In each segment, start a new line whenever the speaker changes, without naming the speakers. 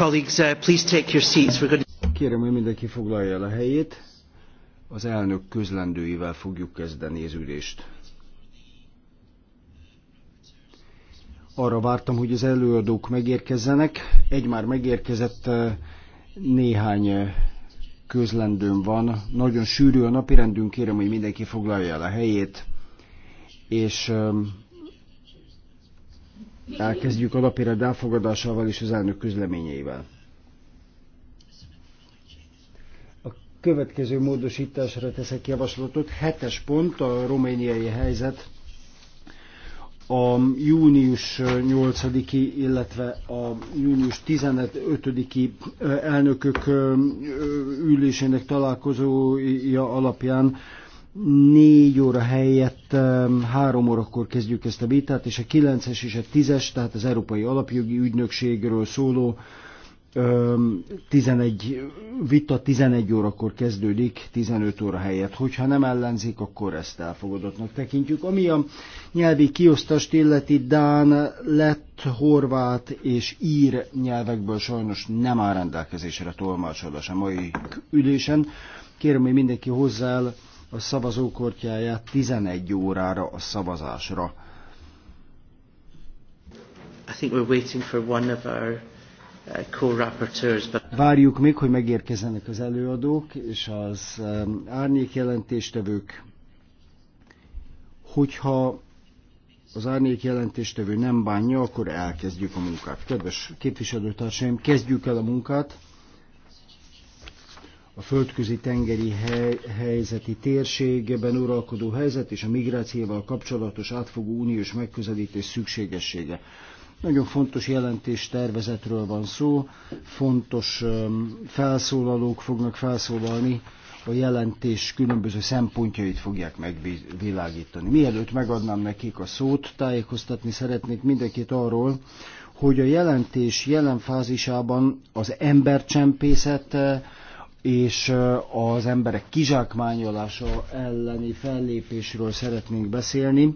Colleagues, uh, please take your seats. We're going to... Kérem, hogy mindenki foglalja el a helyét. Az elnök közlendőivel fogjuk kezdeni az ülést. Arra vártam, hogy az előadók megérkezzenek. Egy már megérkezett, uh, néhány uh, közlendőm van. Nagyon sűrű a napirendünk, kérem, hogy mindenki foglalja el a helyét. És um, elkezdjük a napirend elfogadásával és az elnök közleményeivel. A következő módosításra teszek javaslatot. Hetes pont a romániai helyzet a június 8-i, illetve a június 15-i eh, elnökök eh, ülésének találkozója alapján négy óra helyett három órakor kezdjük ezt a vitát, és a kilences és a tízes, tehát az Európai Alapjogi Ügynökségről szóló 11, vita 11 órakor kezdődik, 15 óra helyett. Hogyha nem ellenzik, akkor ezt elfogadottnak tekintjük. Ami a nyelvi kiosztást illeti, Dán, lett, horvát és ír nyelvekből sajnos nem áll rendelkezésre tolmácsolás a mai ülésen. Kérem, hogy mindenki hozzá el a szavazókortyáját 11 órára a szavazásra. I think we're waiting for one of our uh, Várjuk még, hogy megérkezzenek az előadók és az um, árnyék jelentéstevők. Hogyha az árnyék jelentéstevő nem bánja, akkor elkezdjük a munkát. Kedves képviselőtársaim, kezdjük el a munkát a földközi tengeri hely, helyzeti térségben uralkodó helyzet és a migrációval kapcsolatos átfogó uniós megközelítés szükségessége. Nagyon fontos jelentés tervezetről van szó, fontos felszólalók fognak felszólalni, a jelentés különböző szempontjait fogják megvilágítani. Mielőtt megadnám nekik a szót, tájékoztatni szeretnék mindenkit arról, hogy a jelentés jelen fázisában az embercsempészet és az emberek kizsákmányolása elleni fellépésről szeretnénk beszélni,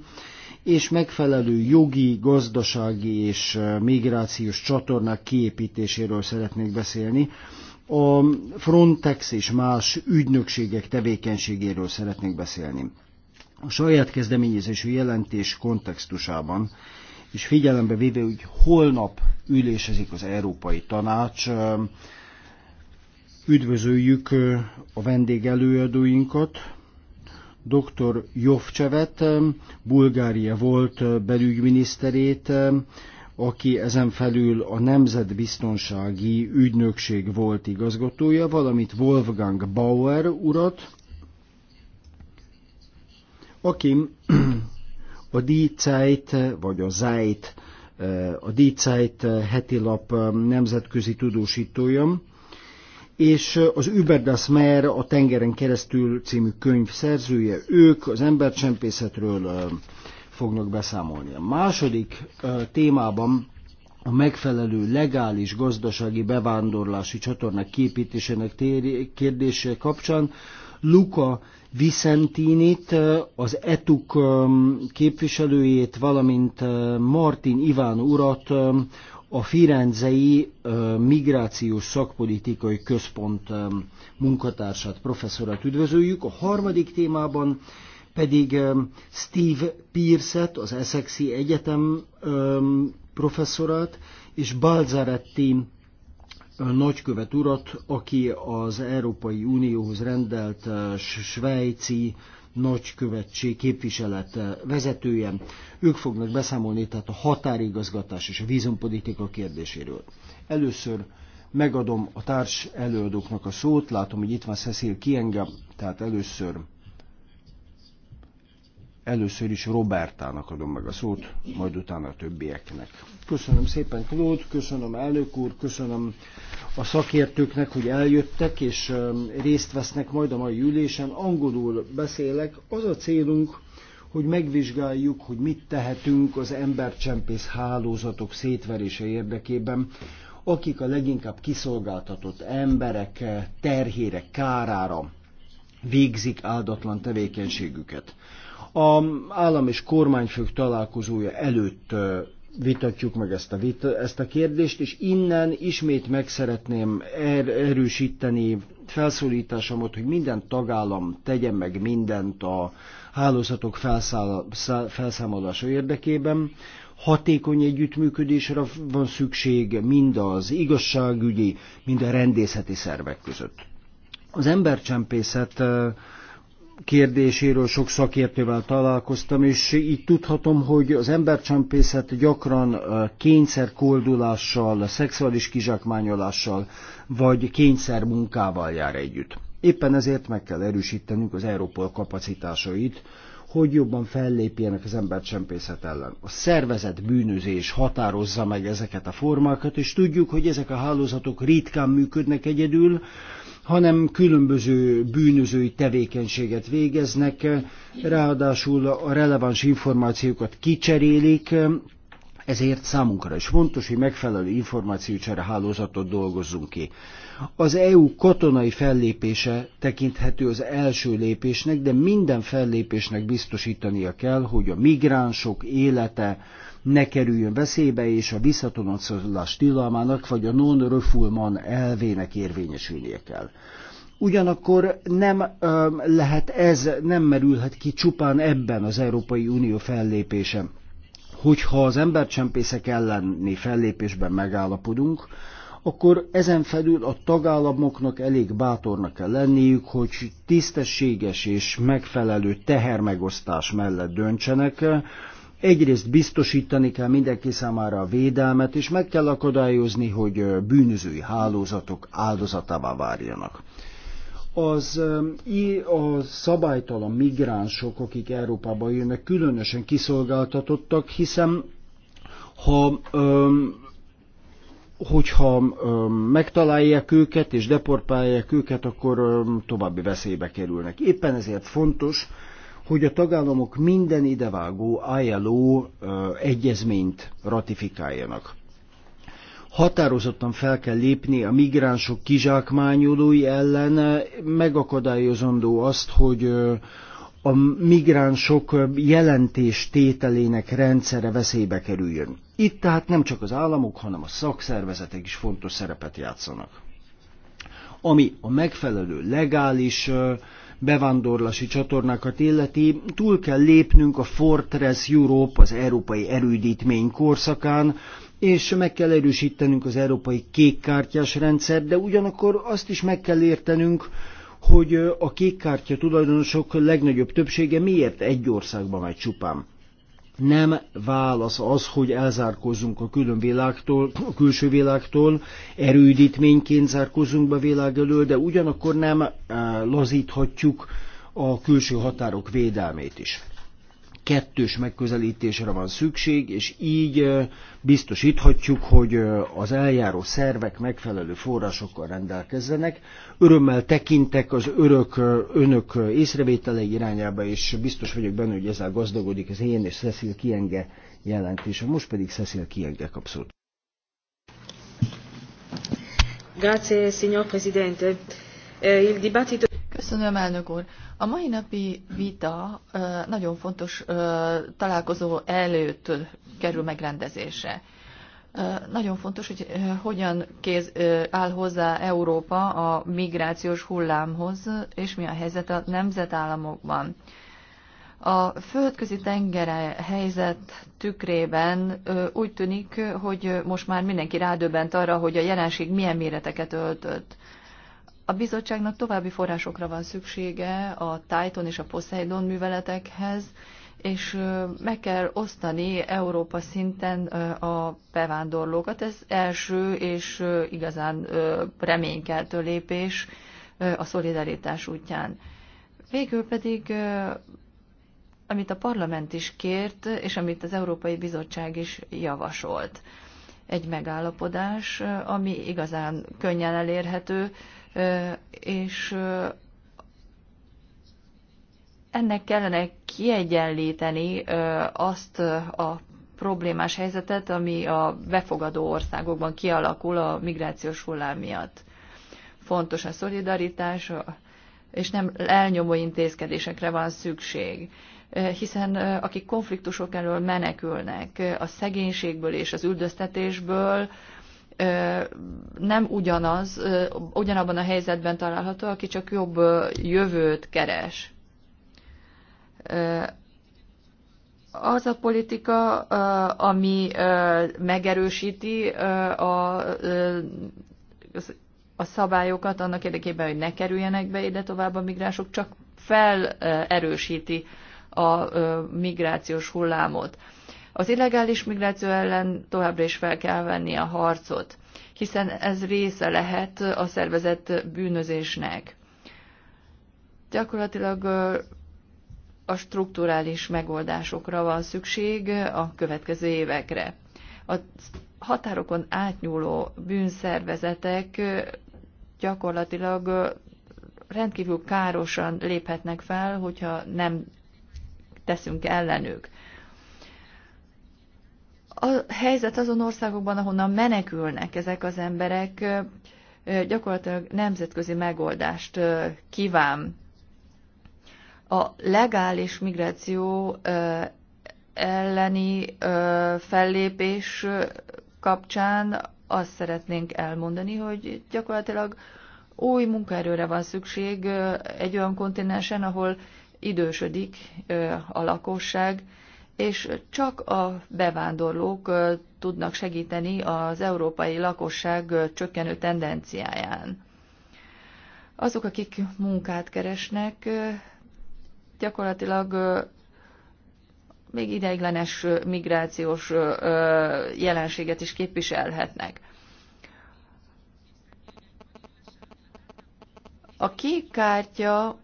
és megfelelő jogi, gazdasági és migrációs csatornák kiépítéséről szeretnék beszélni. A Frontex és más ügynökségek tevékenységéről szeretnék beszélni. A saját kezdeményezésű jelentés kontextusában és figyelembe véve, hogy holnap ülésezik az Európai Tanács, Üdvözöljük a vendég előadóinkat, dr. Jovcsevet, Bulgária volt belügyminiszterét, aki ezen felül a Nemzetbiztonsági Ügynökség volt igazgatója, valamint Wolfgang Bauer urat, aki a Die Zeit, vagy a Zeit, a Die Zeit heti lap nemzetközi tudósítója, és az Über das Meer a tengeren keresztül című könyv szerzője, ők az embercsempészetről fognak beszámolni. A második témában a megfelelő legális gazdasági bevándorlási csatornák képítésének kérdése kapcsán Luca Vicentinit, az ETUK képviselőjét, valamint Martin Iván urat, a Firenzei Migrációs Szakpolitikai Központ munkatársát, professzorát üdvözöljük. A harmadik témában pedig Steve Pearset, az Essexi Egyetem professzorát, és Balzaretti nagykövet urat, aki az Európai Unióhoz rendelt svájci nagykövetség képviselet vezetője. Ők fognak beszámolni tehát a határigazgatás és a vízumpolitika kérdéséről. Először megadom a társ előadóknak a szót, látom, hogy itt van Cecil Kienge, tehát először Először is Robertának adom meg a szót, majd utána a többieknek. Köszönöm szépen, Klód, köszönöm elnök úr, köszönöm a szakértőknek, hogy eljöttek és um, részt vesznek majd a mai ülésen. Angolul beszélek. Az a célunk, hogy megvizsgáljuk, hogy mit tehetünk az embercsempész hálózatok szétverése érdekében, akik a leginkább kiszolgáltatott emberek eh, terhére, kárára végzik áldatlan tevékenységüket. A állam és kormányfők találkozója előtt vitatjuk meg ezt a, vita, ezt a kérdést, és innen ismét meg szeretném er, erősíteni felszólításomat, hogy minden tagállam tegyen meg mindent a hálózatok felszáll, felszámolása érdekében. Hatékony együttműködésre van szükség mind az igazságügyi, mind a rendészeti szervek között. Az embercsempészet kérdéséről sok szakértővel találkoztam, és így tudhatom, hogy az embercsempészet gyakran kényszerkoldulással, szexuális kizsákmányolással vagy kényszermunkával jár együtt. Éppen ezért meg kell erősítenünk az Európol kapacitásait, hogy jobban fellépjenek az embercsempészet ellen. A szervezet bűnözés határozza meg ezeket a formákat, és tudjuk, hogy ezek a hálózatok ritkán működnek egyedül, hanem különböző bűnözői tevékenységet végeznek, ráadásul a releváns információkat kicserélik, ezért számunkra is fontos, hogy megfelelő információcsere hálózatot dolgozzunk ki. Az EU katonai fellépése tekinthető az első lépésnek, de minden fellépésnek biztosítania kell, hogy a migránsok élete, ne kerüljön veszélybe, és a visszatonatszolás tilalmának vagy a non-refoulement elvének érvényesülnie kell. Ugyanakkor nem ö, lehet ez, nem merülhet ki csupán ebben az Európai Unió fellépése. Hogyha az embercsempészek elleni fellépésben megállapodunk, akkor ezen felül a tagállamoknak elég bátornak kell lenniük, hogy tisztességes és megfelelő tehermegosztás mellett döntsenek, Egyrészt biztosítani kell mindenki számára a védelmet, és meg kell akadályozni, hogy bűnözői hálózatok áldozatává várjanak az a szabálytalan migránsok, akik Európába jönnek, különösen kiszolgáltatottak, hiszen ha öm, hogyha öm, megtalálják őket és deportálják őket, akkor öm, további veszélybe kerülnek. Éppen ezért fontos, hogy a tagállamok minden idevágó ILO egyezményt ratifikáljanak. Határozottan fel kell lépni a migránsok kizsákmányolói ellen, megakadályozandó azt, hogy a migránsok jelentés tételének rendszere veszélybe kerüljön. Itt tehát nem csak az államok, hanem a szakszervezetek is fontos szerepet játszanak. Ami a megfelelő legális bevándorlási csatornákat illeti, túl kell lépnünk a Fortress Europe, az európai erődítmény korszakán, és meg kell erősítenünk az európai kékkártyás rendszer, de ugyanakkor azt is meg kell értenünk, hogy a kékkártya tulajdonosok legnagyobb többsége miért egy országba megy csupán nem válasz az, hogy elzárkózunk a külön világtól, a külső világtól, erődítményként zárkózunk be a világ elől, de ugyanakkor nem eh, lazíthatjuk a külső határok védelmét is kettős megközelítésre van szükség, és így biztosíthatjuk, hogy az eljáró szervek megfelelő forrásokkal rendelkezzenek. Örömmel tekintek az örök, önök észrevételei irányába, és biztos vagyok benne, hogy ezzel gazdagodik az én és Cecil Kienge jelentése. Most pedig Cecil Kienge kap szót.
Grazie, signor Presidente. Eh, il dibattito... Köszönöm, elnök úr. A mai napi vita nagyon fontos találkozó előtt kerül megrendezése. Nagyon fontos, hogy hogyan kéz, áll hozzá Európa a migrációs hullámhoz, és mi a helyzet a nemzetállamokban. A földközi tengere helyzet tükrében úgy tűnik, hogy most már mindenki rádöbbent arra, hogy a jelenség milyen méreteket öltött. A bizottságnak további forrásokra van szüksége a Titan és a Poseidon műveletekhez, és meg kell osztani Európa szinten a bevándorlókat. Ez első és igazán reménykeltő lépés a szolidaritás útján. Végül pedig, amit a parlament is kért, és amit az Európai Bizottság is javasolt. Egy megállapodás, ami igazán könnyen elérhető, és ennek kellene kiegyenlíteni azt a problémás helyzetet, ami a befogadó országokban kialakul a migrációs hullám miatt. Fontos a szolidaritás, és nem elnyomó intézkedésekre van szükség, hiszen akik konfliktusok elől menekülnek, a szegénységből és az üldöztetésből, nem ugyanaz, ugyanabban a helyzetben található, aki csak jobb jövőt keres. Az a politika, ami megerősíti a, a szabályokat annak érdekében, hogy ne kerüljenek be ide tovább a migránsok, csak felerősíti a migrációs hullámot. Az illegális migráció ellen továbbra is fel kell venni a harcot, hiszen ez része lehet a szervezett bűnözésnek. Gyakorlatilag a strukturális megoldásokra van szükség a következő évekre. A határokon átnyúló bűnszervezetek gyakorlatilag rendkívül károsan léphetnek fel, hogyha nem teszünk ellenük a helyzet azon országokban, ahonnan menekülnek ezek az emberek, gyakorlatilag nemzetközi megoldást kíván. A legális migráció elleni fellépés kapcsán azt szeretnénk elmondani, hogy gyakorlatilag új munkaerőre van szükség egy olyan kontinensen, ahol idősödik a lakosság, és csak a bevándorlók tudnak segíteni az európai lakosság csökkenő tendenciáján. Azok, akik munkát keresnek, gyakorlatilag még ideiglenes migrációs jelenséget is képviselhetnek. A kék kártya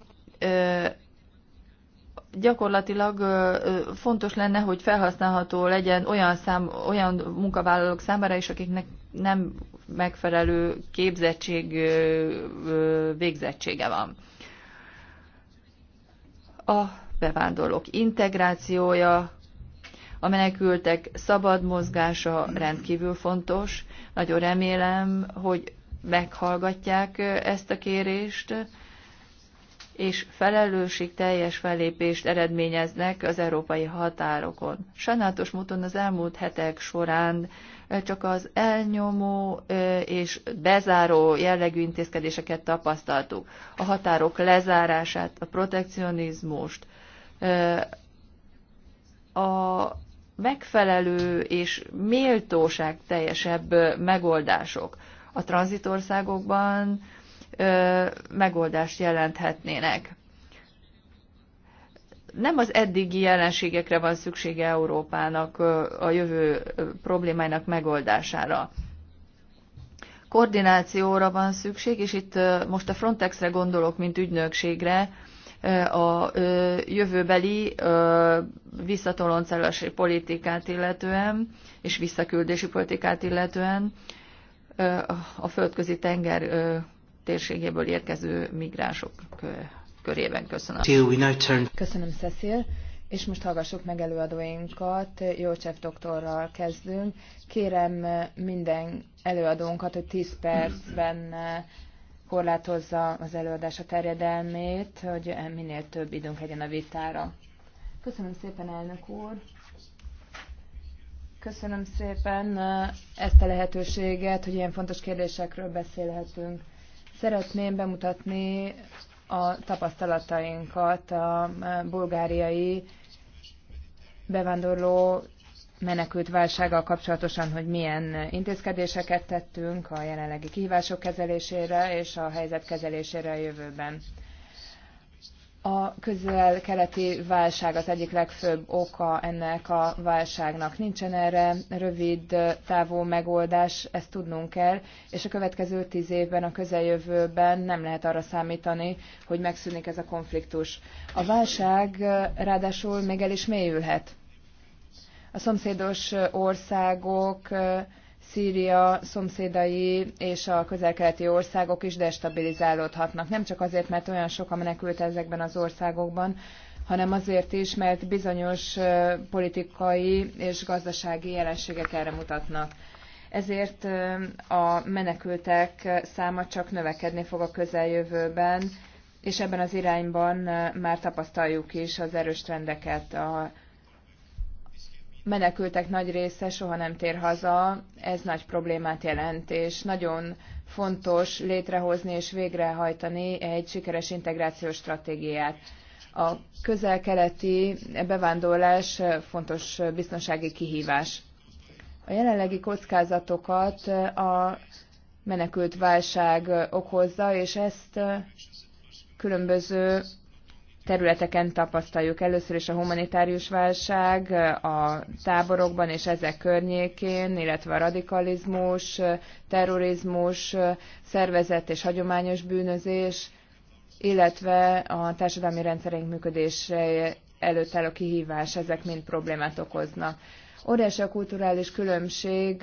gyakorlatilag fontos lenne, hogy felhasználható legyen olyan, szám, olyan munkavállalók számára is, akiknek nem megfelelő képzettség végzettsége van. A bevándorlók integrációja, a menekültek szabad mozgása rendkívül fontos. Nagyon remélem, hogy meghallgatják ezt a kérést és felelősségteljes fellépést eredményeznek az európai határokon. Sajnálatos módon az elmúlt hetek során csak az elnyomó és bezáró jellegű intézkedéseket tapasztaltuk. A határok lezárását, a protekcionizmust, a megfelelő és méltóság teljesebb megoldások. A tranzitországokban megoldást jelenthetnének. Nem az eddigi jelenségekre van szüksége Európának a jövő problémáinak megoldására. Koordinációra van szükség, és itt most a Frontexre gondolok, mint ügynökségre, a jövőbeli visszatoloncelási politikát illetően, és visszaküldési politikát illetően a földközi tenger térségéből érkező migránsok körében. Köszönöm. Köszönöm, Cecil.
És most hallgassuk meg előadóinkat. József doktorral kezdünk. Kérem minden előadónkat, hogy 10 percben korlátozza az előadása terjedelmét, hogy minél több időnk legyen a vitára. Köszönöm szépen, elnök úr! Köszönöm szépen uh, ezt a lehetőséget, hogy ilyen fontos kérdésekről beszélhetünk. Szeretném bemutatni a tapasztalatainkat a bulgáriai bevándorló menekült válsággal kapcsolatosan, hogy milyen intézkedéseket tettünk a jelenlegi kihívások kezelésére és a helyzet kezelésére a jövőben. A közel-keleti válság az egyik legfőbb oka ennek a válságnak. Nincsen erre rövid távú megoldás, ezt tudnunk kell, és a következő tíz évben, a közeljövőben nem lehet arra számítani, hogy megszűnik ez a konfliktus. A válság ráadásul még el is mélyülhet. A szomszédos országok Szíria szomszédai és a közelkeleti országok is destabilizálódhatnak. Nem csak azért, mert olyan sok a menekült ezekben az országokban, hanem azért is, mert bizonyos politikai és gazdasági jelenségek erre mutatnak. Ezért a menekültek száma csak növekedni fog a közeljövőben, és ebben az irányban már tapasztaljuk is az erős trendeket a menekültek nagy része soha nem tér haza, ez nagy problémát jelent, és nagyon fontos létrehozni és végrehajtani egy sikeres integrációs stratégiát. A közel-keleti bevándorlás fontos biztonsági kihívás. A jelenlegi kockázatokat a menekült válság okozza, és ezt különböző területeken tapasztaljuk. Először is a humanitárius válság a táborokban és ezek környékén, illetve a radikalizmus, terrorizmus, szervezet és hagyományos bűnözés, illetve a társadalmi rendszerünk működése előtt álló kihívás, ezek mind problémát okoznak. Óriási a kulturális különbség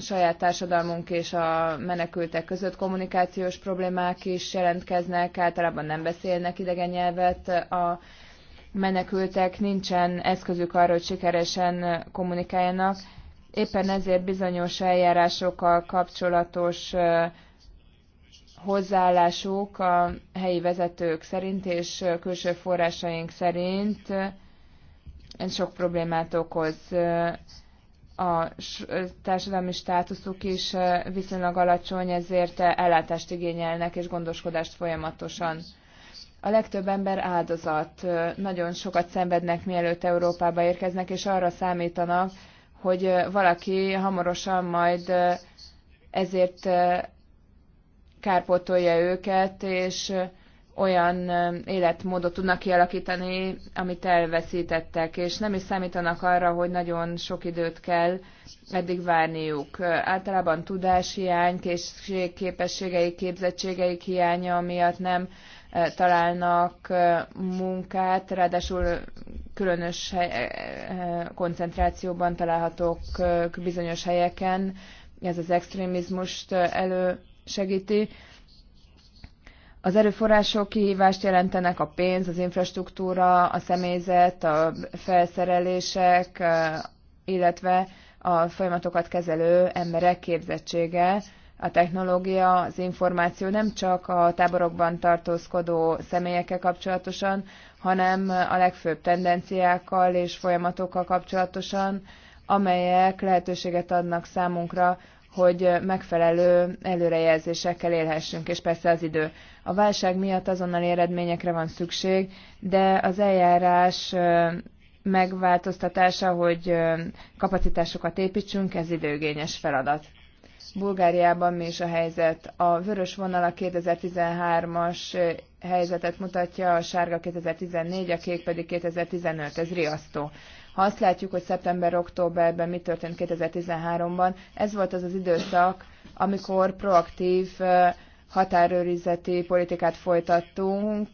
saját társadalmunk és a menekültek között kommunikációs problémák is jelentkeznek, általában nem beszélnek idegen nyelvet a menekültek, nincsen eszközük arra, hogy sikeresen kommunikáljanak. Éppen ezért bizonyos eljárásokkal kapcsolatos hozzáállásuk a helyi vezetők szerint és külső forrásaink szerint ez sok problémát okoz. A társadalmi státuszuk is viszonylag alacsony, ezért ellátást igényelnek és gondoskodást folyamatosan. A legtöbb ember áldozat, nagyon sokat szenvednek, mielőtt Európába érkeznek, és arra számítanak, hogy valaki hamarosan majd ezért kárpótolja őket, és olyan um, életmódot tudnak kialakítani, amit elveszítettek, és nem is számítanak arra, hogy nagyon sok időt kell eddig várniuk. Uh, általában tudáshiány, készség, képességeik, képzettségeik hiánya miatt nem uh, találnak uh, munkát, ráadásul különös koncentrációban találhatók bizonyos helyeken, ez az extrémizmust elősegíti az erőforrások kihívást jelentenek a pénz, az infrastruktúra, a személyzet, a felszerelések, illetve a folyamatokat kezelő emberek képzettsége, a technológia, az információ nem csak a táborokban tartózkodó személyekkel kapcsolatosan, hanem a legfőbb tendenciákkal és folyamatokkal kapcsolatosan, amelyek lehetőséget adnak számunkra, hogy megfelelő előrejelzésekkel élhessünk, és persze az idő. A válság miatt azonnal eredményekre van szükség, de az eljárás megváltoztatása, hogy kapacitásokat építsünk, ez időgényes feladat. Bulgáriában mi is a helyzet? A vörös vonal a 2013-as helyzetet mutatja, a sárga 2014, a kék pedig 2015. Ez riasztó. Ha azt látjuk, hogy szeptember-októberben mi történt 2013-ban, ez volt az az időszak, amikor proaktív határőrizeti politikát folytattunk,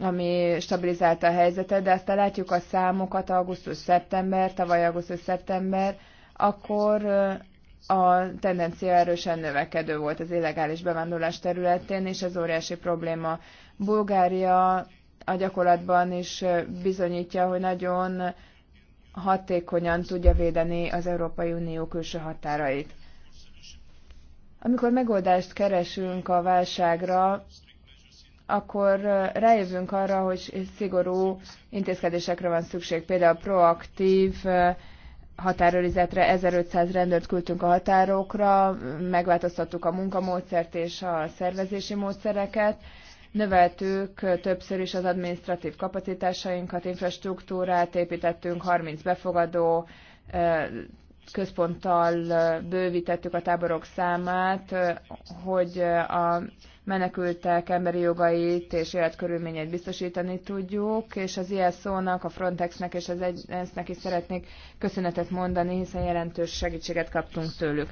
ami stabilizálta a helyzetet, de aztán látjuk a számokat augusztus-szeptember, tavaly augusztus-szeptember, akkor a tendencia erősen növekedő volt az illegális bevándorlás területén, és ez óriási probléma. Bulgária a gyakorlatban is bizonyítja, hogy nagyon hatékonyan tudja védeni az Európai Unió külső határait. Amikor megoldást keresünk a válságra, akkor rájövünk arra, hogy szigorú intézkedésekre van szükség. Például proaktív határőrizetre 1500 rendőrt küldtünk a határokra, megváltoztattuk a munkamódszert és a szervezési módszereket, növeltük többször is az adminisztratív kapacitásainkat, infrastruktúrát építettünk, 30 befogadó központtal bővítettük a táborok számát, hogy a menekültek emberi jogait és életkörülményeit biztosítani tudjuk, és az ISO-nak, a Frontexnek és az ENSZ-nek is szeretnék köszönetet mondani, hiszen jelentős segítséget kaptunk tőlük.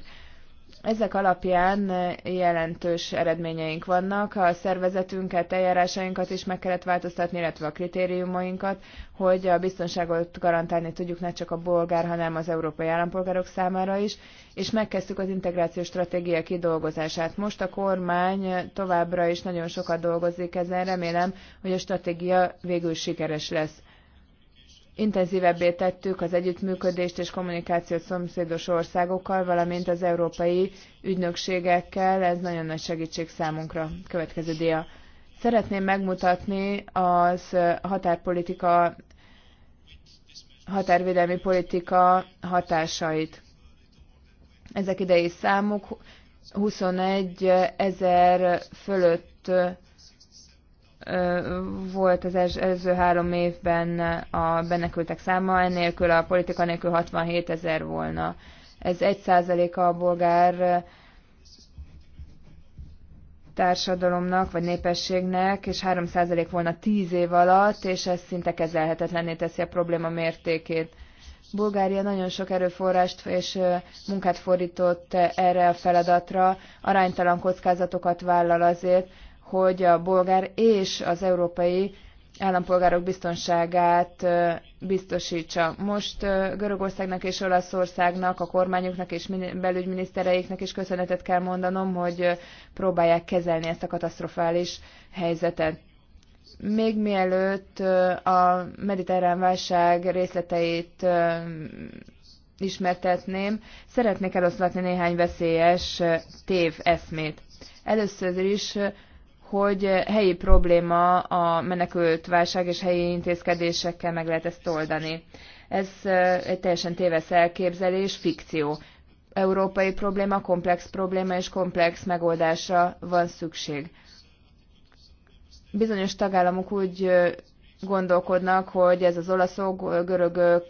Ezek alapján jelentős eredményeink vannak, a szervezetünket, eljárásainkat is meg kellett változtatni, illetve a kritériumainkat, hogy a biztonságot garantálni tudjuk ne csak a bolgár, hanem az európai állampolgárok számára is, és megkezdtük az integrációs stratégia kidolgozását. Most a kormány továbbra is nagyon sokat dolgozik ezen, remélem, hogy a stratégia végül sikeres lesz. Intenzívebbé tettük az együttműködést és kommunikációt szomszédos országokkal, valamint az európai ügynökségekkel. Ez nagyon nagy segítség számunkra. Következő dia. Szeretném megmutatni az határpolitika, határvédelmi politika hatásait. Ezek idei számok 21 ezer fölött volt az előző három évben a benekültek száma, ennélkül a politika nélkül 67 ezer volna. Ez egy százaléka a bolgár társadalomnak, vagy népességnek, és 3 százalék volna 10 év alatt, és ez szinte kezelhetetlenné teszi a probléma mértékét. Bulgária nagyon sok erőforrást és munkát fordított erre a feladatra, aránytalan kockázatokat vállal azért, hogy a bolgár és az európai állampolgárok biztonságát biztosítsa. Most Görögországnak és Olaszországnak, a kormányoknak és belügyminisztereiknek is köszönetet kell mondanom, hogy próbálják kezelni ezt a katasztrofális helyzetet. Még mielőtt a mediterrán válság részleteit ismertetném, szeretnék eloszlatni néhány veszélyes tév eszmét. Először is hogy helyi probléma a menekült válság és helyi intézkedésekkel meg lehet ezt oldani. Ez eh, egy teljesen téves elképzelés, fikció. Európai probléma, komplex probléma és komplex megoldásra van szükség. Bizonyos tagállamok úgy eh, gondolkodnak, hogy ez az olaszok, görögök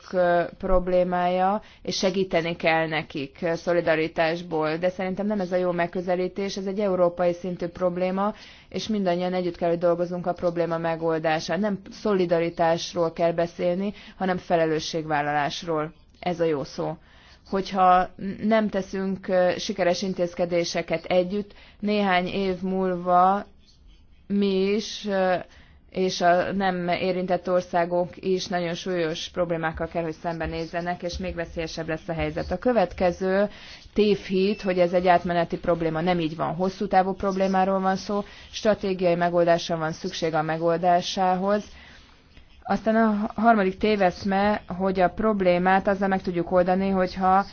problémája, és segíteni kell nekik szolidaritásból. De szerintem nem ez a jó megközelítés, ez egy európai szintű probléma, és mindannyian együtt kell, hogy dolgozunk a probléma megoldása. Nem szolidaritásról kell beszélni, hanem felelősségvállalásról. Ez a jó szó hogyha nem teszünk sikeres intézkedéseket együtt, néhány év múlva mi is és a nem érintett országok is nagyon súlyos problémákkal kell, hogy szembenézzenek, és még veszélyesebb lesz a helyzet. A következő tévhit, hogy ez egy átmeneti probléma, nem így van. Hosszú távú problémáról van szó, stratégiai megoldásra van szükség a megoldásához. Aztán a harmadik téveszme, hogy a problémát azzal meg tudjuk oldani, hogyha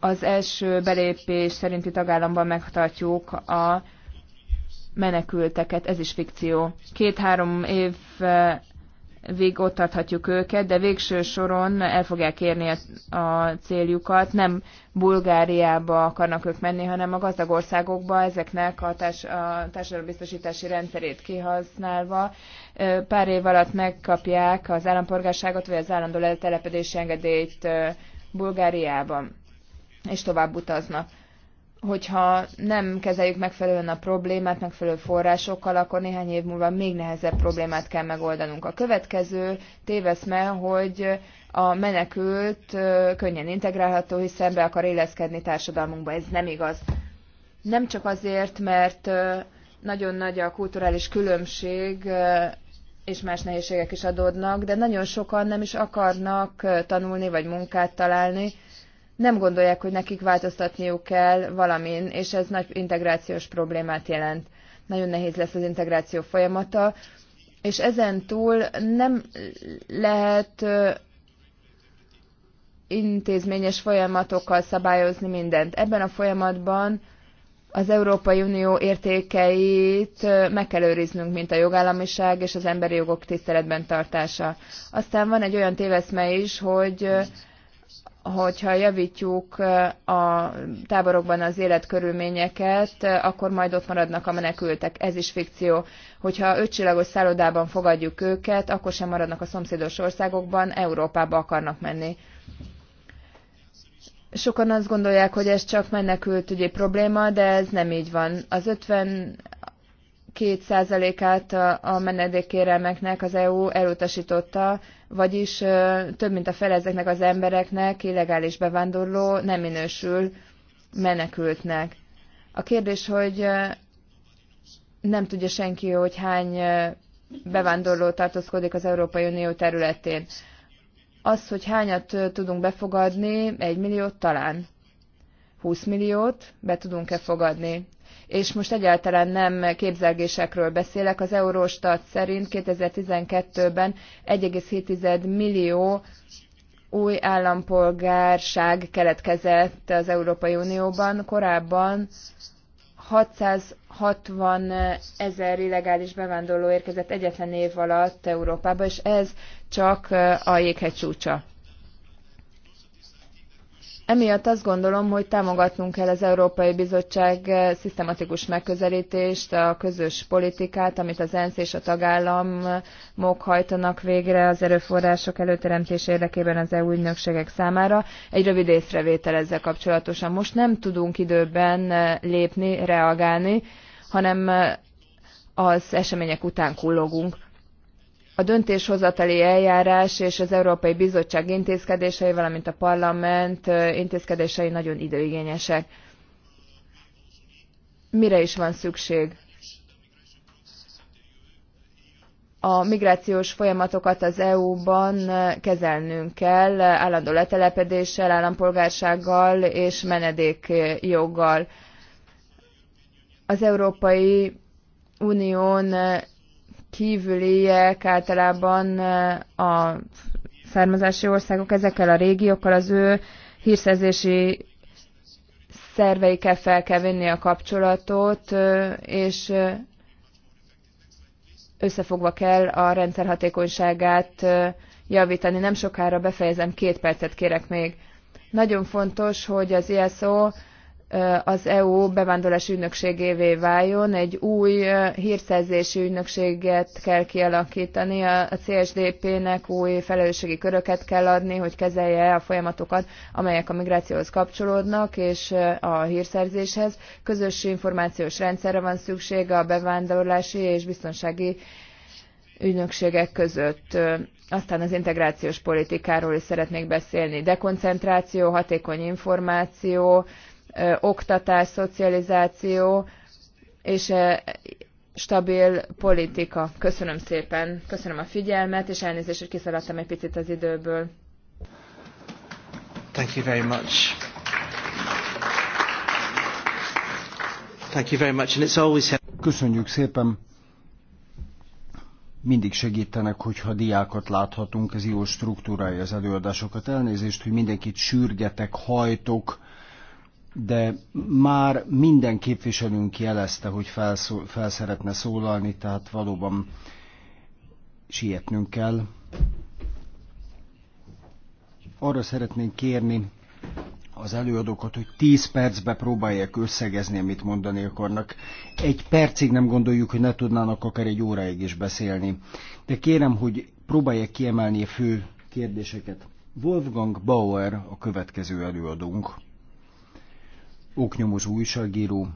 az első belépés szerinti tagállamban megtartjuk a menekülteket, ez is fikció. Két-három év eh, vég ott tarthatjuk őket, de végső soron el fogják érni a céljukat. Nem Bulgáriába akarnak ők menni, hanem a gazdag országokba ezeknek a, társ, a társadalombiztosítási rendszerét kihasználva. Eh, pár év alatt megkapják az állampolgárságot, vagy az állandó letelepedési engedélyt eh, Bulgáriában, és tovább utaznak hogyha nem kezeljük megfelelően a problémát, megfelelő forrásokkal, akkor néhány év múlva még nehezebb problémát kell megoldanunk. A következő téveszme, hogy a menekült könnyen integrálható, hiszen be akar éleszkedni társadalmunkba. Ez nem igaz. Nem csak azért, mert nagyon nagy a kulturális különbség, és más nehézségek is adódnak, de nagyon sokan nem is akarnak tanulni vagy munkát találni, nem gondolják, hogy nekik változtatniuk kell valamin, és ez nagy integrációs problémát jelent. Nagyon nehéz lesz az integráció folyamata, és ezen túl nem lehet intézményes folyamatokkal szabályozni mindent. Ebben a folyamatban az Európai Unió értékeit meg kell őriznünk, mint a jogállamiság és az emberi jogok tiszteletben tartása. Aztán van egy olyan téveszme is, hogy hogyha javítjuk a táborokban az életkörülményeket, akkor majd ott maradnak a menekültek. Ez is fikció. Hogyha ötcsillagos szállodában fogadjuk őket, akkor sem maradnak a szomszédos országokban, Európába akarnak menni. Sokan azt gondolják, hogy ez csak ügyi probléma, de ez nem így van. Az 50 2%-át a menedékkérelmeknek az EU elutasította, vagyis több mint a fele ezeknek az embereknek illegális bevándorló nem minősül menekültnek. A kérdés, hogy nem tudja senki, hogy hány bevándorló tartózkodik az Európai Unió területén. Az, hogy hányat tudunk befogadni, egy milliót talán. 20 milliót be tudunk-e fogadni? és most egyáltalán nem képzelgésekről beszélek. Az Euróstat szerint 2012-ben 1,7 millió új állampolgárság keletkezett az Európai Unióban. Korábban 660 ezer illegális bevándorló érkezett egyetlen év alatt Európába, és ez csak a jéghegy csúcsa. Emiatt azt gondolom, hogy támogatnunk kell az Európai Bizottság eh, szisztematikus megközelítést, a közös politikát, amit az ENSZ és a tagállamok hajtanak végre az erőforrások előteremtés érdekében az EU ügynökségek számára. Egy rövid észrevétel ezzel kapcsolatosan. Most nem tudunk időben eh, lépni, reagálni, hanem eh, az események után kullogunk a döntéshozatali eljárás és az Európai Bizottság intézkedései, valamint a parlament intézkedései nagyon időigényesek. Mire is van szükség? a migrációs folyamatokat az EU-ban kezelnünk kell állandó letelepedéssel, állampolgársággal és menedékjoggal. Az Európai Unión kívüliek általában eh, a származási országok ezekkel a régiókkal az ő hírszerzési szerveikkel fel kell venni a kapcsolatot, eh, és eh, összefogva kell a rendszer hatékonyságát javítani. Nem sokára befejezem, két percet kérek még. Nagyon fontos, hogy az ISO az EU bevándorlási ügynökségévé váljon, egy új hírszerzési ügynökséget kell kialakítani, a CSDP-nek új felelősségi köröket kell adni, hogy kezelje a folyamatokat, amelyek a migrációhoz kapcsolódnak, és a hírszerzéshez. Közös információs rendszerre van szüksége a bevándorlási és biztonsági ügynökségek között. Aztán az integrációs politikáról is szeretnék beszélni. Dekoncentráció, hatékony információ, oktatás, szocializáció és stabil politika. Köszönöm szépen, köszönöm a figyelmet, és elnézést, hogy kiszaladtam egy picit az időből.
Thank you very much.
Thank you very much, and it's always Köszönjük szépen. Mindig segítenek, hogyha diákat láthatunk, ez jó struktúrája az előadásokat. Elnézést, hogy mindenkit sürgetek, hajtok, de már minden képviselőnk jelezte, hogy felszól, fel szeretne szólalni, tehát valóban sietnünk kell. Arra szeretnénk kérni az előadókat, hogy 10 percbe próbálják összegezni, amit mondani akarnak. Egy percig nem gondoljuk, hogy ne tudnának akár egy óráig is beszélni. De kérem, hogy próbálják kiemelni a fő kérdéseket. Wolfgang Bauer a következő előadónk oknyomos újságíró,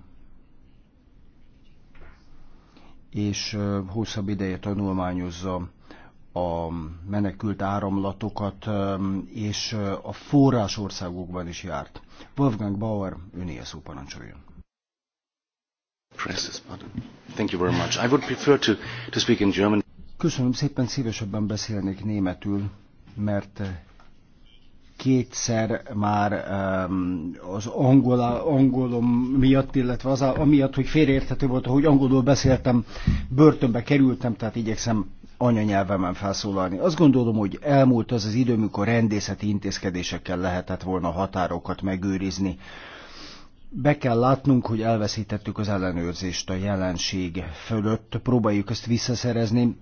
és hosszabb ideje tanulmányozza a menekült áramlatokat, és a forrásországokban is járt. Wolfgang Bauer, önéje szó parancsoljon. Köszönöm szépen, szívesebben beszélnék németül, mert kétszer már um, az angol, angolom miatt, illetve az, amiatt, hogy félreérthető volt, hogy angolul beszéltem, börtönbe kerültem, tehát igyekszem anyanyelvemen felszólalni. Azt gondolom, hogy elmúlt az az idő, mikor rendészeti intézkedésekkel lehetett volna határokat megőrizni. Be kell látnunk, hogy elveszítettük az ellenőrzést a jelenség fölött, próbáljuk ezt visszaszerezni,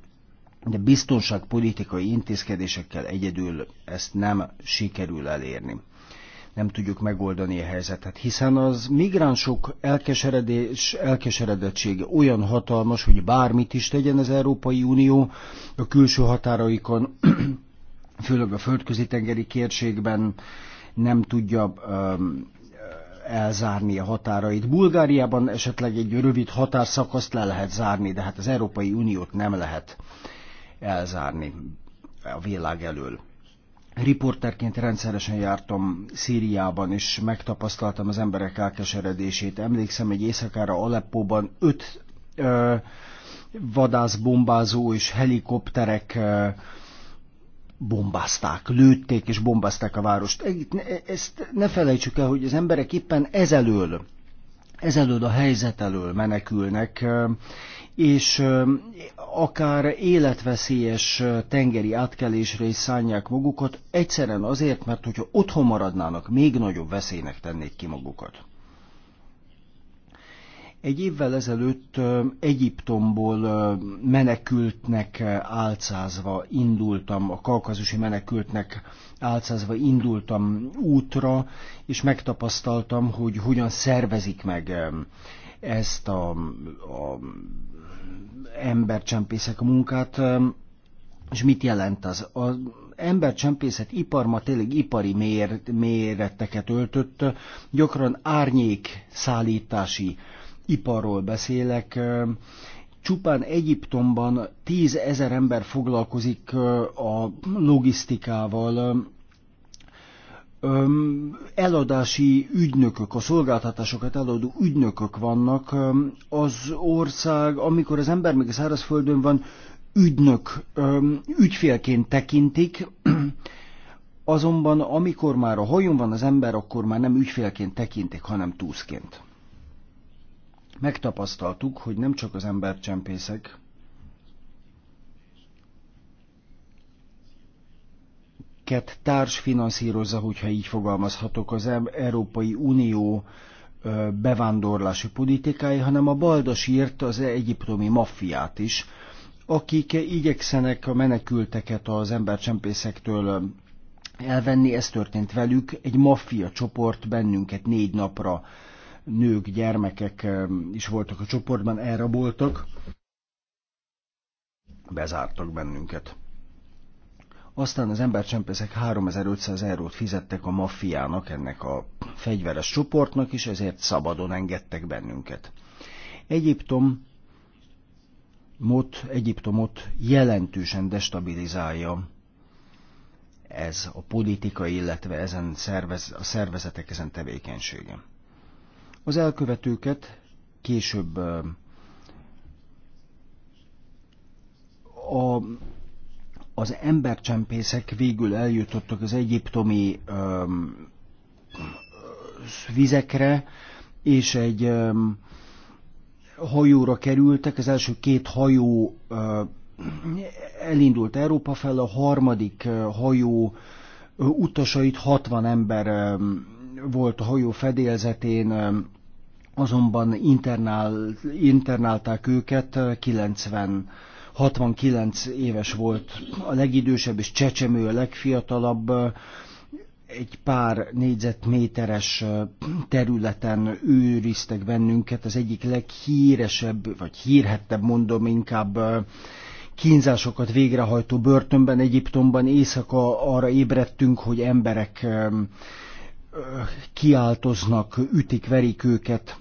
de biztonságpolitikai intézkedésekkel egyedül ezt nem sikerül elérni. Nem tudjuk megoldani a helyzetet, hiszen az migránsok elkeseredés, elkeseredettsége olyan hatalmas, hogy bármit is tegyen az Európai Unió a külső határaikon, főleg a földközi tengeri kérségben nem tudja um, elzárni a határait. Bulgáriában esetleg egy rövid határszakaszt le lehet zárni, de hát az Európai Uniót nem lehet elzárni a világ elől. Riporterként rendszeresen jártam Szíriában, és megtapasztaltam az emberek elkeseredését. Emlékszem egy éjszakára Aleppóban öt ö, vadászbombázó és helikopterek ö, bombázták, lőtték és bombázták a várost. Ezt ne felejtsük el, hogy az emberek éppen ezelől, ezelől a helyzet elől menekülnek, és akár életveszélyes tengeri átkelésre is szállják magukat, egyszerűen azért, mert hogyha otthon maradnának, még nagyobb veszélynek tennék ki magukat. Egy évvel ezelőtt Egyiptomból menekültnek álcázva indultam, a kaukazusi menekültnek álcázva indultam útra, és megtapasztaltam, hogy hogyan szervezik meg ezt a, a embercsempészek a munkát, és mit jelent az? Az embercsempészet ipar ma tényleg ipari méreteket öltött, gyakran árnyék szállítási iparról beszélek, csupán Egyiptomban tízezer ember foglalkozik a logisztikával, eladási ügynökök, a szolgáltatásokat eladó ügynökök vannak. Az ország, amikor az ember még a szárazföldön van, ügynök, ügyfélként tekintik, azonban amikor már a hajón van az ember, akkor már nem ügyfélként tekintik, hanem túszként. Megtapasztaltuk, hogy nem csak az embercsempészek, társ társfinanszírozza, hogyha így fogalmazhatok, az Európai Unió bevándorlási politikái, hanem a baldasírt az egyiptomi maffiát is, akik igyekszenek a menekülteket az embercsempészektől elvenni, ez történt velük, egy maffia csoport bennünket négy napra nők, gyermekek is voltak a csoportban, elraboltak, bezártak bennünket. Aztán az embercsempészek 3500 eurót fizettek a maffiának, ennek a fegyveres csoportnak is, ezért szabadon engedtek bennünket. Egyiptom Mot, Egyiptomot jelentősen destabilizálja ez a politika, illetve ezen szervez, a szervezetek ezen tevékenysége. Az elkövetőket később a az embercsempészek végül eljutottak az egyiptomi öm, vizekre, és egy öm, hajóra kerültek, az első két hajó öm, elindult Európa fel, a harmadik hajó utasait 60 ember volt a hajó fedélzetén, azonban internál, internálták őket 90 69 éves volt a legidősebb, és csecsemő a legfiatalabb. Egy pár négyzetméteres területen őriztek bennünket. Az egyik leghíresebb, vagy hírhettebb mondom inkább kínzásokat végrehajtó börtönben, Egyiptomban éjszaka arra ébredtünk, hogy emberek kiáltoznak, ütik, verik őket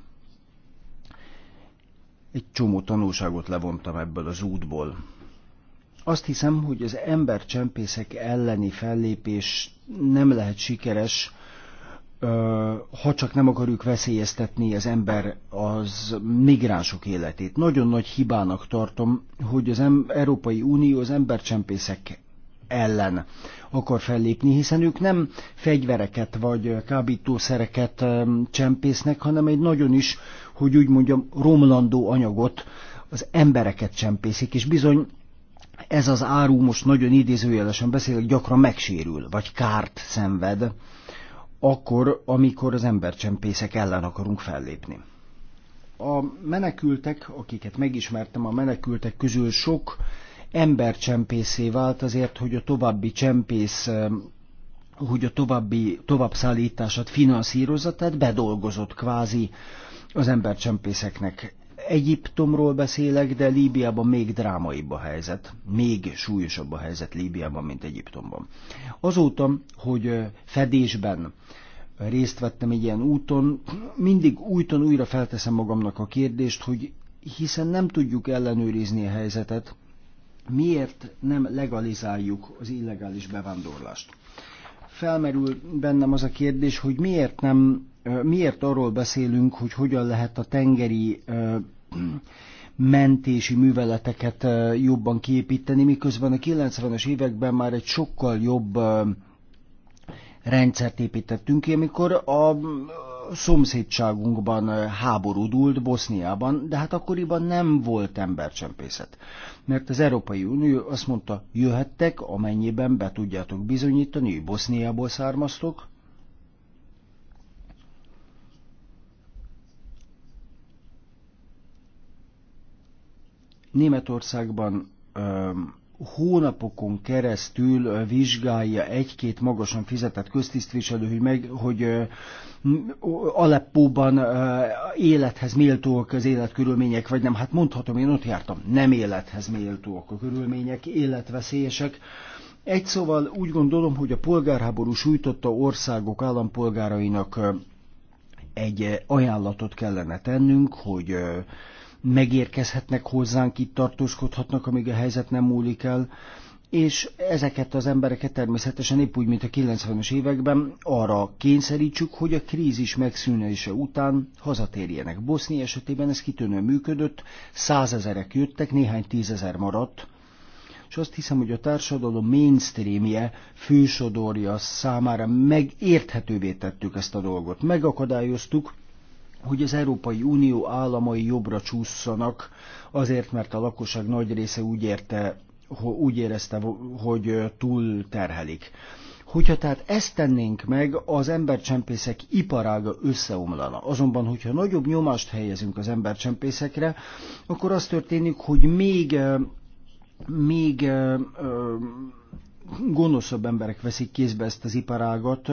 egy csomó tanulságot levontam ebből az útból. Azt hiszem, hogy az embercsempészek elleni fellépés nem lehet sikeres, ha csak nem akarjuk veszélyeztetni az ember az migránsok életét. Nagyon nagy hibának tartom, hogy az Európai Unió az embercsempészek ellen akar fellépni, hiszen ők nem fegyvereket vagy kábítószereket csempésznek, hanem egy nagyon is hogy úgy mondjam, romlandó anyagot, az embereket csempészik, és bizony ez az áru most nagyon idézőjelesen beszélek, gyakran megsérül, vagy kárt szenved, akkor, amikor az embercsempészek ellen akarunk fellépni. A menekültek, akiket megismertem, a menekültek közül sok embercsempészé vált azért, hogy a további csempész hogy a további továbbszállítását finanszírozza, tehát bedolgozott kvázi az embercsempészeknek. Egyiptomról beszélek, de Líbiában még drámaibb a helyzet, még súlyosabb a helyzet Líbiában, mint Egyiptomban. Azóta, hogy fedésben részt vettem egy ilyen úton, mindig újton újra felteszem magamnak a kérdést, hogy hiszen nem tudjuk ellenőrizni a helyzetet, miért nem legalizáljuk az illegális bevándorlást. Felmerül bennem az a kérdés, hogy miért nem miért arról beszélünk, hogy hogyan lehet a tengeri mentési műveleteket jobban kiépíteni, miközben a 90-es években már egy sokkal jobb rendszert építettünk ki, amikor a szomszédságunkban háború dúlt Boszniában, de hát akkoriban nem volt embercsempészet. Mert az Európai Unió azt mondta, jöhettek, amennyiben be tudjátok bizonyítani, hogy Boszniából származtok, Németországban hónapokon keresztül vizsgálja egy-két magasan fizetett köztisztviselő, hogy, meg, hogy Aleppóban élethez méltóak az életkörülmények, vagy nem. Hát mondhatom, én ott jártam, nem élethez méltóak a körülmények, életveszélyesek. Egy szóval úgy gondolom, hogy a polgárháború sújtotta országok állampolgárainak egy ajánlatot kellene tennünk, hogy megérkezhetnek hozzánk, itt tartózkodhatnak, amíg a helyzet nem múlik el és ezeket az embereket természetesen épp úgy, mint a 90-es években arra kényszerítsük, hogy a krízis megszűnése után hazatérjenek. Bosznia esetében ez kitűnően működött, százezerek jöttek, néhány tízezer maradt, és azt hiszem, hogy a társadalom mainstreamje, fősodorja számára megérthetővé tettük ezt a dolgot. Megakadályoztuk, hogy az Európai Unió államai jobbra csúszanak, azért, mert a lakosság nagy része úgy, érte, úgy érezte, hogy túl terhelik. Hogyha tehát ezt tennénk meg, az embercsempészek iparága összeomlana. Azonban, hogyha nagyobb nyomást helyezünk az embercsempészekre, akkor az történik, hogy még, még gonoszabb emberek veszik kézbe ezt az iparágat,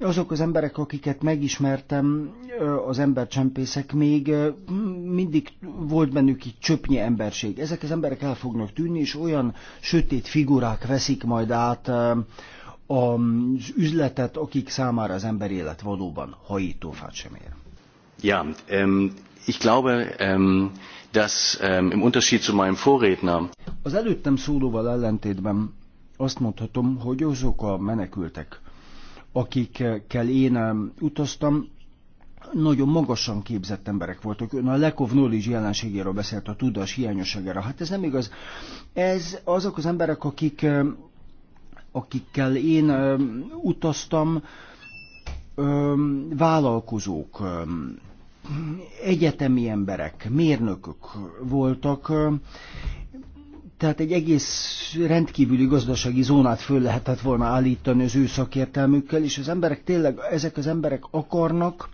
azok az emberek, akiket megismertem, az embercsempészek még mindig volt bennük itt csöpnyi emberség. Ezek az emberek el fognak tűnni, és olyan sötét figurák veszik majd át az üzletet, akik számára az ember élet valóban hajítófát
sem ér. Ja, um, ich glaube, um, dass um, im Unterschied zu meinem Vorredner...
Az előttem szólóval ellentétben azt mondhatom, hogy azok a menekültek, akikkel én utaztam, nagyon magasan képzett emberek voltak. Ön a lack of knowledge jelenségéről beszélt, a tudás hiányosságára. Hát ez nem igaz. Ez azok az emberek, akik, akikkel én utaztam, vállalkozók, egyetemi emberek, mérnökök voltak, tehát egy egész rendkívüli gazdasági zónát föl lehetett volna állítani az ő szakértelmükkel, és az emberek tényleg, ezek az emberek akarnak,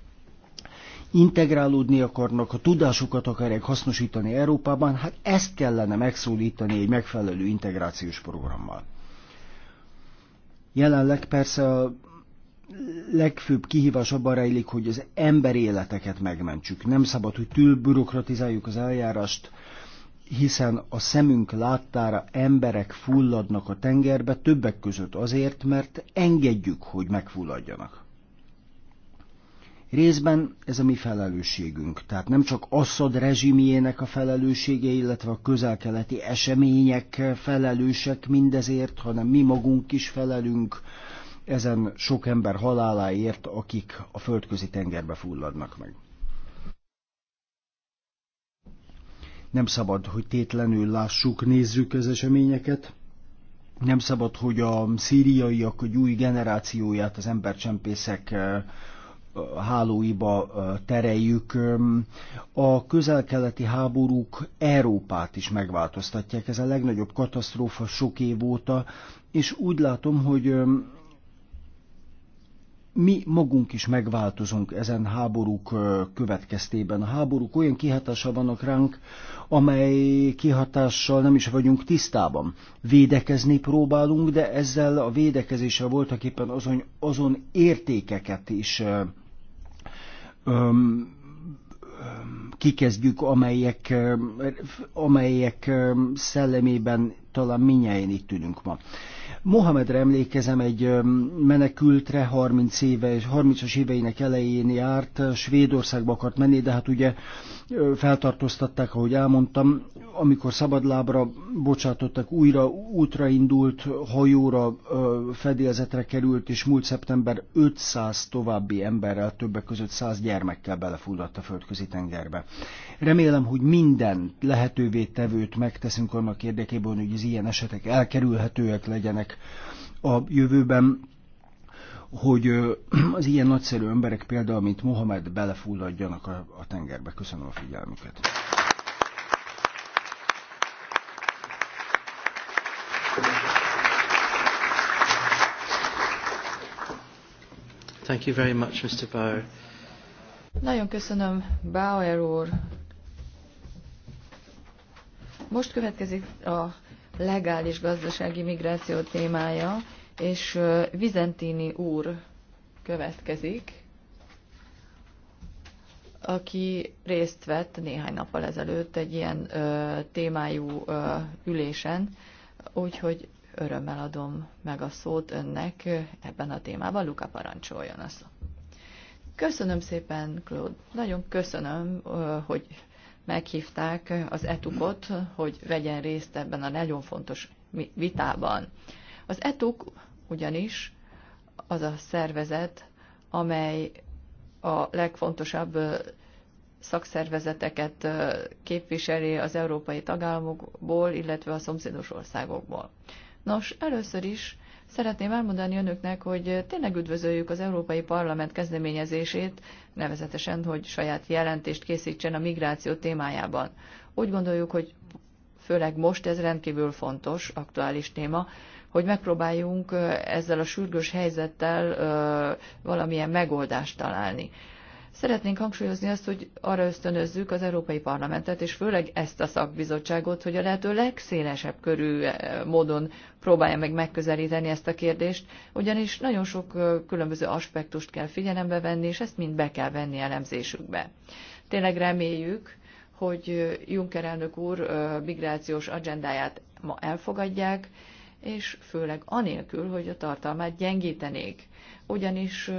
integrálódni akarnak, a tudásukat akarják hasznosítani Európában, hát ezt kellene megszólítani egy megfelelő integrációs programmal. Jelenleg persze a legfőbb kihívás abban rejlik, hogy az ember életeket megmentsük. Nem szabad, hogy túl bürokratizáljuk az eljárást, hiszen a szemünk láttára emberek fulladnak a tengerbe többek között azért, mert engedjük, hogy megfulladjanak. Részben ez a mi felelősségünk, tehát nem csak Assad rezsimjének a felelőssége, illetve a közelkeleti események felelősek mindezért, hanem mi magunk is felelünk ezen sok ember haláláért, akik a földközi tengerbe fulladnak meg. Nem szabad, hogy tétlenül lássuk, nézzük az eseményeket. Nem szabad, hogy a szíriaiak, hogy új generációját az embercsempészek hálóiba tereljük. A közelkeleti háborúk Európát is megváltoztatják. Ez a legnagyobb katasztrófa sok év óta, és úgy látom, hogy mi magunk is megváltozunk ezen háborúk következtében. A háborúk olyan kihatással vannak ránk, amely kihatással nem is vagyunk tisztában. Védekezni próbálunk, de ezzel a védekezéssel voltak éppen azon, azon értékeket is öm, kikezdjük, amelyek, amelyek szellemében talán minnyáján itt ülünk ma. Mohamedre emlékezem egy menekültre, 30 éve, 30-as éveinek elején járt, Svédországba akart menni, de hát ugye feltartóztatták, ahogy elmondtam, amikor szabadlábra bocsátottak, újra útra indult, hajóra fedélzetre került, és múlt szeptember 500 további emberrel, többek között 100 gyermekkel belefulladt a földközi tengerbe. Remélem, hogy minden lehetővé tevőt megteszünk annak érdekében, hogy az ilyen esetek elkerülhetőek legyenek a jövőben, hogy az ilyen nagyszerű emberek például, mint Mohamed, belefulladjanak a, tengerbe. Köszönöm a figyelmüket.
Thank you very much, Mr. Bauer.
Nagyon köszönöm Bauer úr most következik a legális gazdasági migráció témája, és Vizentini úr következik, aki részt vett néhány nappal ezelőtt egy ilyen ö, témájú ö, ülésen, úgyhogy örömmel adom meg a szót önnek ebben a témában. Luka parancsoljon azt. Köszönöm szépen, Claude. Nagyon köszönöm, hogy meghívták az etukot, hogy vegyen részt ebben a nagyon fontos vitában. Az etuk ugyanis az a szervezet, amely a legfontosabb szakszervezeteket képviseli az európai tagállamokból, illetve a szomszédos országokból. Nos, először is Szeretném elmondani önöknek, hogy tényleg üdvözöljük az Európai Parlament kezdeményezését, nevezetesen, hogy saját jelentést készítsen a migráció témájában. Úgy gondoljuk, hogy főleg most ez rendkívül fontos, aktuális téma, hogy megpróbáljunk ezzel a sürgős helyzettel valamilyen megoldást találni. Szeretnénk hangsúlyozni azt, hogy arra ösztönözzük az Európai Parlamentet, és főleg ezt a szakbizottságot, hogy a lehető legszélesebb körű eh, módon próbálja meg megközelíteni ezt a kérdést, ugyanis nagyon sok eh, különböző aspektust kell figyelembe venni, és ezt mind be kell venni elemzésükbe. Tényleg reméljük, hogy eh, Juncker elnök úr migrációs agendáját ma elfogadják, és főleg anélkül, hogy a tartalmát gyengítenék. Ugyanis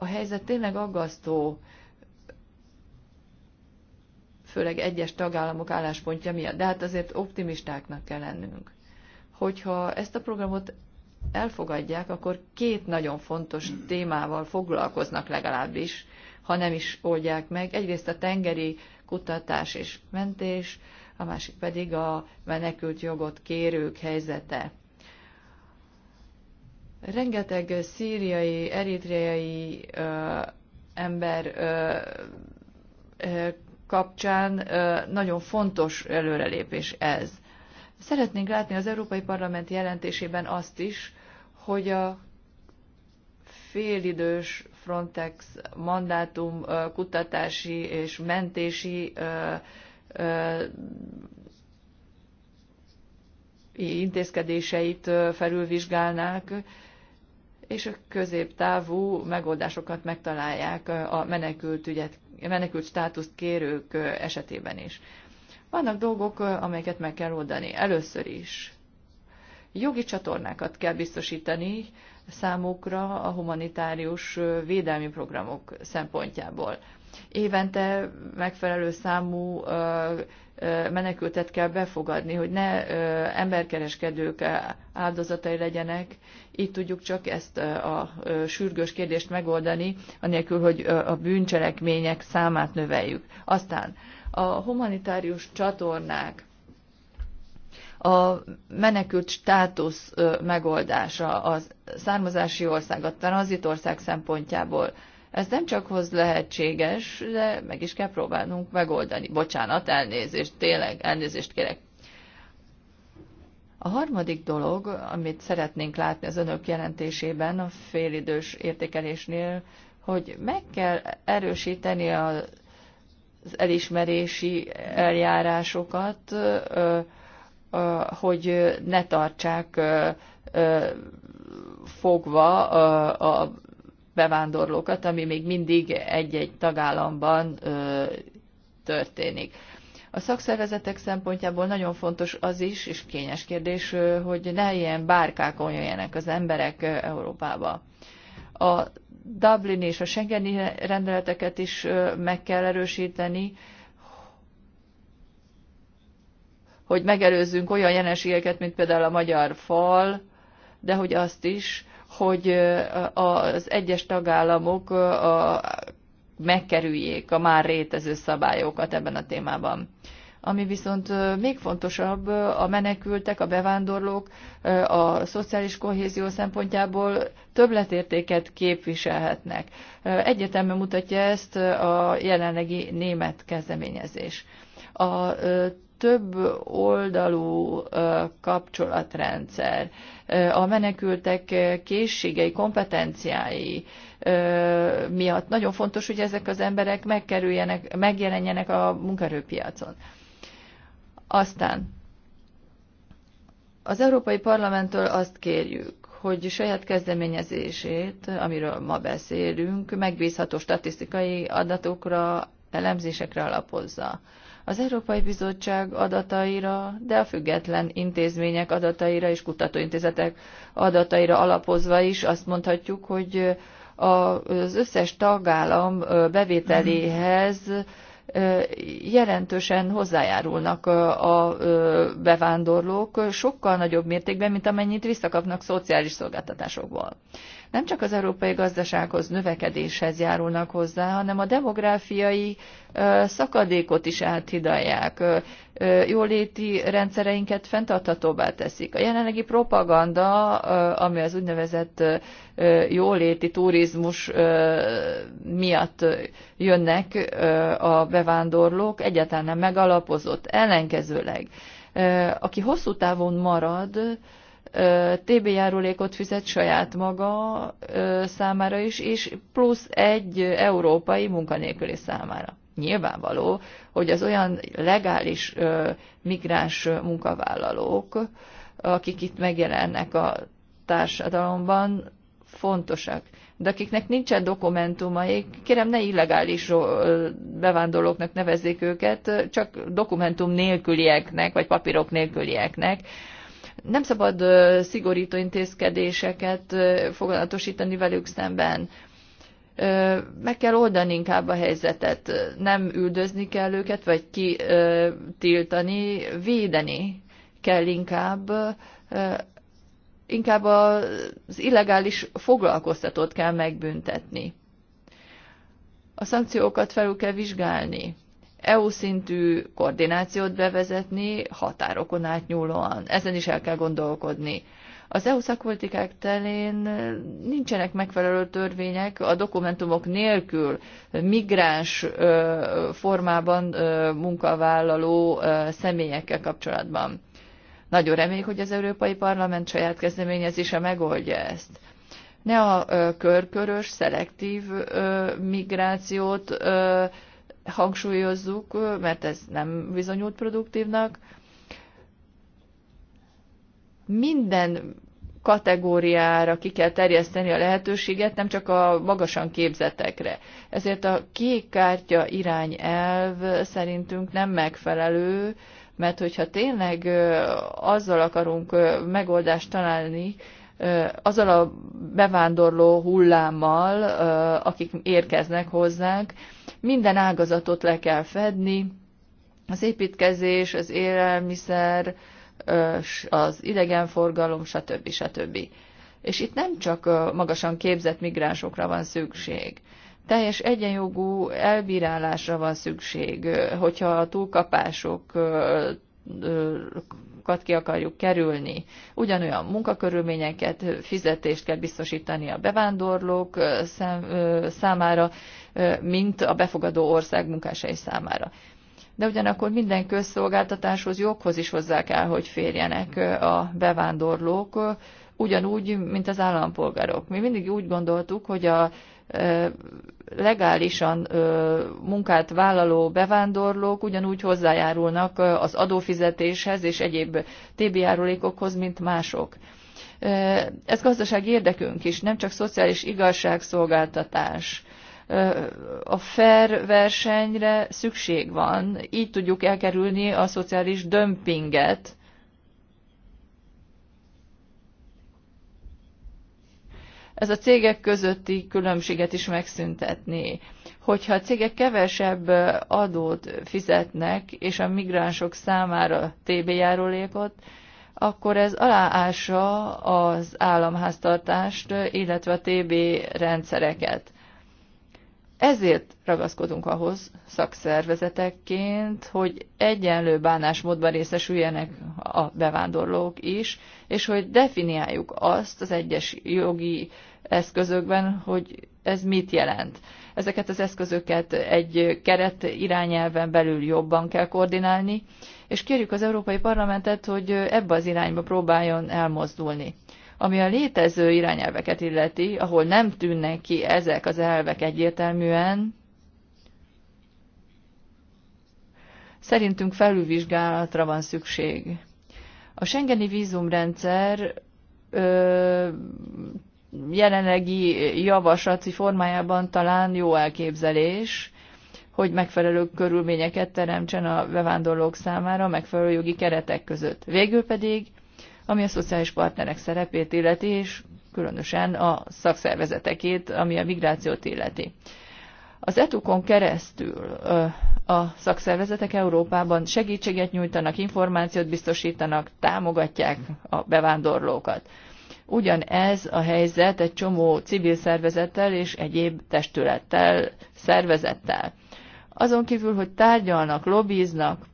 a helyzet tényleg aggasztó, főleg egyes tagállamok álláspontja miatt, de hát azért optimistáknak kell lennünk. Hogyha ezt a programot elfogadják, akkor két nagyon fontos témával foglalkoznak legalábbis, ha nem is oldják meg. Egyrészt a tengeri kutatás és mentés, a másik pedig a menekült jogot kérők helyzete. Rengeteg szíriai, eritreai ö, ember ö, ö, kapcsán ö, nagyon fontos előrelépés ez. Szeretnénk látni az Európai Parlament jelentésében azt is, hogy a félidős Frontex mandátum kutatási és mentési intézkedéseit felülvizsgálnák, és a középtávú megoldásokat megtalálják a menekült, ügyet, menekült státuszt kérők esetében is. Vannak dolgok, amelyeket meg kell oldani. Először is jogi csatornákat kell biztosítani számukra a humanitárius védelmi programok szempontjából. Évente megfelelő számú menekültet kell befogadni, hogy ne emberkereskedők áldozatai legyenek. Így tudjuk csak ezt a sürgős kérdést megoldani, anélkül, hogy a bűncselekmények számát növeljük. Aztán a humanitárius csatornák a menekült státusz megoldása, a származási ország, a tranzitország szempontjából ez nem csak hoz lehetséges, de meg is kell próbálnunk megoldani. Bocsánat, elnézést, tényleg, elnézést kérek. A harmadik dolog, amit szeretnénk látni az önök jelentésében a félidős értékelésnél, hogy meg kell erősíteni az elismerési eljárásokat, hogy ne tartsák fogva a bevándorlókat, ami még mindig egy-egy tagállamban történik. A szakszervezetek szempontjából nagyon fontos az is, és kényes kérdés, hogy ne ilyen bárkákon jöjjenek az emberek Európába. A Dublin és a Schengeni rendeleteket is meg kell erősíteni, hogy megelőzzünk olyan jelenségeket, mint például a magyar fal, de hogy azt is, hogy az egyes tagállamok a, megkerüljék a már rétező szabályokat ebben a témában. Ami viszont még fontosabb, a menekültek, a bevándorlók a szociális kohézió szempontjából többletértéket képviselhetnek. Egyetemben mutatja ezt a jelenlegi német kezdeményezés. A több oldalú kapcsolatrendszer, a menekültek készségei, kompetenciái miatt nagyon fontos, hogy ezek az emberek megkerüljenek, megjelenjenek a munkaerőpiacon. Aztán az Európai Parlamenttől azt kérjük, hogy saját kezdeményezését, amiről ma beszélünk, megbízható statisztikai adatokra, elemzésekre alapozza az Európai Bizottság adataira, de a független intézmények adataira és kutatóintézetek adataira alapozva is azt mondhatjuk, hogy az összes tagállam bevételéhez jelentősen hozzájárulnak a bevándorlók, sokkal nagyobb mértékben, mint amennyit visszakapnak szociális szolgáltatásokból nem csak az európai gazdasághoz, növekedéshez járulnak hozzá, hanem a demográfiai szakadékot is áthidalják, jóléti rendszereinket fenntarthatóbbá teszik. A jelenlegi propaganda, ami az úgynevezett jóléti turizmus miatt jönnek a bevándorlók, egyáltalán nem megalapozott, ellenkezőleg. Aki hosszú távon marad, TB járulékot fizet saját maga számára is, és plusz egy európai munkanélküli számára. Nyilvánvaló, hogy az olyan legális migráns munkavállalók, akik itt megjelennek a társadalomban, fontosak. De akiknek nincsen dokumentumaik, kérem ne illegális bevándorlóknak nevezzék őket, csak dokumentum nélkülieknek, vagy papírok nélkülieknek, nem szabad szigorító intézkedéseket foglalatosítani velük szemben. Meg kell oldani inkább a helyzetet. Nem üldözni kell őket, vagy kitiltani, védeni kell inkább. Inkább az illegális foglalkoztatót kell megbüntetni. A szankciókat felül kell vizsgálni EU szintű koordinációt bevezetni határokon átnyúlóan. Ezen is el kell gondolkodni. Az EU szakpolitikák telén nincsenek megfelelő törvények, a dokumentumok nélkül migráns formában munkavállaló személyekkel kapcsolatban. Nagyon reméljük, hogy az Európai Parlament saját kezdeményezése megoldja ezt. Ne a körkörös, szelektív migrációt hangsúlyozzuk, mert ez nem bizonyult produktívnak. Minden kategóriára ki kell terjeszteni a lehetőséget, nem csak a magasan képzetekre. Ezért a kék kártya irányelv szerintünk nem megfelelő, mert hogyha tényleg azzal akarunk megoldást találni, azzal a bevándorló hullámmal, akik érkeznek hozzánk, minden ágazatot le kell fedni, az építkezés, az élelmiszer, az idegenforgalom, stb. stb. És itt nem csak magasan képzett migránsokra van szükség. Teljes egyenjogú elbírálásra van szükség, hogyha a túlkapások munkákat ki akarjuk kerülni. Ugyanolyan munkakörülményeket, fizetést kell biztosítani a bevándorlók számára, mint a befogadó ország munkásai számára. De ugyanakkor minden közszolgáltatáshoz, joghoz is hozzá kell, hogy férjenek a bevándorlók, ugyanúgy, mint az állampolgárok. Mi mindig úgy gondoltuk, hogy a legálisan munkát vállaló bevándorlók ugyanúgy hozzájárulnak az adófizetéshez és egyéb TB járulékokhoz, mint mások. Ez gazdaság érdekünk is, nem csak szociális igazságszolgáltatás. A fair versenyre szükség van, így tudjuk elkerülni a szociális dömpinget, ez a cégek közötti különbséget is megszüntetné. Hogyha a cégek kevesebb adót fizetnek, és a migránsok számára TB járulékot, akkor ez aláássa az államháztartást, illetve a TB rendszereket. Ezért ragaszkodunk ahhoz szakszervezetekként, hogy egyenlő bánásmódban részesüljenek a bevándorlók is, és hogy definiáljuk azt az egyes jogi eszközökben, hogy ez mit jelent. Ezeket az eszközöket egy keret irányelven belül jobban kell koordinálni, és kérjük az Európai Parlamentet, hogy ebbe az irányba próbáljon elmozdulni. Ami a létező irányelveket illeti, ahol nem tűnnek ki ezek az elvek egyértelműen, szerintünk felülvizsgálatra van szükség. A Schengeni vízumrendszer ö, jelenlegi javaslati formájában talán jó elképzelés, hogy megfelelő körülményeket teremtsen a bevándorlók számára megfelelő jogi keretek között. Végül pedig ami a szociális partnerek szerepét illeti, és különösen a szakszervezetekét, ami a migrációt illeti. Az etukon keresztül a szakszervezetek Európában segítséget nyújtanak, információt biztosítanak, támogatják a bevándorlókat. Ugyanez a helyzet egy csomó civil szervezettel és egyéb testülettel, szervezettel. Azon kívül, hogy tárgyalnak, lobbiznak,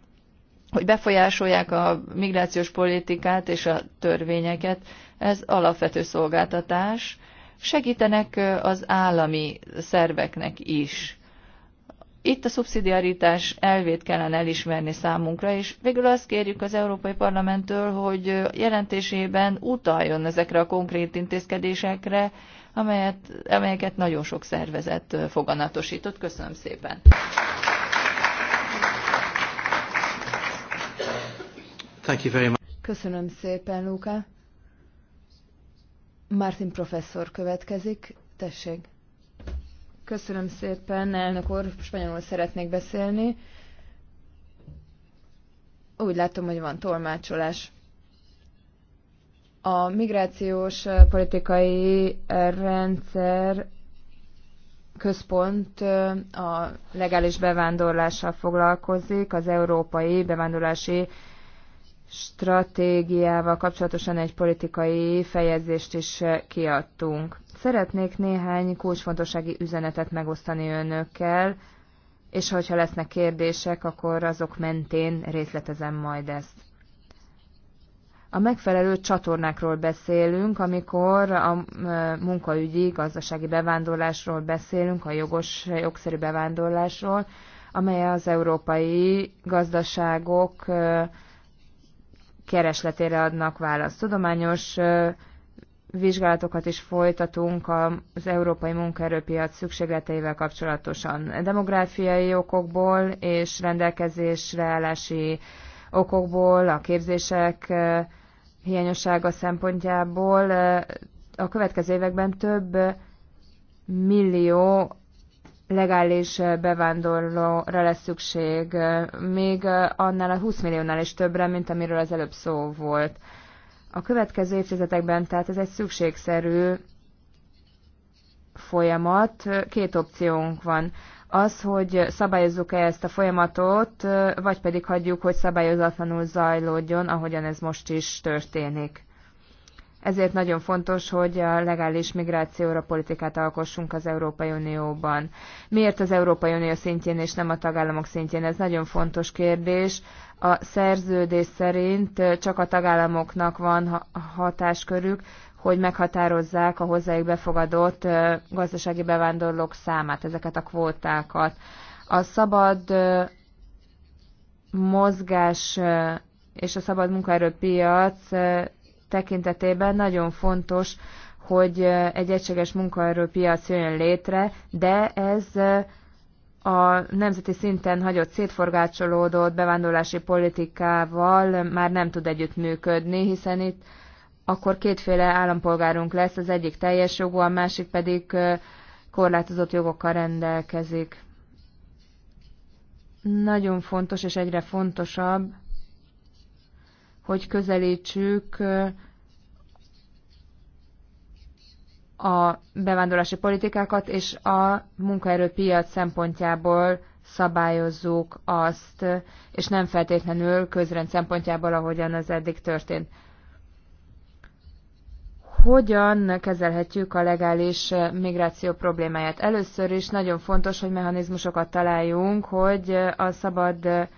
hogy befolyásolják a migrációs politikát és a törvényeket, ez alapvető szolgáltatás. Segítenek az állami szerveknek is. Itt a szubszidiaritás elvét kellene elismerni számunkra, és végül azt kérjük az Európai Parlamenttől, hogy jelentésében utaljon ezekre a konkrét intézkedésekre, amelyet, amelyeket nagyon sok szervezet foganatosított. Köszönöm szépen!
Thank you very much.
Köszönöm szépen, Luca. Martin professzor következik. Tessék. Köszönöm szépen, elnök úr. Spanyolul szeretnék beszélni. Úgy látom, hogy van tolmácsolás. A migrációs politikai rendszer központ a legális bevándorlással foglalkozik, az Európai Bevándorlási stratégiával kapcsolatosan egy politikai fejezést is kiadtunk. Szeretnék néhány kulcsfontossági üzenetet megosztani önökkel, és hogyha lesznek kérdések, akkor azok mentén részletezem majd ezt. A megfelelő csatornákról beszélünk, amikor a munkaügyi, gazdasági bevándorlásról beszélünk, a jogos, jogszerű bevándorlásról, amely az európai gazdaságok keresletére adnak választ. Tudományos vizsgálatokat is folytatunk az európai munkaerőpiac szükségleteivel kapcsolatosan. Demográfiai okokból és rendelkezésre állási okokból, a képzések hiányossága szempontjából a következő években több millió legális bevándorlóra lesz szükség, még annál a 20 milliónál is többre, mint amiről az előbb szó volt. A következő évtizedekben, tehát ez egy szükségszerű folyamat, két opciónk van. Az, hogy szabályozzuk-e ezt a folyamatot, vagy pedig hagyjuk, hogy szabályozatlanul zajlódjon, ahogyan ez most is történik. Ezért nagyon fontos, hogy a legális migrációra politikát alkossunk az Európai Unióban. Miért az Európai Unió szintjén és nem a tagállamok szintjén? Ez nagyon fontos kérdés. A szerződés szerint csak a tagállamoknak van hatáskörük, hogy meghatározzák a hozzájuk befogadott gazdasági bevándorlók számát, ezeket a kvótákat. A szabad mozgás és a szabad munkaerőpiac tekintetében nagyon fontos, hogy egy egységes munkaerőpiac jön létre, de ez a nemzeti szinten hagyott szétforgácsolódott bevándorlási politikával már nem tud együttműködni, hiszen itt akkor kétféle állampolgárunk lesz, az egyik teljes jogú, a másik pedig korlátozott jogokkal rendelkezik. Nagyon fontos és egyre fontosabb, hogy közelítsük a bevándorlási politikákat, és a munkaerőpiac szempontjából szabályozzuk azt, és nem feltétlenül közrend szempontjából, ahogyan az eddig történt. Hogyan kezelhetjük a legális migráció problémáját? Először is nagyon fontos, hogy mechanizmusokat találjunk, hogy a szabad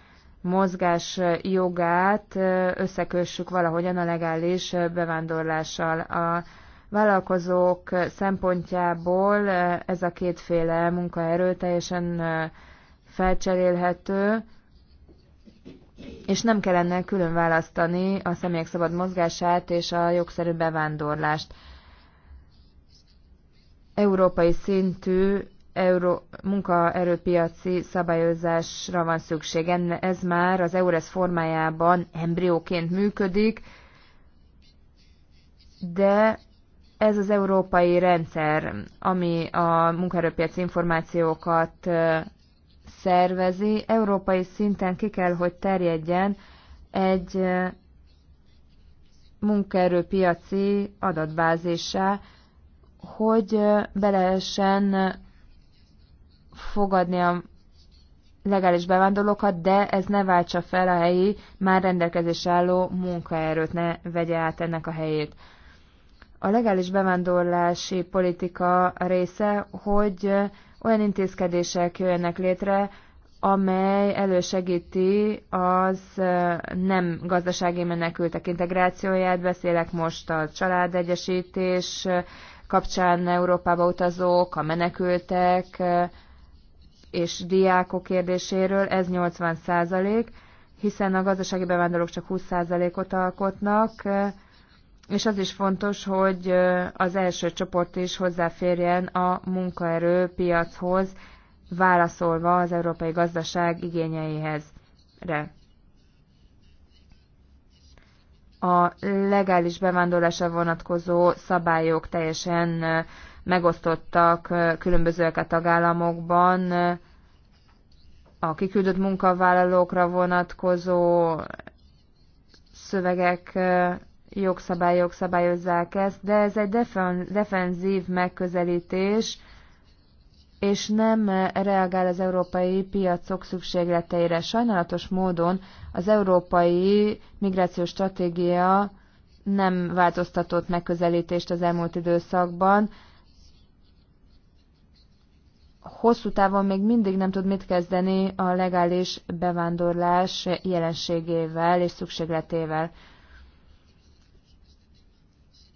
mozgás jogát összekössük valahogyan a legális bevándorlással. A vállalkozók szempontjából ez a kétféle munkaerő teljesen felcserélhető, és nem kellene külön választani a személyek szabad mozgását és a jogszerű bevándorlást. Európai szintű euró, munkaerőpiaci szabályozásra van szükség. Ez már az EURES formájában embrióként működik, de ez az európai rendszer, ami a munkaerőpiaci információkat szervezi, európai szinten ki kell, hogy terjedjen egy munkaerőpiaci adatbázissá, hogy be lehessen fogadni a legális bevándorlókat, de ez ne váltsa fel a helyi, már rendelkezés álló munkaerőt, ne vegye át ennek a helyét. A legális bevándorlási politika része, hogy olyan intézkedések jöjjenek létre, amely elősegíti az nem gazdasági menekültek integrációját. Beszélek most a családegyesítés kapcsán Európába utazók, a menekültek, és diákok kérdéséről, ez 80 százalék, hiszen a gazdasági bevándorlók csak 20 százalékot alkotnak, és az is fontos, hogy az első csoport is hozzáférjen a munkaerőpiachoz, válaszolva az európai gazdaság igényeihez. Re. A legális bevándorlásra vonatkozó szabályok teljesen megosztottak különbözőek a tagállamokban, a kiküldött munkavállalókra vonatkozó szövegek, jogszabályok szabályozzák ezt, de ez egy defenzív megközelítés, és nem reagál az európai piacok szükségleteire. Sajnálatos módon az európai migrációs stratégia nem változtatott megközelítést az elmúlt időszakban hosszú távon még mindig nem tud mit kezdeni a legális bevándorlás jelenségével és szükségletével.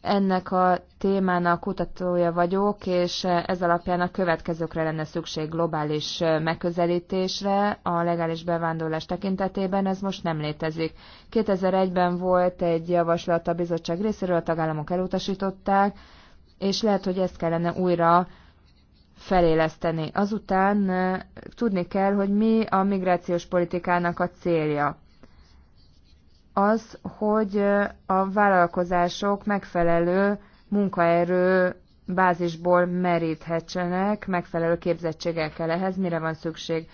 Ennek a témának kutatója vagyok, és ez alapján a következőkre lenne szükség globális megközelítésre a legális bevándorlás tekintetében, ez most nem létezik. 2001-ben volt egy javaslat a bizottság részéről, a tagállamok elutasították, és lehet, hogy ezt kellene újra feléleszteni. Azután tudni kell, hogy mi a migrációs politikának a célja. Az, hogy a vállalkozások megfelelő munkaerő bázisból meríthetsenek, megfelelő képzettséggel kell ehhez, mire van szükség.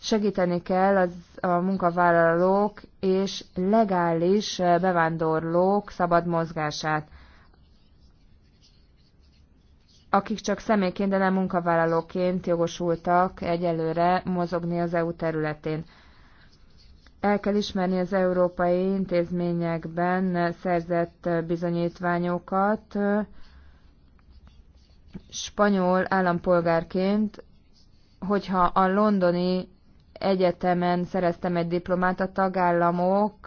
Segíteni kell az, a munkavállalók és legális bevándorlók szabad mozgását akik csak személyként, de nem munkavállalóként jogosultak egyelőre mozogni az EU területén. El kell ismerni az európai intézményekben szerzett bizonyítványokat. Spanyol állampolgárként, hogyha a londoni egyetemen szereztem egy diplomát, a tagállamok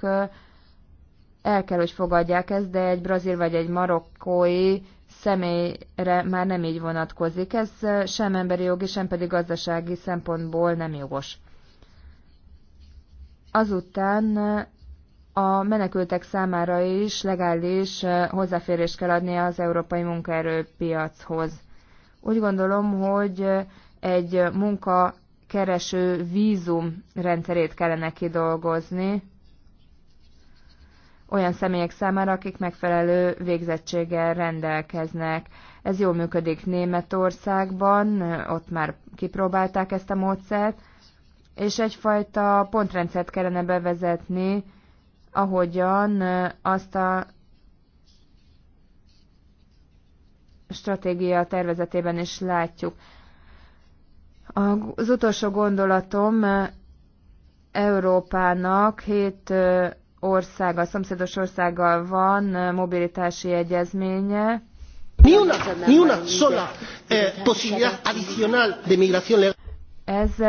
el kell, hogy fogadják ezt, de egy brazil vagy egy marokkói személyre már nem így vonatkozik. Ez sem emberi jogi, sem pedig gazdasági szempontból nem jogos. Azután a menekültek számára is legális hozzáférést kell adni az európai munkaerőpiachoz. Úgy gondolom, hogy egy munkakereső vízum rendszerét kellene kidolgozni, olyan személyek számára, akik megfelelő végzettséggel rendelkeznek. Ez jól működik Németországban, ott már kipróbálták ezt a módszert, és egyfajta pontrendszert kellene bevezetni, ahogyan azt a stratégia tervezetében is látjuk. Az utolsó gondolatom Európának hét Ország, a szomszédos országgal van mobilitási egyezménye. Ni una, ni una sola eh, posibilidad adicional de migración legal. Ez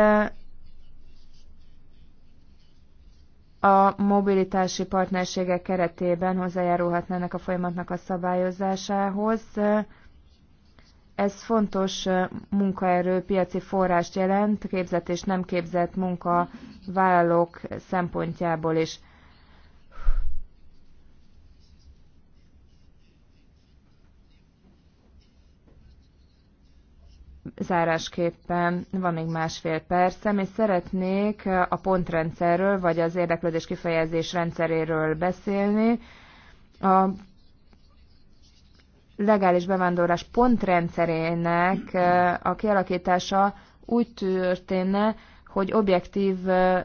a mobilitási partnerségek keretében hozzájárulhatna ennek a folyamatnak a szabályozásához. Ez fontos munkaerő piaci forrást jelent, képzett és nem képzett munkavállalók szempontjából is. zárásképpen van még másfél percem, és szeretnék a pontrendszerről, vagy az érdeklődés kifejezés rendszeréről beszélni. A legális bevándorlás pontrendszerének a kialakítása úgy történne, hogy objektív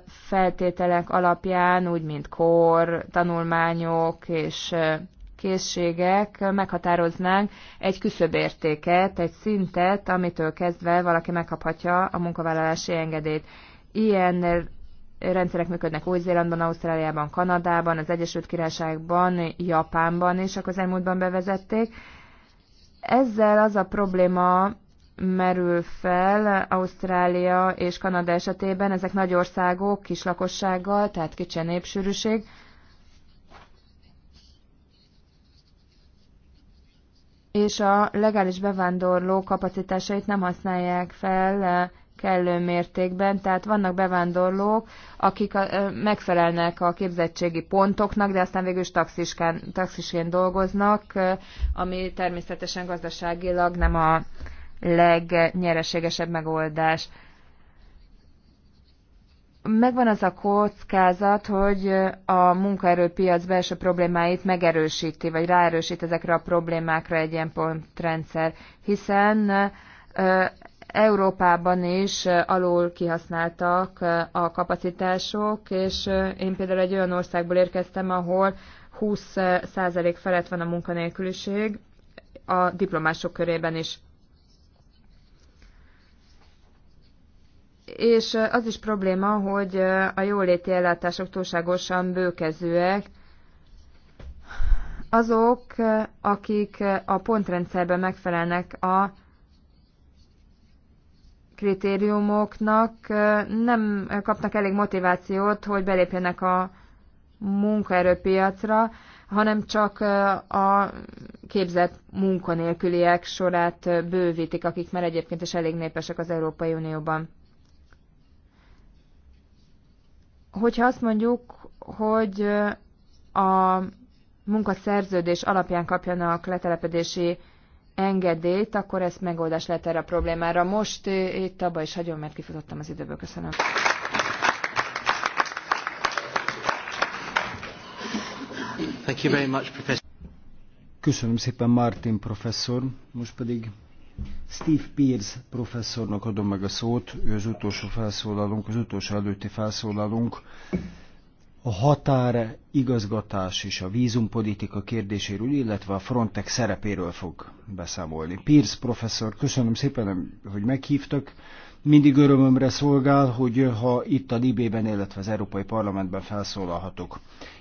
feltételek alapján, úgy mint kor, tanulmányok és készségek meghatároznánk egy küszöbértéket, egy szintet, amitől kezdve valaki megkaphatja a munkavállalási engedélyt. Ilyen rendszerek működnek Új-Zélandban, Ausztráliában, Kanadában, az Egyesült Királyságban, Japánban is, akkor az elmúltban bevezették. Ezzel az a probléma merül fel Ausztrália és Kanada esetében, ezek nagy országok, kis lakossággal, tehát kicsi népsűrűség, és a legális bevándorló kapacitásait nem használják fel eh, kellő mértékben, tehát vannak bevándorlók, akik eh, megfelelnek a képzettségi pontoknak, de aztán végül is taxisként dolgoznak, eh, ami természetesen gazdaságilag nem a legnyereségesebb megoldás megvan az a kockázat, hogy a munkaerőpiac belső problémáit megerősíti, vagy ráerősít ezekre a problémákra egy ilyen pontrendszer, hiszen Európában is alul kihasználtak a kapacitások, és én például egy olyan országból érkeztem, ahol 20% felett van a munkanélküliség, a diplomások körében is és az is probléma, hogy a jóléti ellátások túlságosan bőkezőek. Azok, akik a pontrendszerben megfelelnek a kritériumoknak, nem kapnak elég motivációt, hogy belépjenek a munkaerőpiacra, hanem csak a képzett munkanélküliek sorát bővítik, akik már egyébként is elég népesek az Európai Unióban. Hogyha azt mondjuk, hogy a munkaszerződés alapján kapjanak letelepedési engedélyt, akkor ezt megoldás lehet erre a problémára. Most itt abba is hagyom, mert kifutottam az időből. Köszönöm.
Thank you very much, professor.
Köszönöm szépen, Martin professzor. Most pedig Steve Pierce professzornak adom meg a szót, ő az utolsó felszólalónk, az utolsó előtti felszólalónk. A határ igazgatás és a vízumpolitika kérdéséről, illetve a Frontex szerepéről fog beszámolni. Pierce professzor, köszönöm szépen, hogy meghívtak. Mindig örömömre szolgál, hogy ha itt a Libében, illetve az Európai Parlamentben felszólalhatok.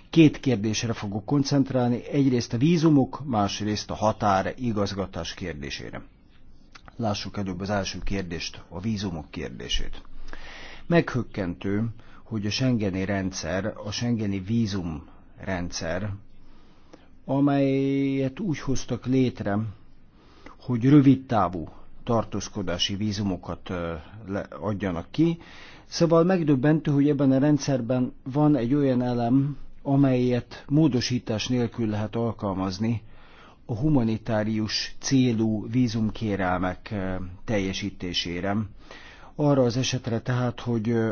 Két kérdésre fogok koncentrálni, egyrészt a vízumok, másrészt a határ igazgatás kérdésére. Lássuk előbb az első kérdést, a vízumok kérdését. Meghökkentő, hogy a Schengeni rendszer, a Schengeni vízum rendszer, amelyet úgy hoztak létre, hogy rövid távú tartózkodási vízumokat adjanak ki. Szóval megdöbbentő, hogy ebben a rendszerben van egy olyan elem, amelyet módosítás nélkül lehet alkalmazni, a humanitárius célú vízumkérelmek eh, teljesítésére. Arra az esetre tehát, hogy eh,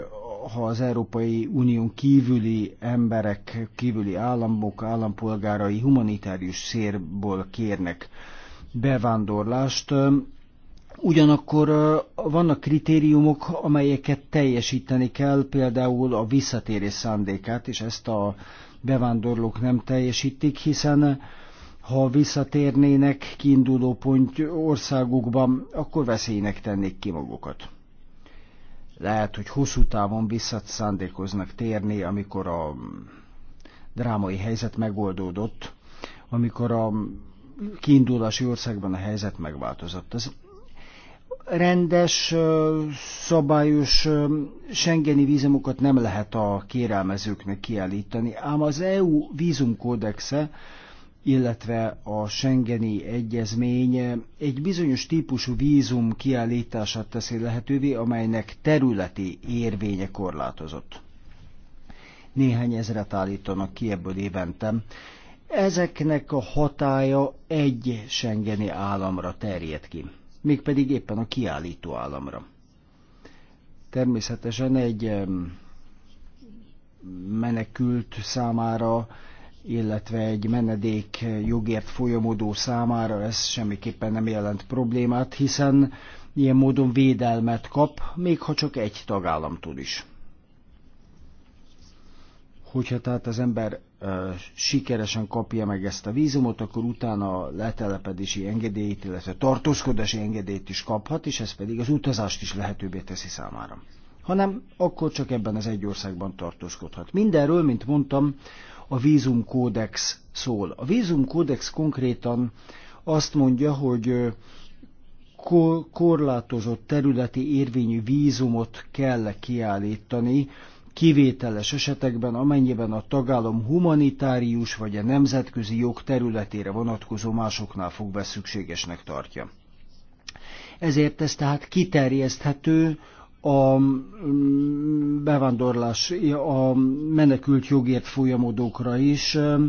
ha az Európai Unión kívüli emberek, kívüli államok, állampolgárai humanitárius szérból kérnek bevándorlást, eh, Ugyanakkor vannak kritériumok, amelyeket teljesíteni kell, például a visszatérés szándékát, és ezt a bevándorlók nem teljesítik, hiszen ha visszatérnének kiinduló pont országukban, akkor veszélynek tennék ki magukat. Lehet, hogy hosszú távon visszat szándékoznak térni, amikor a drámai helyzet megoldódott, amikor a kiindulási országban a helyzet megváltozott. Ez rendes, szabályos sengeni vízumokat nem lehet a kérelmezőknek kiállítani, ám az EU vízumkódexe illetve a Schengeni Egyezmény egy bizonyos típusú vízum kiállítását teszi lehetővé, amelynek területi érvénye korlátozott. Néhány ezret állítanak ki ebből évente. Ezeknek a hatája egy Schengeni államra terjed ki, mégpedig éppen a kiállító államra. Természetesen egy menekült számára illetve egy menedék jogért folyamodó számára ez semmiképpen nem jelent problémát, hiszen ilyen módon védelmet kap, még ha csak egy tagállamtól is. Hogyha tehát az ember sikeresen kapja meg ezt a vízumot, akkor utána a letelepedési engedélyt, illetve tartózkodási engedélyt is kaphat, és ez pedig az utazást is lehetővé teszi számára. Hanem akkor csak ebben az egy országban tartózkodhat. Mindenről, mint mondtam, a vízumkódex szól. A vízumkódex konkrétan azt mondja, hogy korlátozott területi érvényű vízumot kell kiállítani, kivételes esetekben, amennyiben a tagállam humanitárius vagy a nemzetközi jog területére vonatkozó másoknál fogva szükségesnek tartja. Ezért ez tehát kiterjeszthető a mm, bevándorlás, a menekült jogért folyamodókra is, mm,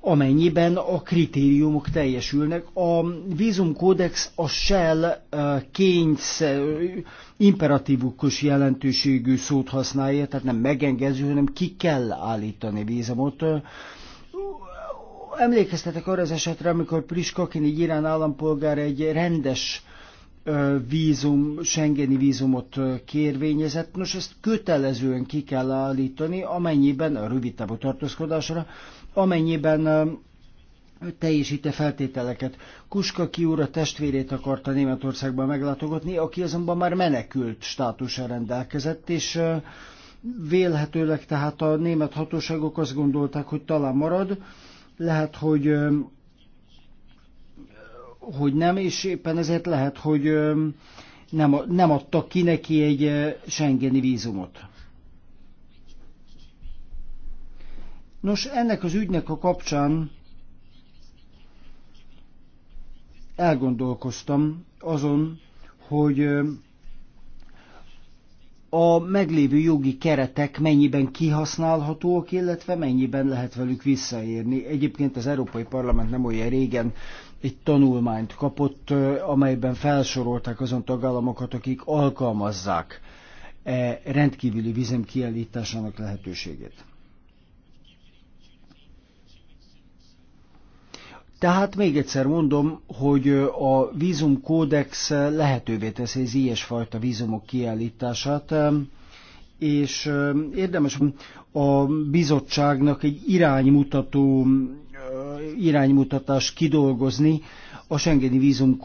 amennyiben a kritériumok teljesülnek. A vízumkódex a Shell eh, kényszer, imperatívukos jelentőségű szót használja, tehát nem megengedő, hanem ki kell állítani vízumot. Emlékeztetek arra az esetre, amikor Priskakin egy irán állampolgár egy rendes vízum, Schengeni vízumot kérvényezett. Nos, ezt kötelezően ki kell állítani, amennyiben a rövid távú tartózkodásra, amennyiben teljesíte feltételeket. Kuska kiúr a testvérét akarta Németországban meglátogatni, aki azonban már menekült státusra rendelkezett, és vélhetőleg tehát a német hatóságok azt gondolták, hogy talán marad, lehet, hogy hogy nem, és éppen ezért lehet, hogy nem, nem adtak ki neki egy Schengeni vízumot. Nos, ennek az ügynek a kapcsán elgondolkoztam azon, hogy a meglévő jogi keretek mennyiben kihasználhatóak, illetve mennyiben lehet velük visszaérni. Egyébként az Európai Parlament nem olyan régen egy tanulmányt kapott, amelyben felsorolták azon tagállamokat, akik alkalmazzák e rendkívüli vizem kiállításának lehetőségét. Tehát még egyszer mondom, hogy a vízumkódex lehetővé teszi az ilyesfajta vízumok kiállítását, és érdemes a bizottságnak egy iránymutató iránymutatást kidolgozni a Schengeni vízum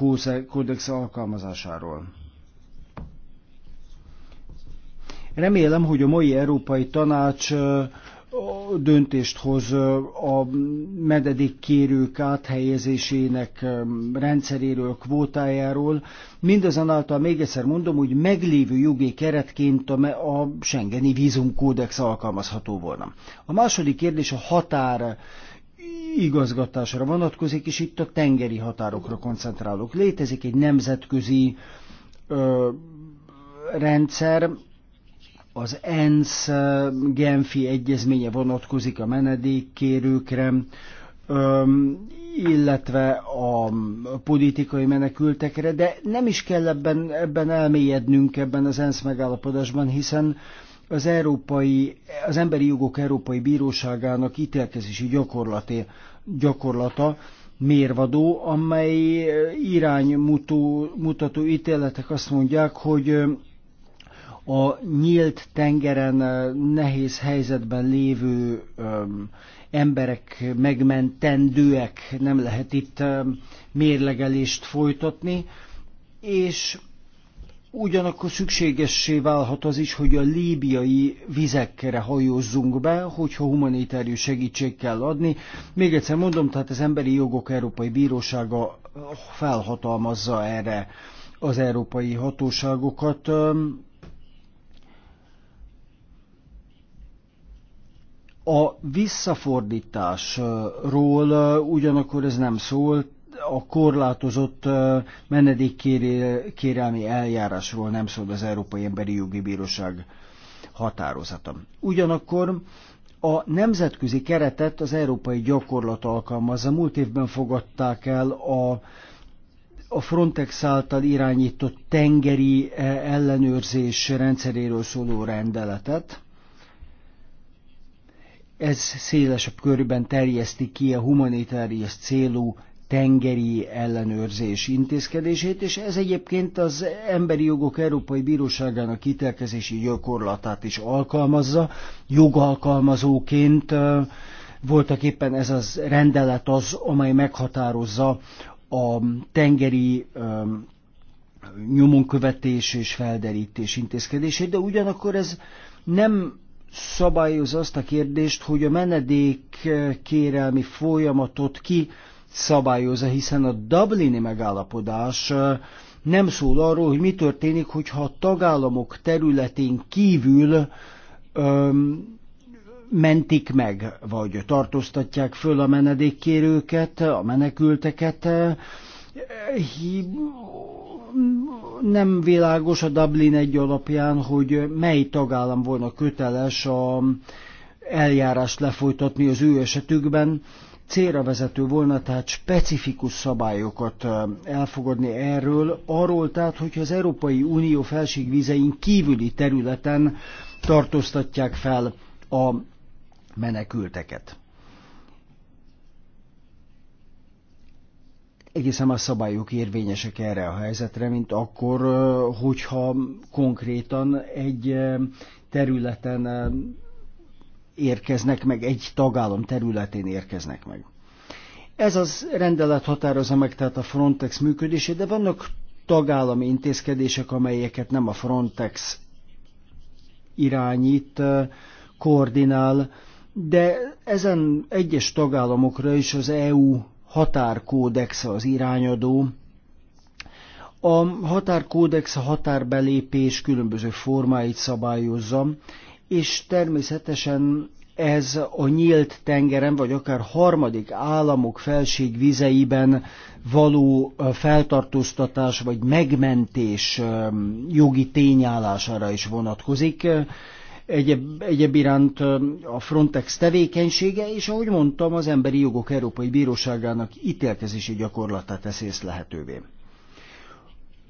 kódex alkalmazásáról. Remélem, hogy a mai Európai Tanács döntést hoz a mededik kérők áthelyezésének rendszeréről, kvótájáról. Mindazonáltal még egyszer mondom, hogy meglévő jogi keretként a Schengeni vízumkódex alkalmazható volna. A második kérdés a határ igazgatásra vonatkozik, és itt a tengeri határokra koncentrálok. Létezik egy nemzetközi ö, rendszer, az ENSZ Genfi egyezménye vonatkozik a menedékkérőkre, illetve a politikai menekültekre, de nem is kell ebben, ebben elmélyednünk ebben az ENSZ megállapodásban, hiszen az, európai, az Emberi Jogok Európai Bíróságának ítélkezési gyakorlati, gyakorlata mérvadó, amely eh, iránymutató mutató ítéletek azt mondják, hogy eh, a nyílt tengeren eh, nehéz helyzetben lévő emberek megmentendőek, nem lehet itt mérlegelést folytatni, és Ugyanakkor szükségessé válhat az is, hogy a líbiai vizekre hajózzunk be, hogyha humanitárius segítség kell adni. Még egyszer mondom, tehát az Emberi Jogok Európai Bírósága felhatalmazza erre az európai hatóságokat. A visszafordításról ugyanakkor ez nem szólt, a korlátozott menedékkérelmi eljárásról nem szól az Európai Emberi Jogi Bíróság határozata. Ugyanakkor a nemzetközi keretet az európai gyakorlat alkalmazza. Múlt évben fogadták el a, a Frontex által irányított tengeri e, ellenőrzés rendszeréről szóló rendeletet. Ez szélesebb körben terjeszti ki a humanitárius célú tengeri ellenőrzés intézkedését, és ez egyébként az Emberi Jogok Európai Bíróságának ítélkezési gyakorlatát is alkalmazza, jogalkalmazóként voltak éppen ez az rendelet az, amely meghatározza a tengeri nyomonkövetés és felderítés intézkedését, de ugyanakkor ez nem szabályozza azt a kérdést, hogy a menedék kérelmi folyamatot ki szabályozza, hiszen a Dublini megállapodás nem szól arról, hogy mi történik, hogyha a tagállamok területén kívül öm, mentik meg, vagy tartóztatják föl a menedékkérőket, a menekülteket. Nem világos a Dublin egy alapján, hogy mely tagállam volna köteles a eljárást lefolytatni az ő esetükben célra vezető volna tehát specifikus szabályokat elfogadni erről, arról tehát, hogyha az Európai Unió felségvizein kívüli területen tartóztatják fel a menekülteket. egészen a szabályok érvényesek erre a helyzetre, mint akkor, hogyha konkrétan egy területen érkeznek meg, egy tagállam területén érkeznek meg. Ez az rendelet határozza meg tehát a Frontex működését, de vannak tagállami intézkedések, amelyeket nem a Frontex irányít, koordinál, de ezen egyes tagállamokra is az EU határkódex az irányadó. A határkódex a határbelépés különböző formáit szabályozza, és természetesen ez a nyílt tengeren, vagy akár harmadik államok vizeiben való feltartóztatás vagy megmentés jogi tényállására is vonatkozik. Egyeb, egyéb iránt a Frontex tevékenysége, és ahogy mondtam, az Emberi Jogok Európai Bíróságának ítélkezési gyakorlata tesz ész lehetővé.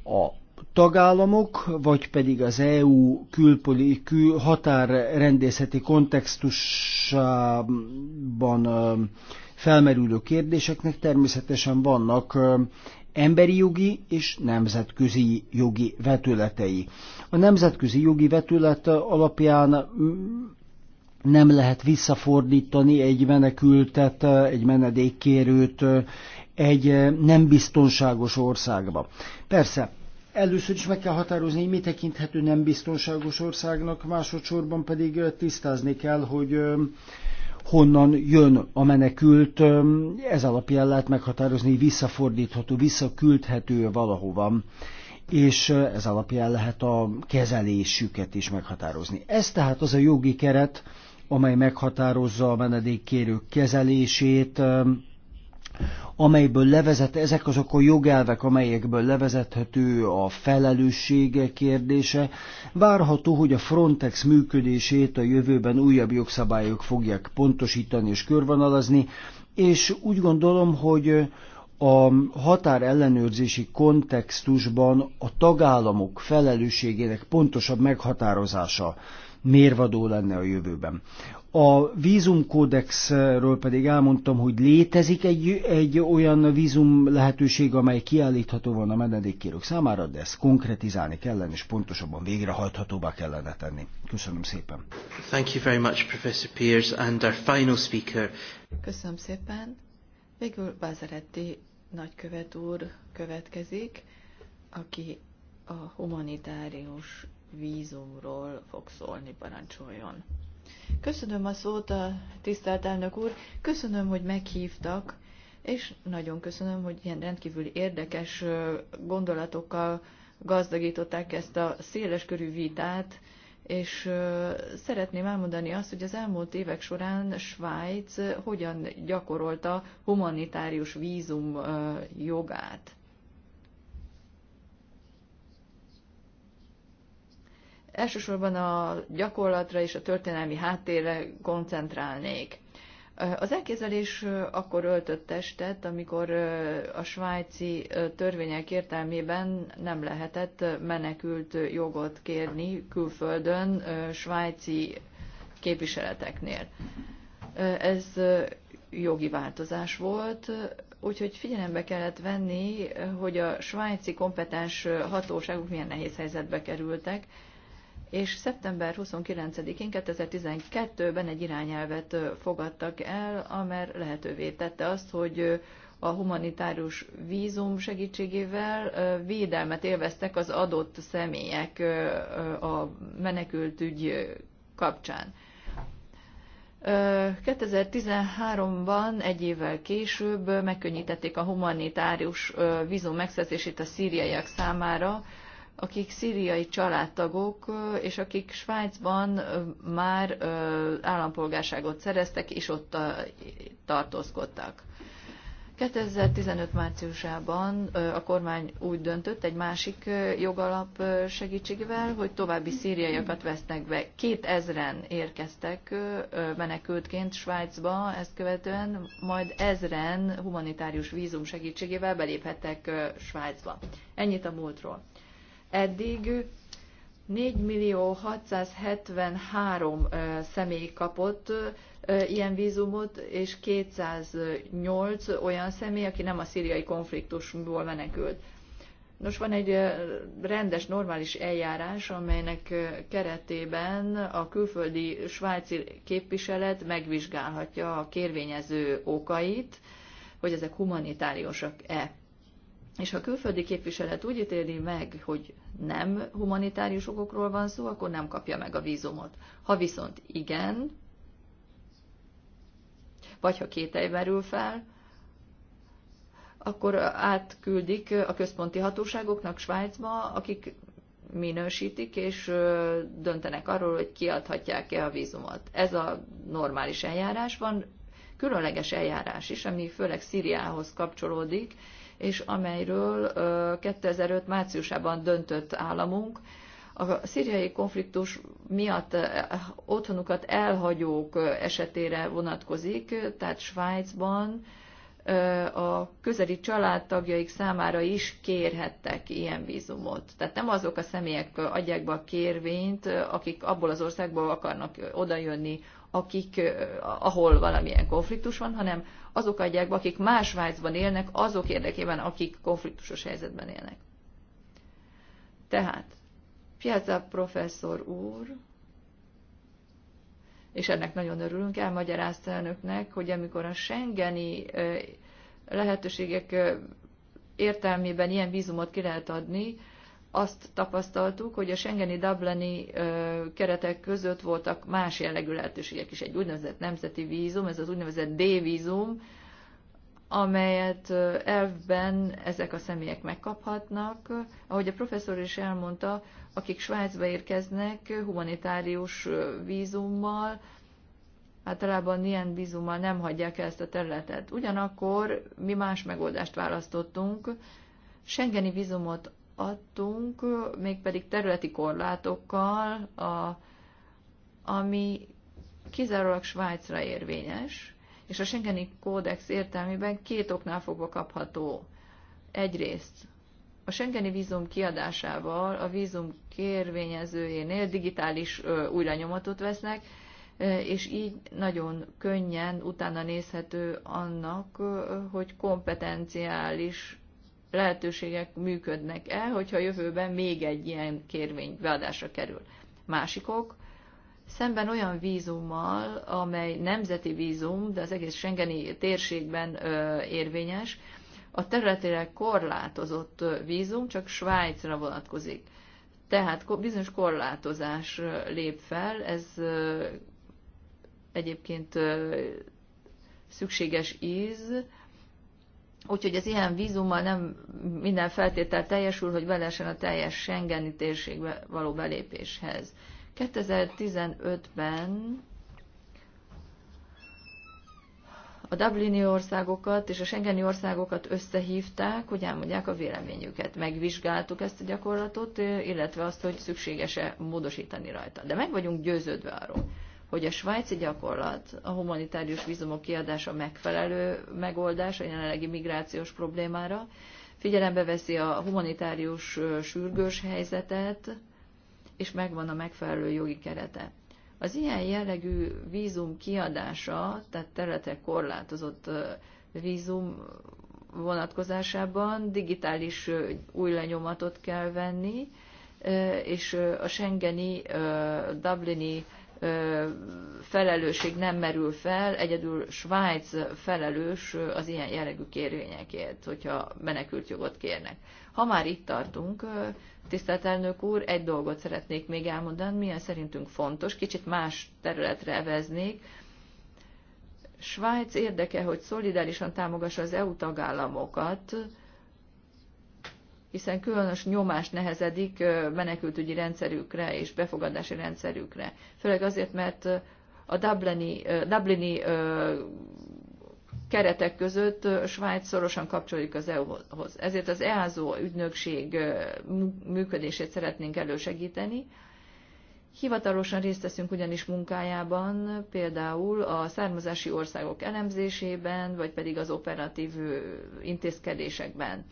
A tagállamok, vagy pedig az EU külpoli, kül, határrendészeti kontextusában felmerülő kérdéseknek természetesen vannak emberi jogi és nemzetközi jogi vetületei. A nemzetközi jogi vetület alapján nem lehet visszafordítani egy menekültet, egy menedékkérőt egy nem biztonságos országba. Persze, Először is meg kell határozni, hogy mi tekinthető nem biztonságos országnak, másodszorban pedig tisztázni kell, hogy honnan jön a menekült, ez alapján lehet meghatározni, visszafordítható, visszaküldhető valahova, és ez alapján lehet a kezelésüket is meghatározni. Ez tehát az a jogi keret, amely meghatározza a menedékkérők kezelését, amelyből levezet, ezek azok a jogelvek, amelyekből levezethető a felelősség kérdése. Várható, hogy a Frontex működését a jövőben újabb jogszabályok fogják pontosítani és körvonalazni, és úgy gondolom, hogy a határellenőrzési kontextusban a tagállamok felelősségének pontosabb meghatározása mérvadó lenne a jövőben. A vízumkódexről pedig elmondtam, hogy létezik egy, egy olyan vízum lehetőség, amely kiállítható van a menedékkérők számára, de ezt konkretizálni kellene, és pontosabban végrehajthatóbbá kellene tenni. Köszönöm szépen.
Thank you very much, Professor Pierce, and our final speaker.
Köszönöm szépen. Végül Vázeretti nagykövet úr következik, aki a humanitárius vízumról fog szólni, parancsoljon. Köszönöm a szót, a tisztelt elnök úr. Köszönöm, hogy meghívtak, és nagyon köszönöm, hogy ilyen rendkívül érdekes gondolatokkal gazdagították ezt a széleskörű vitát, és szeretném elmondani azt, hogy az elmúlt évek során Svájc hogyan gyakorolta humanitárius vízum jogát. Elsősorban a gyakorlatra és a történelmi háttérre koncentrálnék. Az elképzelés akkor öltött testet, amikor a svájci törvények értelmében nem lehetett menekült jogot kérni külföldön svájci képviseleteknél. Ez jogi változás volt, úgyhogy figyelembe kellett venni, hogy a svájci kompetens hatóságok milyen nehéz helyzetbe kerültek, és szeptember 29-én 2012-ben egy irányelvet fogadtak el, amely lehetővé tette azt, hogy a humanitárius vízum segítségével védelmet élveztek az adott személyek a menekültügy kapcsán. 2013-ban, egy évvel később megkönnyítették a humanitárius vízum megszerzését a szíriaiak számára, akik szíriai családtagok, és akik Svájcban már állampolgárságot szereztek, és ott tartózkodtak. 2015 márciusában a kormány úgy döntött egy másik jogalap segítségével, hogy további szíriaiakat vesznek be. Két ezren érkeztek menekültként Svájcba ezt követően, majd ezren humanitárius vízum segítségével beléphettek Svájcba. Ennyit a múltról. Eddig 4 millió 673 személy kapott ilyen vízumot, és 208 olyan személy, aki nem a szíriai konfliktusból menekült. Nos, van egy rendes, normális eljárás, amelynek keretében a külföldi svájci képviselet megvizsgálhatja a kérvényező okait, hogy ezek humanitáriusak-e és ha a külföldi képviselet úgy ítéli meg, hogy nem humanitárius okokról van szó, akkor nem kapja meg a vízumot. Ha viszont igen, vagy ha kételj merül fel, akkor átküldik a központi hatóságoknak Svájcba, akik minősítik és döntenek arról, hogy kiadhatják-e a vízumot. Ez a normális eljárás van, különleges eljárás is, ami főleg Szíriához kapcsolódik, és amelyről 2005 márciusában döntött államunk. A szíriai konfliktus miatt otthonukat elhagyók esetére vonatkozik, tehát Svájcban a közeli családtagjaik számára is kérhettek ilyen vízumot. Tehát nem azok a személyek adják be a kérvényt, akik abból az országból akarnak odajönni, akik, ahol valamilyen konfliktus van, hanem azok adják be, akik más Svájcban élnek, azok érdekében, akik konfliktusos helyzetben élnek. Tehát, Piazza professzor úr, és ennek nagyon örülünk, elmagyarázta önöknek, hogy amikor a Schengeni lehetőségek értelmében ilyen vízumot ki lehet adni, azt tapasztaltuk, hogy a Schengeni Dublini keretek között voltak más jellegű lehetőségek is. Egy úgynevezett nemzeti vízum, ez az úgynevezett D-vízum, amelyet elvben ezek a személyek megkaphatnak. Ahogy a professzor is elmondta, akik Svájcba érkeznek humanitárius vízummal, általában ilyen vízummal nem hagyják el ezt a területet. Ugyanakkor mi más megoldást választottunk, Schengeni vízumot adtunk, mégpedig területi korlátokkal, a, ami kizárólag Svájcra érvényes, és a Schengeni kódex értelmében két oknál fogva kapható. Egyrészt a Schengeni vízum kiadásával a vízum kérvényezőjénél digitális ö, újranyomatot vesznek, és így nagyon könnyen utána nézhető annak, hogy kompetenciális lehetőségek működnek el, hogyha jövőben még egy ilyen kérvény beadásra kerül. Másikok, szemben olyan vízummal, amely nemzeti vízum, de az egész Schengeni térségben ö, érvényes, a területileg korlátozott vízum csak Svájcra vonatkozik. Tehát bizonyos korlátozás lép fel, ez egyébként szükséges íz, Úgyhogy az ilyen vízummal nem minden feltétel teljesül, hogy belesen a teljes Schengeni térségbe való belépéshez. 2015-ben a Dublini országokat és a Schengeni országokat összehívták, hogy elmondják a véleményüket. Megvizsgáltuk ezt a gyakorlatot, illetve azt, hogy szükséges-e módosítani rajta. De meg vagyunk győződve arról, hogy a svájci gyakorlat, a humanitárius vízumok kiadása megfelelő megoldás a jelenlegi migrációs problémára, figyelembe veszi a humanitárius sürgős helyzetet, és megvan a megfelelő jogi kerete. Az ilyen jellegű vízum kiadása, tehát területek korlátozott vízum vonatkozásában digitális új lenyomatot kell venni, és a Schengeni, Dublini felelősség nem merül fel, egyedül Svájc felelős az ilyen jellegű kérvényekért, hogyha menekült jogot kérnek. Ha már itt tartunk, tisztelt elnök úr, egy dolgot szeretnék még elmondani, milyen szerintünk fontos, kicsit más területre veznék. Svájc érdeke, hogy szolidárisan támogassa az EU tagállamokat, hiszen különös nyomás nehezedik menekültügyi rendszerükre és befogadási rendszerükre. Főleg azért, mert a Dublini, Dublini keretek között Svájc szorosan kapcsolódik az EU-hoz. Ezért az EASO ügynökség működését szeretnénk elősegíteni. Hivatalosan részt veszünk ugyanis munkájában, például a származási országok elemzésében, vagy pedig az operatív intézkedésekben.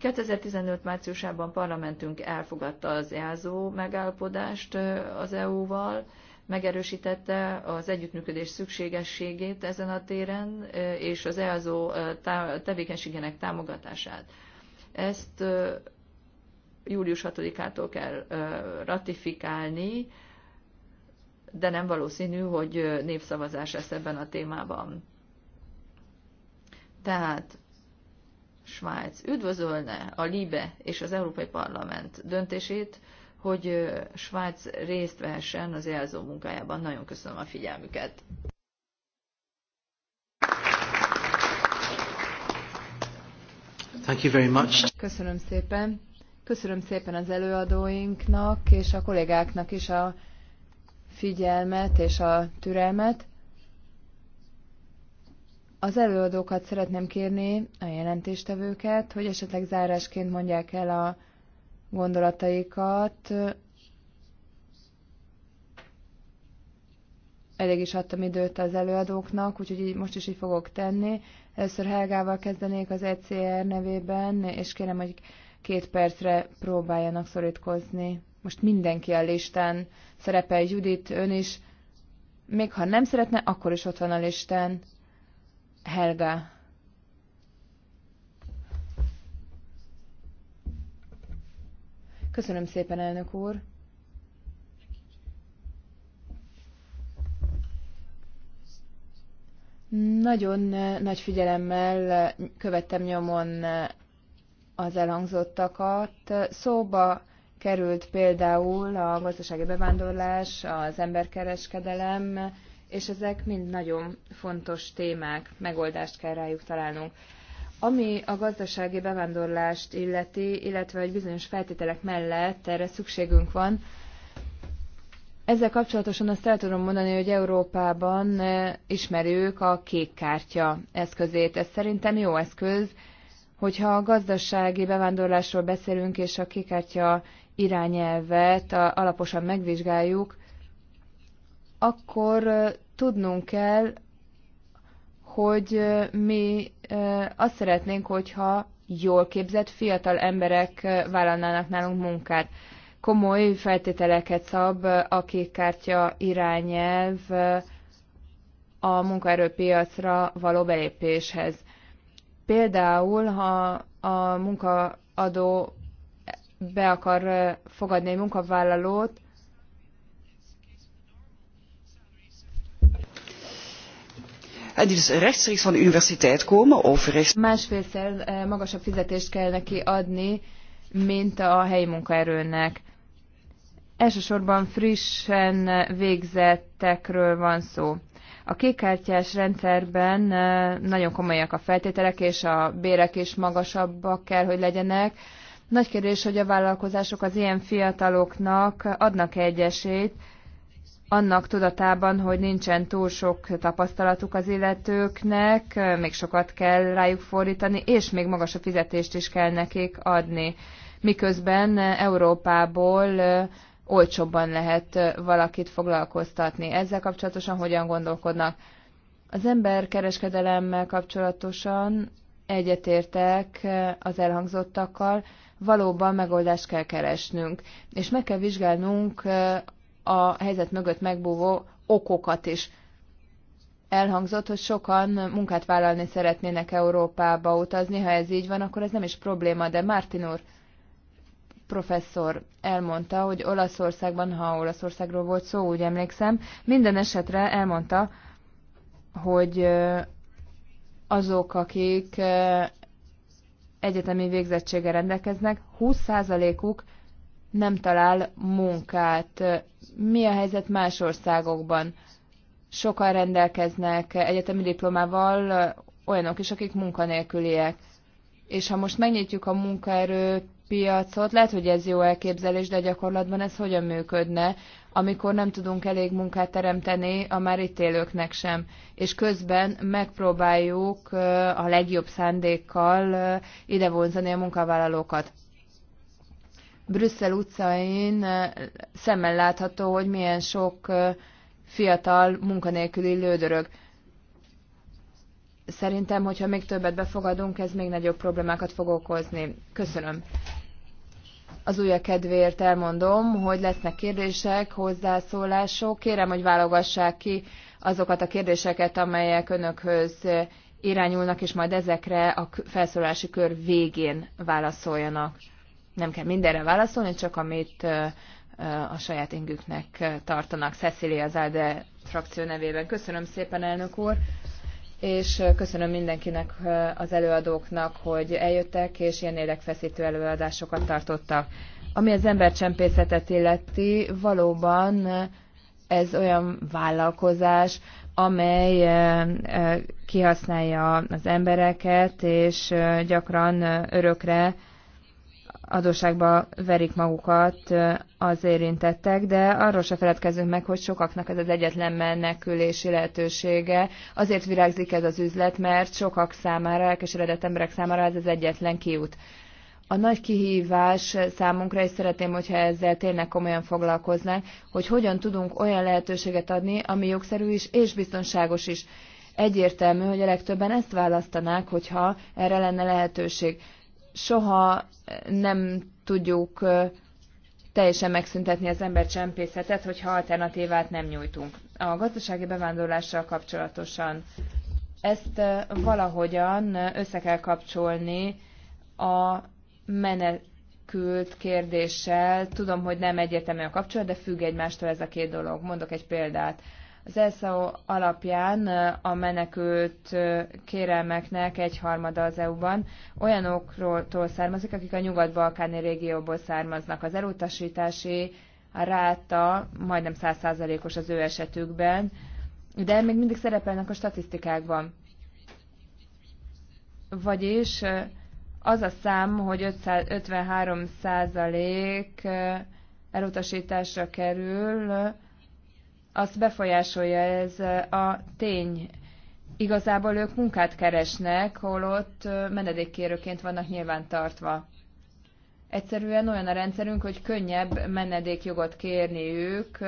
2015 márciusában parlamentünk elfogadta az EASO megállapodást az EU-val, megerősítette az együttműködés szükségességét ezen a téren, és az EASO tevékenységének támogatását. Ezt július 6-ától kell ratifikálni, de nem valószínű, hogy népszavazás lesz ebben a témában. Tehát Svájc üdvözölne a LIBE és az Európai Parlament döntését, hogy Svájc részt vehessen az jelző munkájában. Nagyon köszönöm a figyelmüket.
Thank you very much. Köszönöm szépen. Köszönöm szépen az előadóinknak és a kollégáknak is a figyelmet és a türelmet. Az előadókat szeretném kérni, a jelentéstevőket, hogy esetleg zárásként mondják el a gondolataikat. Elég is adtam időt az előadóknak, úgyhogy így, most is így fogok tenni. Először Helgával kezdenék az ECR nevében, és kérem, hogy két percre próbáljanak szorítkozni. Most mindenki a listán szerepel, Judit, ön is. Még ha nem szeretne, akkor is ott van a listán. Helga. Köszönöm szépen, elnök úr. Nagyon nagy figyelemmel követtem nyomon az elhangzottakat. Szóba került például a gazdasági bevándorlás, az emberkereskedelem, és ezek mind nagyon fontos témák, megoldást kell rájuk találnunk. Ami a gazdasági bevándorlást illeti, illetve egy bizonyos feltételek mellett erre szükségünk van, ezzel kapcsolatosan azt el tudom mondani, hogy Európában e, ismerjük a kék kártya eszközét. Ez szerintem jó eszköz, hogyha a gazdasági bevándorlásról beszélünk, és a kártya irányelvet alaposan megvizsgáljuk, akkor tudnunk kell, hogy mi azt szeretnénk, hogyha jól képzett fiatal emberek vállalnának nálunk munkát. Komoly feltételeket szab a kékkártya irányelv a munkaerőpiacra való belépéshez. Például, ha a munkaadó be akar fogadni egy munkavállalót,
En die dus rechtstreeks van de universiteit komen of rechtstreeks...
Másfélszer eh, magasabb fizetést kell neki adni, mint a helyi munkaerőnek. Elsősorban frissen végzettekről van szó. A kékkártyás rendszerben eh, nagyon komolyak a feltételek, és a bérek is magasabbak kell, hogy legyenek. Nagy kérdés, hogy a vállalkozások az ilyen fiataloknak adnak -e egy esélyt, annak tudatában, hogy nincsen túl sok tapasztalatuk az illetőknek, még sokat kell rájuk fordítani, és még magasabb fizetést is kell nekik adni. Miközben Európából olcsóbban lehet valakit foglalkoztatni. Ezzel kapcsolatosan hogyan gondolkodnak? Az ember kereskedelemmel kapcsolatosan egyetértek az elhangzottakkal, valóban megoldást kell keresnünk, és meg kell vizsgálnunk a helyzet mögött megbúvó okokat is. Elhangzott, hogy sokan munkát vállalni szeretnének Európába utazni, ha ez így van, akkor ez nem is probléma, de Martin úr, professzor elmondta, hogy Olaszországban, ha Olaszországról volt szó, úgy emlékszem, minden esetre elmondta, hogy azok, akik egyetemi végzettséggel rendelkeznek, 20%-uk nem talál munkát. Mi a helyzet más országokban? Sokan rendelkeznek egyetemi diplomával olyanok is, akik munkanélküliek. És ha most megnyitjuk a munkaerőpiacot, lehet, hogy ez jó elképzelés, de gyakorlatban ez hogyan működne, amikor nem tudunk elég munkát teremteni a már itt élőknek sem. És közben megpróbáljuk a legjobb szándékkal idevonzani a munkavállalókat. Brüsszel utcain szemmel látható, hogy milyen sok fiatal munkanélküli lődörög. Szerintem, hogyha még többet befogadunk, ez még nagyobb problémákat fog okozni. Köszönöm. Az újja kedvéért elmondom, hogy lesznek kérdések, hozzászólások. Kérem, hogy válogassák ki azokat a kérdéseket, amelyek önökhöz irányulnak, és majd ezekre a felszólási kör végén válaszoljanak. Nem kell mindenre válaszolni, csak amit a saját ingüknek tartanak. Cecilia az frakció nevében. Köszönöm szépen, elnök úr, és köszönöm mindenkinek, az előadóknak, hogy eljöttek, és ilyen érdekfeszítő előadásokat tartottak. Ami az embercsempészetet illeti, valóban ez olyan vállalkozás, amely kihasználja az embereket, és gyakran örökre adósságba verik magukat az érintettek, de arról se feledkezünk meg, hogy sokaknak ez az egyetlen menekülési lehetősége. Azért virágzik ez az üzlet, mert sokak számára, elkeseredett emberek számára ez az egyetlen kiút. A nagy kihívás számunkra, és szeretném, hogyha ezzel tényleg komolyan foglalkoznánk, hogy hogyan tudunk olyan lehetőséget adni, ami jogszerű is és biztonságos is. Egyértelmű, hogy a legtöbben ezt választanák, hogyha erre lenne lehetőség soha eh, nem tudjuk eh, teljesen megszüntetni az csempészetet, hogyha alternatívát nem nyújtunk. A gazdasági bevándorlással kapcsolatosan ezt eh, valahogyan össze kell kapcsolni a menekült kérdéssel. Tudom, hogy nem egyértelmű a kapcsolat, de függ egymástól ez a két dolog. Mondok egy példát. Az ESZAO alapján a menekült kérelmeknek egyharmada az EU-ban olyanokról származik, akik a nyugat-balkáni régióból származnak. Az elutasítási ráta majdnem 100%-os az ő esetükben, de még mindig szerepelnek a statisztikákban. Vagyis az a szám, hogy 500, 53% elutasításra kerül, azt befolyásolja ez a tény. Igazából ők munkát keresnek, holott menedékkérőként vannak nyilvántartva. Egyszerűen olyan a rendszerünk, hogy könnyebb menedékjogot kérni ők,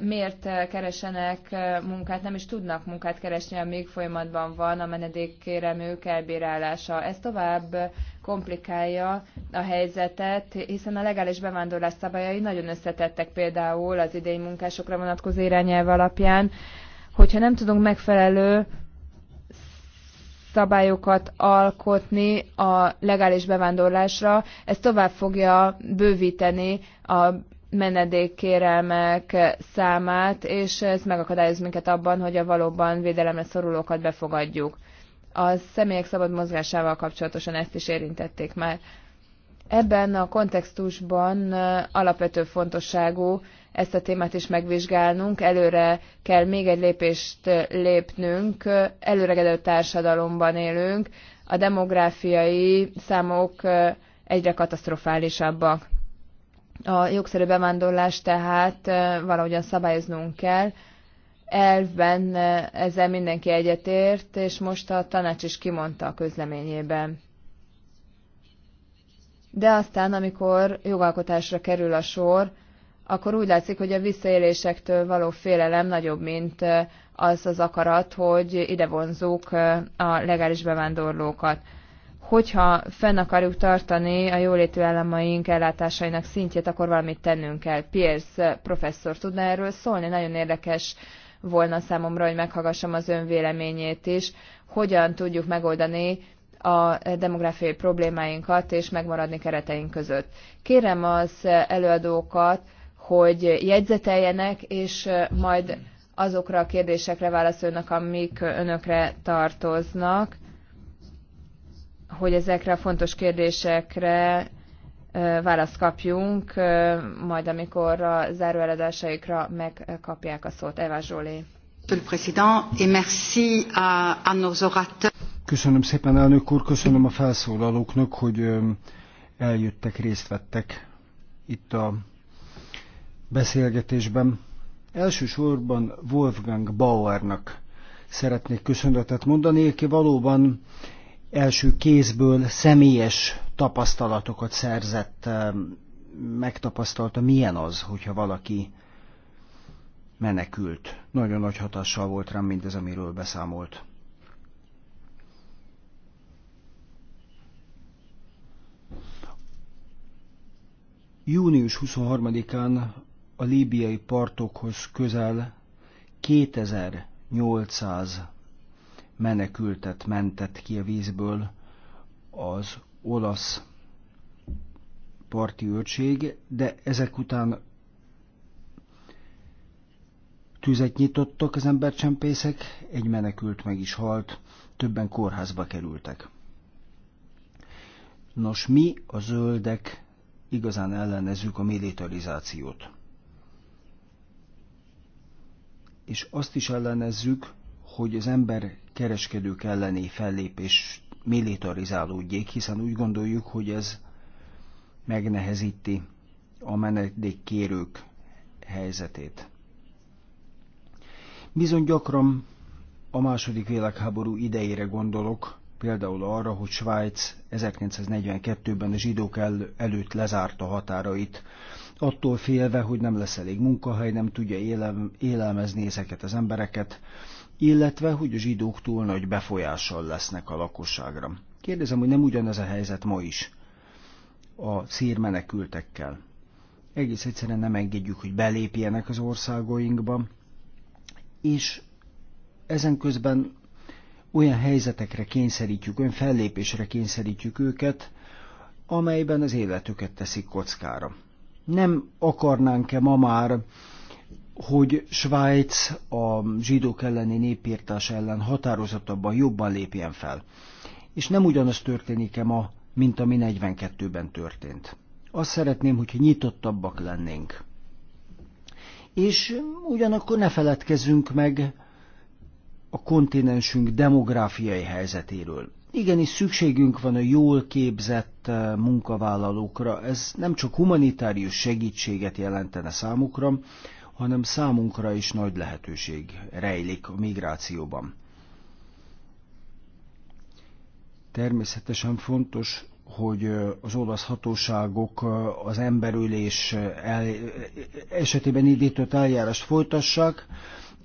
miért eh, keresenek eh, munkát, nem is tudnak munkát keresni, amíg folyamatban van a menedékkérelmük elbírálása. Ez tovább komplikálja a helyzetet, hiszen a legális bevándorlás szabályai nagyon összetettek például az idei munkásokra vonatkozó irányelv alapján. Hogyha nem tudunk megfelelő szabályokat alkotni a legális bevándorlásra, ez tovább fogja bővíteni a menedékkérelmek számát, és ez megakadályoz minket abban, hogy a valóban védelemre szorulókat befogadjuk. A személyek szabad mozgásával kapcsolatosan ezt is érintették már. Ebben a kontextusban eh, alapvető fontosságú ezt a témát is megvizsgálnunk, előre kell még egy lépést eh, lépnünk, előregedő társadalomban élünk, a demográfiai számok eh, egyre katasztrofálisabbak a jogszerű bevándorlás tehát valahogyan szabályoznunk kell. Elvben ezzel mindenki egyetért, és most a tanács is kimondta a közleményében. De aztán, amikor jogalkotásra kerül a sor, akkor úgy látszik, hogy a visszaélésektől való félelem nagyobb, mint az az akarat, hogy ide vonzuk a legális bevándorlókat hogyha fenn akarjuk tartani a jólétű államaink ellátásainak szintjét, akkor valamit tennünk kell. Pierce eh, professzor tudna erről szólni? Nagyon érdekes volna számomra, hogy meghallgassam az ön véleményét is. Hogyan tudjuk megoldani a demográfiai problémáinkat és megmaradni kereteink között. Kérem az előadókat, hogy jegyzeteljenek, és eh, majd azokra a kérdésekre válaszolnak, amik önökre tartoznak hogy ezekre a fontos kérdésekre választ kapjunk, majd amikor a záróeladásaikra megkapják a
szót. Eva Zsolé.
Köszönöm szépen, elnök úr, köszönöm a felszólalóknak, hogy eljöttek, részt vettek itt a beszélgetésben. Elsősorban Wolfgang Bauernak szeretnék köszönetet mondani, aki valóban első kézből személyes tapasztalatokat szerzett, megtapasztalta, milyen az, hogyha valaki menekült. Nagyon nagy hatással volt rám mindez, amiről beszámolt. Június 23-án a líbiai partokhoz közel 2800 menekültet mentett ki a vízből az olasz parti őrség, de ezek után tüzet nyitottak az embercsempészek, egy menekült meg is halt, többen kórházba kerültek. Nos, mi a zöldek igazán ellenezzük a militarizációt. És azt is ellenezzük, hogy az ember kereskedők elleni fellépés militarizálódjék, hiszen úgy gondoljuk, hogy ez megnehezíti a menedékkérők helyzetét. Bizony gyakran a második világháború idejére gondolok, például arra, hogy Svájc 1942-ben a zsidók el, előtt lezárta határait, attól félve, hogy nem lesz elég munkahely, nem tudja élelmezni ezeket az embereket, illetve hogy a zsidók túl nagy befolyással lesznek a lakosságra. Kérdezem, hogy nem ugyanez a helyzet ma is a szír menekültekkel. Egész egyszerűen nem engedjük, hogy belépjenek az országainkba, és ezen közben olyan helyzetekre kényszerítjük, olyan fellépésre kényszerítjük őket, amelyben az életüket teszik kockára. Nem akarnánk-e ma már hogy Svájc a zsidók elleni népírtás ellen határozottabban jobban lépjen fel. És nem ugyanaz történik-e ma, mint ami 42-ben történt. Azt szeretném, hogyha nyitottabbak lennénk. És ugyanakkor ne feledkezzünk meg a kontinensünk demográfiai helyzetéről. Igenis szükségünk van a jól képzett eh, munkavállalókra, ez nem csak humanitárius segítséget jelentene számukra, hanem számunkra is nagy lehetőség rejlik a migrációban. Természetesen fontos, hogy az olasz hatóságok az emberülés el, esetében indított eljárást folytassák,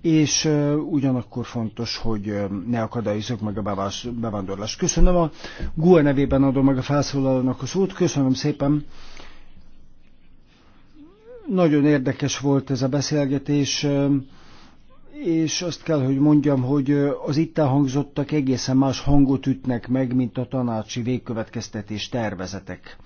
és ugyanakkor fontos, hogy ne akadályozok meg a bevándorlást. Köszönöm a GUE nevében adom meg a felszólalónak a szót, köszönöm szépen. Nagyon érdekes volt ez a beszélgetés, és azt kell, hogy mondjam, hogy az itt elhangzottak egészen más hangot ütnek meg, mint a tanácsi végkövetkeztetés tervezetek.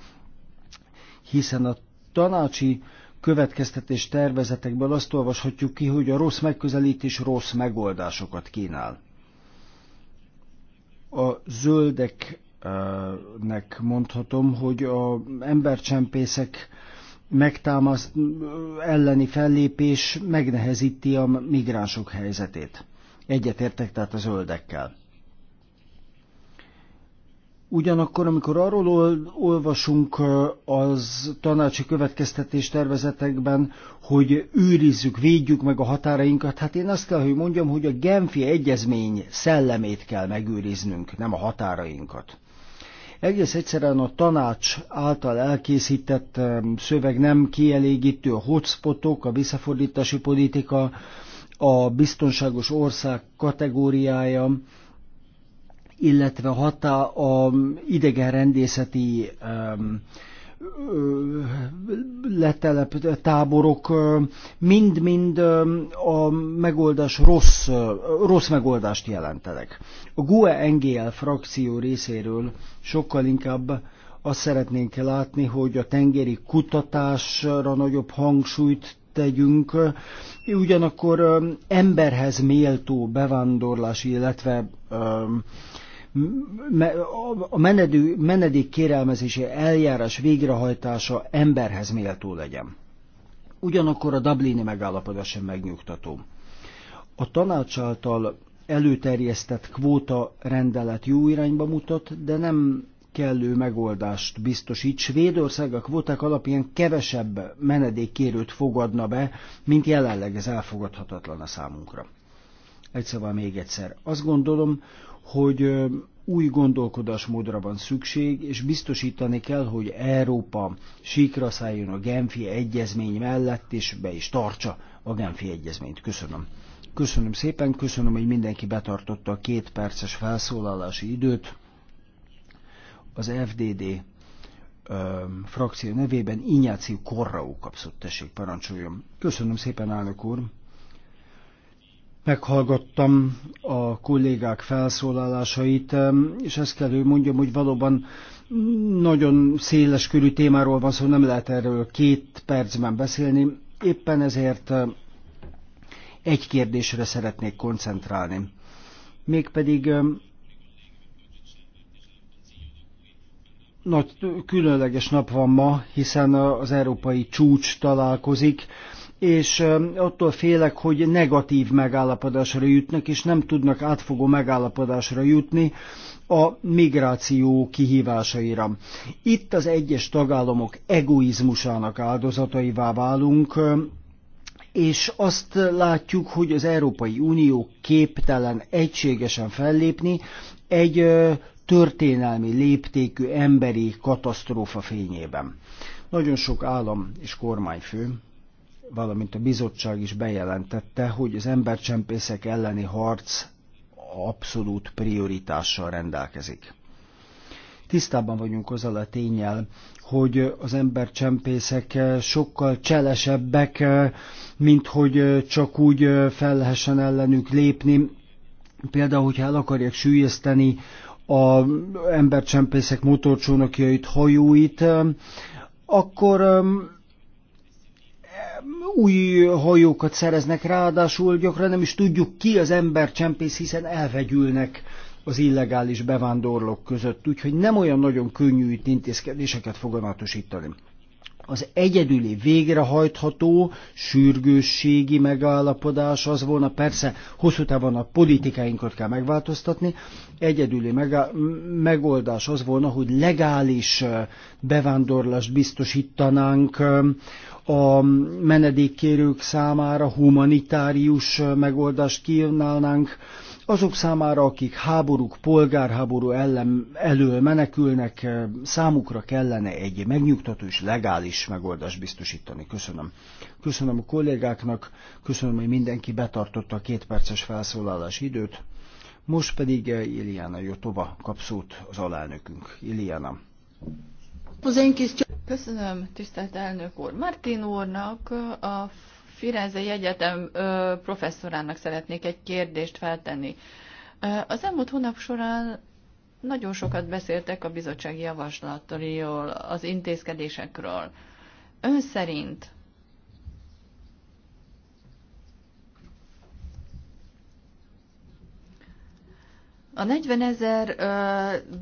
Hiszen a tanácsi következtetés tervezetekből azt olvashatjuk ki, hogy a rossz megközelítés rossz megoldásokat kínál. A zöldeknek mondhatom, hogy a embercsempészek megtámaszt elleni fellépés megnehezíti a migránsok helyzetét. Egyetértek tehát a zöldekkel. Ugyanakkor, amikor arról olvasunk az tanácsi következtetés tervezetekben, hogy őrizzük, védjük meg a határainkat, hát én azt kell, hogy mondjam, hogy a Genfi egyezmény szellemét kell megőriznünk, nem a határainkat. Egész egyszerűen a tanács által elkészített szöveg nem kielégítő, a hotspotok, a visszafordítási politika, a biztonságos ország kategóriája, illetve hatá a idegenrendészeti um, letelep táborok, mind-mind a megoldás rossz, rossz megoldást jelentenek. A GUE NGL frakció részéről sokkal inkább azt szeretnénk látni, hogy a tengeri kutatásra nagyobb hangsúlyt tegyünk, ugyanakkor emberhez méltó bevándorlás, illetve a menedő, menedék kérelmezési eljárás végrehajtása emberhez méltó legyen. Ugyanakkor a Dublini megállapodás sem megnyugtató. A tanács által előterjesztett kvóta rendelet jó irányba mutat, de nem kellő megoldást biztosít. Svédország a kvóták alapján kevesebb menedékkérőt fogadna be, mint jelenleg ez elfogadhatatlan a számunkra. Egyszerűen még egyszer. Azt gondolom, hogy új gondolkodásmódra van szükség, és biztosítani kell, hogy Európa síkra szálljon a Genfi Egyezmény mellett, és be is tartsa a Genfi Egyezményt. Köszönöm. Köszönöm szépen, köszönöm, hogy mindenki betartotta a két perces felszólalási időt. Az FDD ö, frakció nevében Inyáció Korraú kapszott, tessék, parancsoljon. Köszönöm szépen, elnök úr meghallgattam a kollégák felszólalásait, és ezt kell, hogy mondjam, hogy valóban nagyon széles körű témáról van szó, nem lehet erről két percben beszélni. Éppen ezért egy kérdésre szeretnék koncentrálni. Mégpedig nagy, különleges nap van ma, hiszen az európai csúcs találkozik, és attól félek, hogy negatív megállapodásra jutnak, és nem tudnak átfogó megállapodásra jutni a migráció kihívásaira. Itt az egyes tagállamok egoizmusának áldozataivá válunk, és azt látjuk, hogy az Európai Unió képtelen egységesen fellépni egy történelmi léptékű emberi katasztrófa fényében. Nagyon sok állam és kormányfő valamint a bizottság is bejelentette, hogy az embercsempészek elleni harc abszolút prioritással rendelkezik. Tisztában vagyunk azzal a tényel, hogy az embercsempészek sokkal cselesebbek, mint hogy csak úgy fel lehessen ellenük lépni. Például, hogyha el akarják sűjeszteni az embercsempészek motorcsónakjait, hajóit, akkor új hajókat szereznek, ráadásul gyakran nem is tudjuk ki az csempész, hiszen elvegyülnek az illegális bevándorlók között, úgyhogy nem olyan nagyon könnyű itt intézkedéseket foganatosítani. Az egyedüli végrehajtható sürgősségi megállapodás az volna, persze hosszú távon a politikáinkat kell megváltoztatni, egyedüli megoldás az volna, hogy legális eh, bevándorlást biztosítanánk eh, a menedékkérők számára humanitárius megoldást kívánnánk, azok számára, akik háborúk, polgárháború ellen, elől menekülnek, számukra kellene egy megnyugtató és legális megoldást biztosítani. Köszönöm. Köszönöm a kollégáknak, köszönöm, hogy mindenki betartotta a kétperces felszólalás időt. Most pedig eh, Iliana Jotova kap szót az alelnökünk. Iliana.
Köszönöm, tisztelt elnök úr. Martin úrnak, a Firenzei Egyetem professzorának szeretnék egy kérdést feltenni. Az elmúlt hónap során nagyon sokat beszéltek a bizottsági javaslatról, az intézkedésekről. Ön szerint A 40 ezer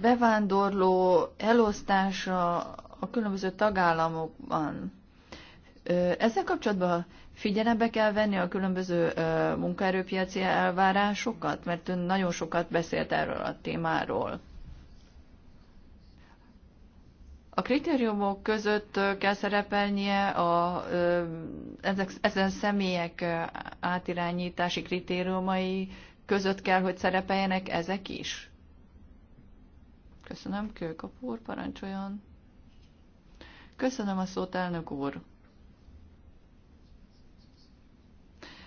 bevándorló elosztása a különböző tagállamokban. Ezzel kapcsolatban figyelembe kell venni a különböző munkaerőpiaci elvárásokat, mert ön nagyon sokat beszélt erről a témáról. A kritériumok között kell szerepelnie a, ezek, ezen személyek átirányítási kritériumai, között kell, hogy szerepeljenek ezek is. Köszönöm, úr, parancsoljon. Köszönöm a szót, elnök úr.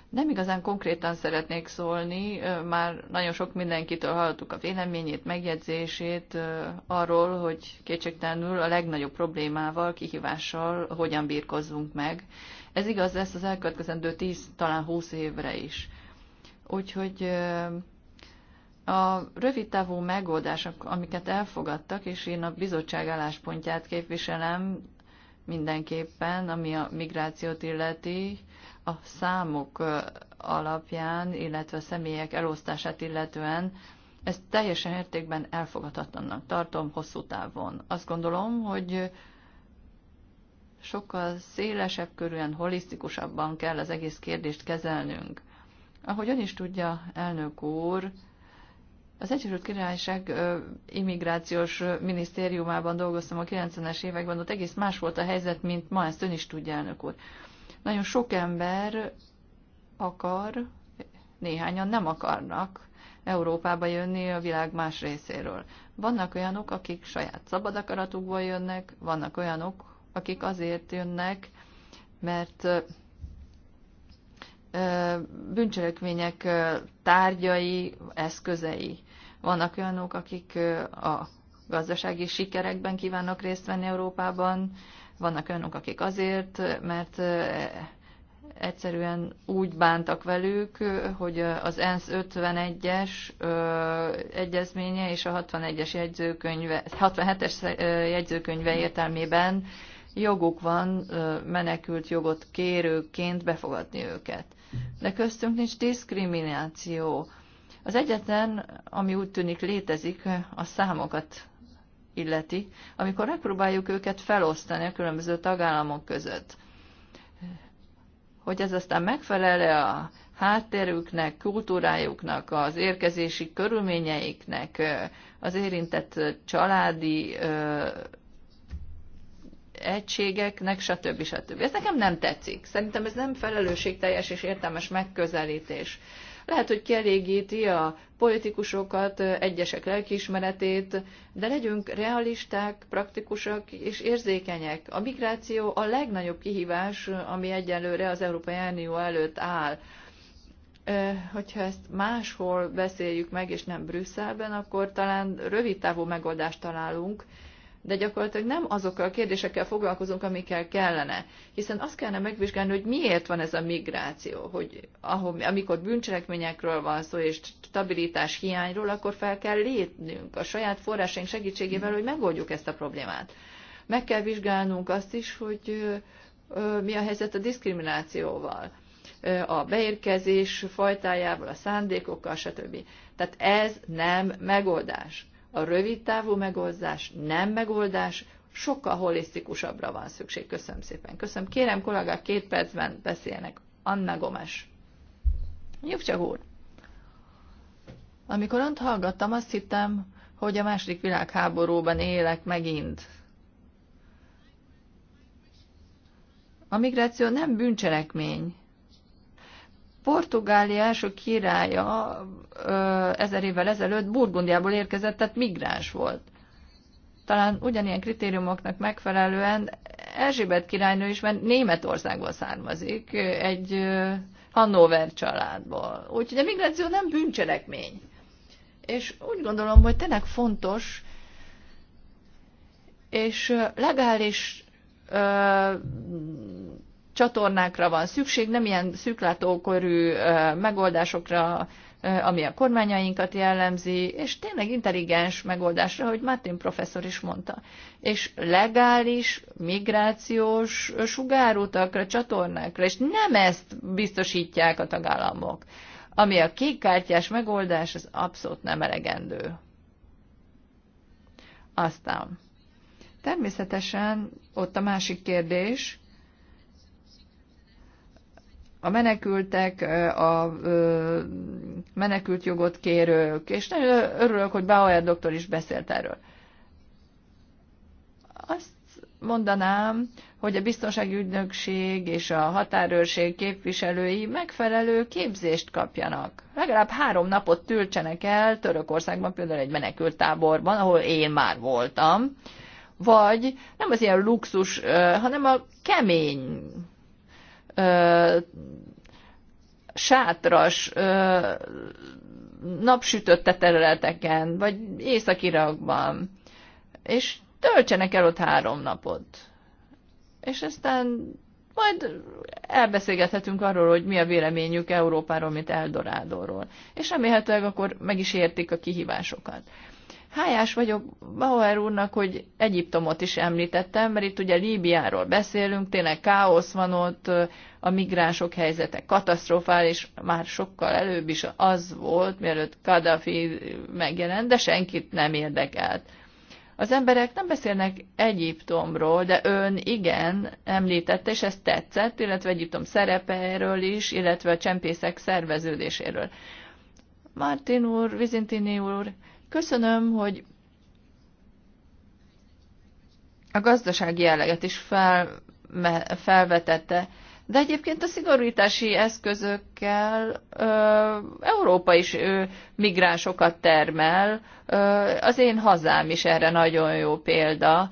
Nem igazán konkrétan szeretnék szólni, már nagyon sok mindenkitől hallottuk a véleményét, megjegyzését arról, hogy kétségtelenül a legnagyobb problémával, kihívással hogyan birkozzunk meg. Ez igaz lesz az elkövetkezendő 10, talán 20 évre is. Úgyhogy a rövid távú megoldások, amiket elfogadtak, és én a bizottság álláspontját képviselem mindenképpen, ami a migrációt illeti, a számok alapján, illetve a személyek elosztását illetően, ezt teljesen értékben elfogadhatatlannak tartom hosszú távon. Azt gondolom, hogy sokkal szélesebb körűen, holisztikusabban kell az egész kérdést kezelnünk. Ahogy ön is tudja, elnök úr, az Egyesült Királyság immigrációs minisztériumában dolgoztam a 90-es években, ott egész más volt a helyzet, mint ma, ezt ön is tudja, elnök úr. Nagyon sok ember akar, néhányan nem akarnak Európába jönni a világ más részéről. Vannak olyanok, akik saját szabad akaratukból jönnek, vannak olyanok, akik azért jönnek, mert bűncselekmények tárgyai, eszközei. Vannak olyanok, akik a gazdasági sikerekben kívánnak részt venni Európában, vannak olyanok, akik azért, mert egyszerűen úgy bántak velük, hogy az ENSZ 51-es egyezménye és a 61-es jegyzőkönyve, 67-es jegyzőkönyve értelmében joguk van menekült jogot kérőként befogadni őket de köztünk nincs diszkrimináció. Az egyetlen, ami úgy tűnik létezik, a számokat illeti, amikor megpróbáljuk őket felosztani a különböző tagállamok között. Hogy ez aztán megfelele a háttérüknek kultúrájuknak, az érkezési körülményeiknek, az érintett családi egységeknek, stb. stb. Ez nekem nem tetszik. Szerintem ez nem felelősségteljes és értelmes megközelítés. Lehet, hogy kielégíti a politikusokat, egyesek lelkiismeretét, de legyünk realisták, praktikusak és érzékenyek. A migráció a legnagyobb kihívás, ami egyelőre az Európai Unió előtt áll hogyha ezt máshol beszéljük meg, és nem Brüsszelben, akkor talán rövid távú megoldást találunk, de gyakorlatilag nem azokkal a kérdésekkel foglalkozunk, amikkel kellene. Hiszen azt kellene megvizsgálni, hogy miért van ez a migráció, hogy ahol, amikor bűncselekményekről van szó és stabilitás hiányról, akkor fel kell lépnünk a saját forrásaink segítségével, hogy megoldjuk ezt a problémát. Meg kell vizsgálnunk azt is, hogy mi a helyzet a diszkriminációval a beérkezés fajtájával, a szándékokkal, stb. Tehát ez nem megoldás a rövid távú megoldás nem megoldás, sokkal holisztikusabbra van szükség. Köszönöm szépen. Köszönöm. Kérem, kollégák, két percben beszélnek. Anna Gomes. Jövcsak úr! Amikor ant hallgattam, azt hittem, hogy a második világháborúban élek megint. A migráció nem bűncselekmény, Portugália első királya ezer évvel ezelőtt Burgundiából érkezett, tehát migráns volt. Talán ugyanilyen kritériumoknak megfelelően Erzsébet királynő is, mert Németországból származik, egy Hannover családból. Úgyhogy a migráció nem bűncselekmény. És úgy gondolom, hogy tényleg fontos, és legális csatornákra van szükség, nem ilyen szűklátókorű megoldásokra, ami a kormányainkat jellemzi, és tényleg intelligens megoldásra, hogy Martin professzor is mondta. És legális, migrációs sugárutakra, csatornákra, és nem ezt biztosítják a tagállamok. Ami a kékkártyás megoldás, az abszolút nem elegendő. Aztán. Természetesen ott a másik kérdés, a menekültek, a menekült jogot kérők, és nagyon örülök, hogy Bauer doktor is beszélt erről. Azt mondanám, hogy a biztonsági ügynökség és a határőrség képviselői megfelelő képzést kapjanak. Legalább három napot töltsenek el Törökországban, például egy táborban, ahol én már voltam, vagy nem az ilyen luxus, hanem a kemény ö, sátras, ö, napsütötte területeken, vagy Észak-Irakban, és töltsenek el ott három napot. És aztán majd elbeszélgethetünk arról, hogy mi a véleményük Európáról, mint Eldorádóról. És remélhetőleg akkor meg is értik a kihívásokat. Hájás vagyok Bauer úrnak, hogy Egyiptomot is említettem, mert itt ugye Líbiáról beszélünk, tényleg káosz van ott, a migránsok helyzete katasztrofális, már sokkal előbb is az volt, mielőtt Kadhafi megjelent, de senkit nem érdekelt. Az emberek nem beszélnek Egyiptomról, de ön igen, említette, és ez tetszett, illetve Egyiptom szerepeiről is, illetve a csempészek szerveződéséről. Martin úr, Vizintini úr, Köszönöm, hogy a gazdasági jelleget is fel, felvetette. De egyébként a szigorítási eszközökkel ö, Európa is ö, migránsokat termel. Ö, az én hazám is erre nagyon jó példa.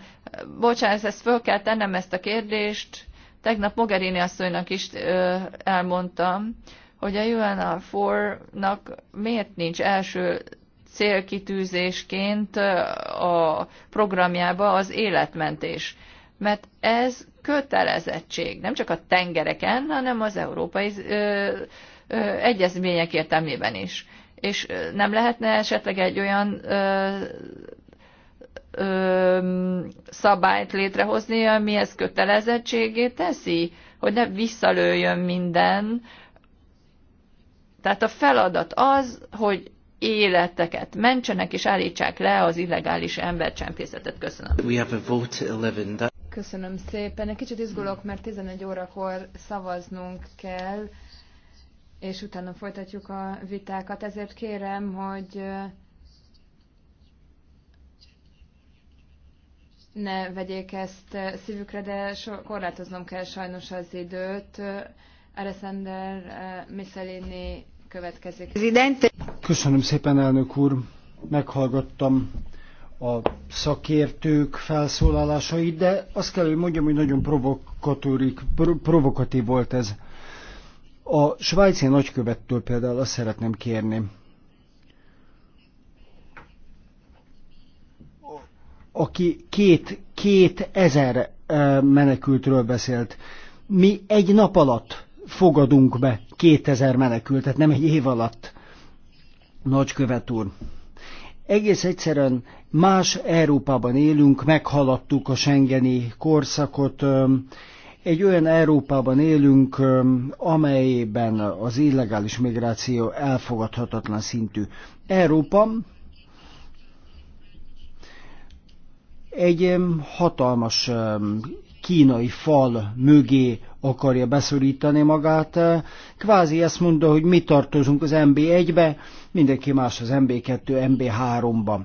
Bocsánat, ezt föl kell tennem ezt a kérdést. Tegnap Mogherini asszonynak is ö, elmondtam, hogy a UNR4-nak miért nincs első célkitűzésként a programjába az életmentés. Mert ez kötelezettség, nem csak a tengereken, hanem az európai ö, ö, egyezmények értelmében is. És nem lehetne esetleg egy olyan ö, ö, szabályt létrehozni, ami ezt kötelezettségé teszi, hogy ne visszalőjön minden. Tehát a feladat az, hogy életeket mentsenek és állítsák le az illegális embercsempészetet. Köszönöm.
We have a vote 11. That...
Köszönöm
szépen. Egy kicsit izgulok, mert 11 órakor szavaznunk kell, és utána folytatjuk a vitákat. Ezért kérem, hogy ne vegyék ezt szívükre, de so- korlátoznom kell sajnos az időt. Alessandra Miszelini
következik. Köszönöm szépen, elnök úr. Meghallgattam a szakértők felszólalásait, de azt kell, hogy mondjam, hogy nagyon provokatív volt ez. A svájci nagykövettől például azt szeretném kérni, aki két, két ezer eh, menekültről beszélt. Mi egy nap alatt fogadunk be 2000 menekültet, nem egy év alatt, nagykövet úr. Egész egyszerűen más Európában élünk, meghaladtuk a Schengeni korszakot, egy olyan Európában élünk, amelyben az illegális migráció elfogadhatatlan szintű. Európa egy hatalmas kínai fal mögé akarja beszorítani magát. Kvázi ezt mondta, hogy mi tartozunk az MB1-be, mindenki más az MB2, MB3-ban.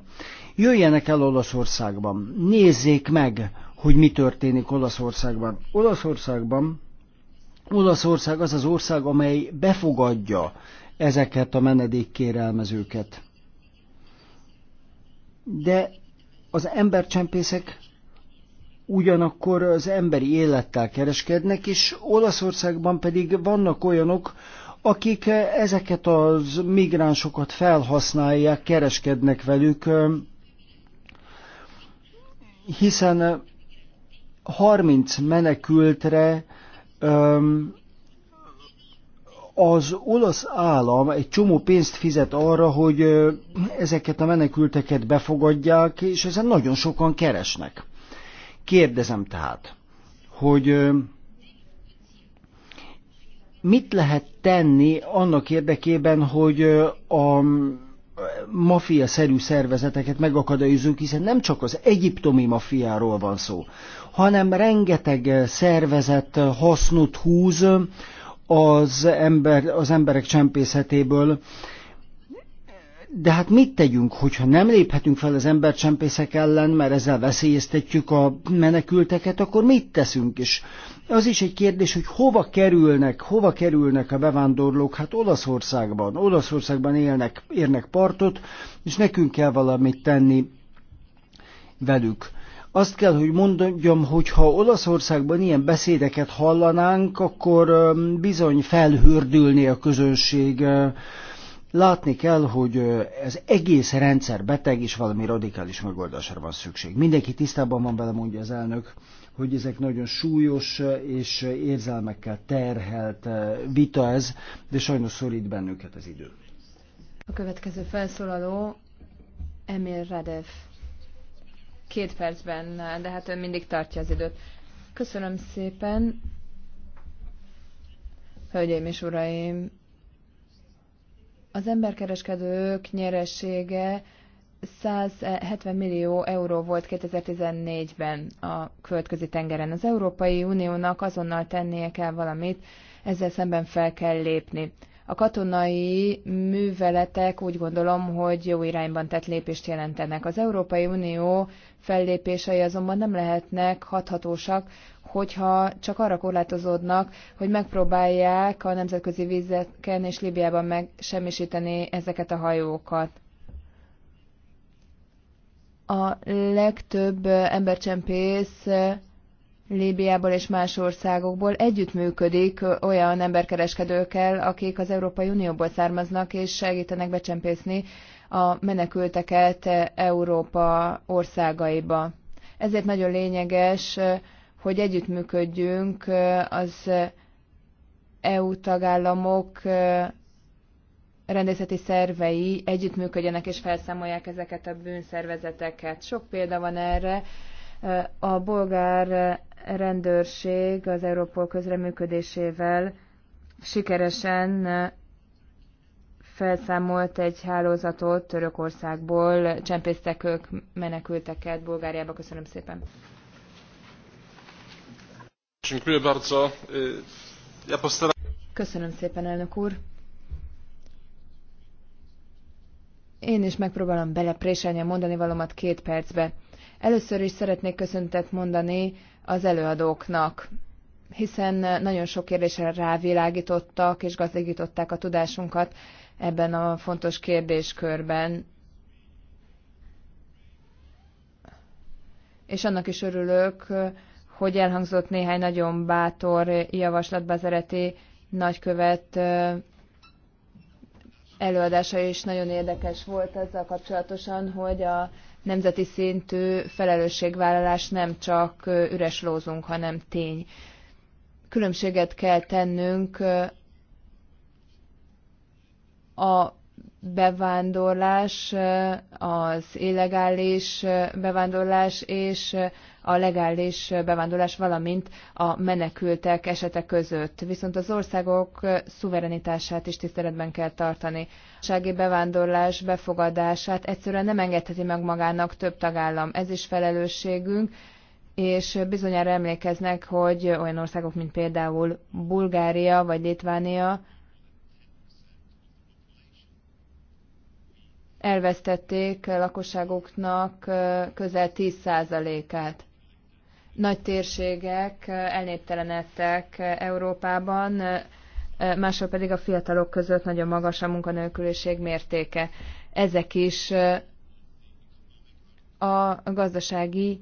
Jöjjenek el Olaszországban, nézzék meg, hogy mi történik Olaszországban. Olaszországban Olaszország az az ország, amely befogadja ezeket a menedékkérelmezőket. De az embercsempészek ugyanakkor az emberi élettel kereskednek, és Olaszországban pedig vannak olyanok, akik ezeket az migránsokat felhasználják, kereskednek velük, hiszen 30 menekültre az olasz állam egy csomó pénzt fizet arra, hogy ezeket a menekülteket befogadják, és ezen nagyon sokan keresnek. Kérdezem tehát, hogy mit lehet tenni annak érdekében, hogy a mafia-szerű szervezeteket megakadályozunk, hiszen nem csak az egyiptomi mafiáról van szó, hanem rengeteg szervezet hasznot húz az, ember, az emberek csempészetéből, de hát mit tegyünk, hogyha nem léphetünk fel az embercsempészek ellen, mert ezzel veszélyeztetjük a menekülteket, akkor mit teszünk is? Az is egy kérdés, hogy hova kerülnek, hova kerülnek a bevándorlók? Hát Olaszországban. Olaszországban élnek, érnek partot, és nekünk kell valamit tenni velük. Azt kell, hogy mondjam, hogy ha Olaszországban ilyen beszédeket hallanánk, akkor bizony felhördülné a közönség Látni kell, hogy ez egész rendszer beteg, és valami radikális megoldásra van szükség. Mindenki tisztában van vele, mondja az elnök, hogy ezek nagyon súlyos és érzelmekkel terhelt vita ez, de sajnos szorít bennünket az idő.
A következő felszólaló Emil Radev. Két percben, de hát ön mindig tartja az időt. Köszönöm szépen. Hölgyeim és uraim, az emberkereskedők nyeressége 170 eh, millió euró volt 2014-ben a földközi tengeren. Az Európai Uniónak azonnal tennie kell valamit, ezzel szemben fel kell lépni. A katonai műveletek úgy gondolom, hogy jó irányban tett lépést jelentenek. Az Európai Unió fellépései azonban nem lehetnek hathatósak, hogyha csak arra korlátozódnak, hogy megpróbálják a nemzetközi vízeken és Libiában megsemmisíteni ezeket a hajókat. A legtöbb embercsempész Líbiából és más országokból együttműködik olyan emberkereskedőkkel, akik az Európai Unióból származnak és segítenek becsempészni a menekülteket Európa országaiba. Ezért nagyon lényeges hogy együttműködjünk az EU tagállamok rendészeti szervei együttműködjenek és felszámolják ezeket a bűnszervezeteket. Sok példa van erre. A bolgár rendőrség az Európol közreműködésével sikeresen felszámolt egy hálózatot Törökországból, csempésztek ők menekülteket Bulgáriába. Köszönöm szépen! Köszönöm szépen, elnök úr. Én is megpróbálom belepréselni a mondani valamat két percbe. Először is szeretnék köszöntet mondani az előadóknak, hiszen nagyon sok kérdésre rávilágítottak és gazdagították a tudásunkat ebben a fontos kérdéskörben. És annak is örülök, hogy elhangzott néhány nagyon bátor javaslat Bazareti nagykövet előadása is nagyon érdekes volt ezzel kapcsolatosan, hogy a nemzeti szintű felelősségvállalás nem csak üres lózunk, hanem tény. Különbséget kell tennünk a bevándorlás, az illegális bevándorlás és a legális bevándorlás, valamint a menekültek esete között. Viszont az országok szuverenitását is tiszteletben kell tartani. A bevándorlás befogadását egyszerűen nem engedheti meg magának több tagállam. Ez is felelősségünk, és bizonyára emlékeznek, hogy olyan országok, mint például Bulgária vagy Litvánia elvesztették lakosságoknak közel 10%-át nagy térségek elnéptelenedtek Európában, máshol pedig a fiatalok között nagyon magas a munkanélküliség mértéke. Ezek is a gazdasági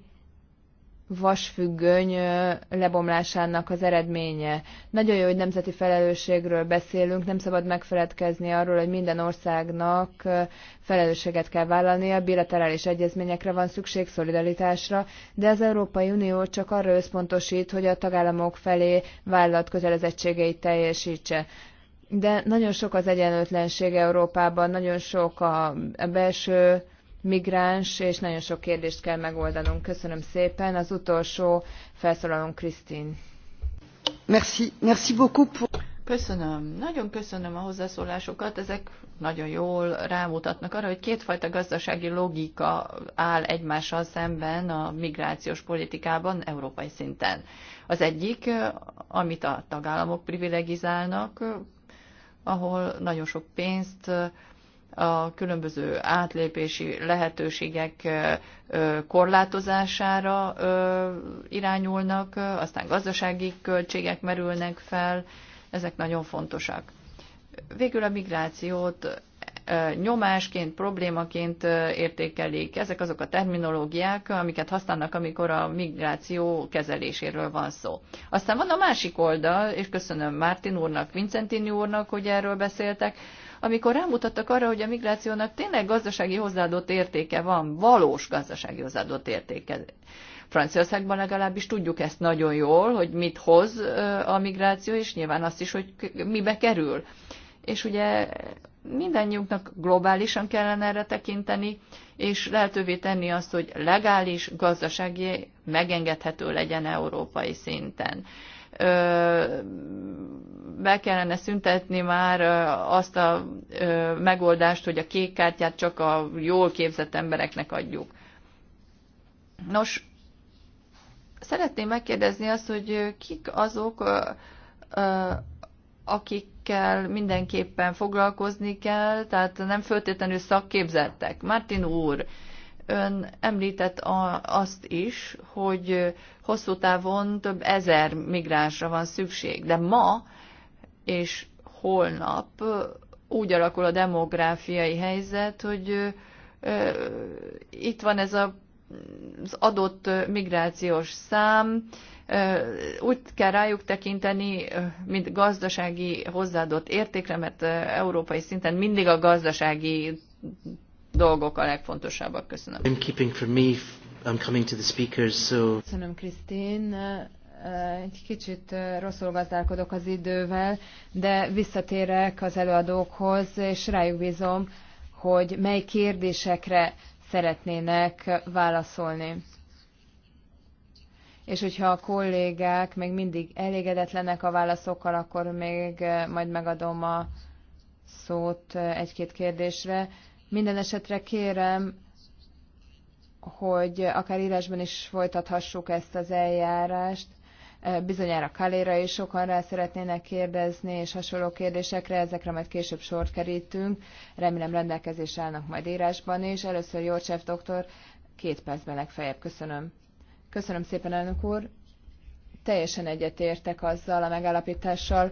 vasfüggöny lebomlásának az eredménye. Nagyon jó, hogy nemzeti felelősségről beszélünk, nem szabad megfeledkezni arról, hogy minden országnak felelősséget kell vállalnia, bilaterális egyezményekre van szükség, szolidaritásra, de az Európai Unió csak arra összpontosít, hogy a tagállamok felé vállalt kötelezettségeit teljesítse. De nagyon sok az egyenlőtlenség Európában, nagyon sok a belső migráns, és nagyon sok kérdést kell megoldanunk. Köszönöm szépen. Az utolsó felszólalom Krisztin.
Merci, merci beaucoup pour... Köszönöm. Nagyon köszönöm a hozzászólásokat. Ezek nagyon jól rámutatnak arra, hogy kétfajta gazdasági logika áll egymással szemben a migrációs politikában európai szinten. Az egyik, amit a tagállamok privilegizálnak, ahol nagyon sok pénzt a különböző átlépési lehetőségek korlátozására irányulnak, aztán gazdasági költségek merülnek fel, ezek nagyon fontosak. Végül a migrációt nyomásként, problémaként értékelik. Ezek azok a terminológiák, amiket használnak, amikor a migráció kezeléséről van szó. Aztán van a másik oldal, és köszönöm Mártin úrnak, Vincentini úrnak, hogy erről beszéltek, amikor rámutattak arra, hogy a migrációnak tényleg gazdasági hozzáadott értéke van, valós gazdasági hozzáadott értéke. Franciaországban legalábbis tudjuk ezt nagyon jól, hogy mit hoz a migráció, és nyilván azt is, hogy mibe kerül. És ugye mindannyiunknak globálisan kellene erre tekinteni, és lehetővé tenni azt, hogy legális, gazdasági, megengedhető legyen európai szinten be kellene szüntetni már azt a megoldást, hogy a kék kártyát csak a jól képzett embereknek adjuk. Nos, szeretném megkérdezni azt, hogy kik azok, akikkel mindenképpen foglalkozni kell, tehát nem föltétlenül szakképzettek. Martin úr, Ön említett a, azt is, hogy hosszú távon több ezer migránsra van szükség, de ma és holnap úgy alakul a demográfiai helyzet, hogy itt van ez a, az adott migrációs szám, úgy kell rájuk tekinteni, mint gazdasági hozzáadott értékre, mert európai szinten mindig a gazdasági dolgok a legfontosabbak. Köszönöm. I'm
keeping for me, I'm coming to the speakers, so...
Köszönöm, Krisztin. Egy kicsit rosszul gazdálkodok az idővel, de visszatérek az előadókhoz, és rájuk bízom, hogy mely kérdésekre szeretnének válaszolni. És hogyha a kollégák még mindig elégedetlenek a válaszokkal, akkor még majd megadom a szót egy-két kérdésre. Minden esetre kérem, hogy akár írásban is folytathassuk ezt az eljárást. E, bizonyára Kaléra is sokan rá szeretnének kérdezni, és hasonló kérdésekre, ezekre majd később sort kerítünk. Remélem rendelkezés állnak majd írásban is. Először Jorcsev doktor, két percben legfeljebb. Köszönöm. Köszönöm szépen, elnök úr. Teljesen egyetértek azzal a megállapítással,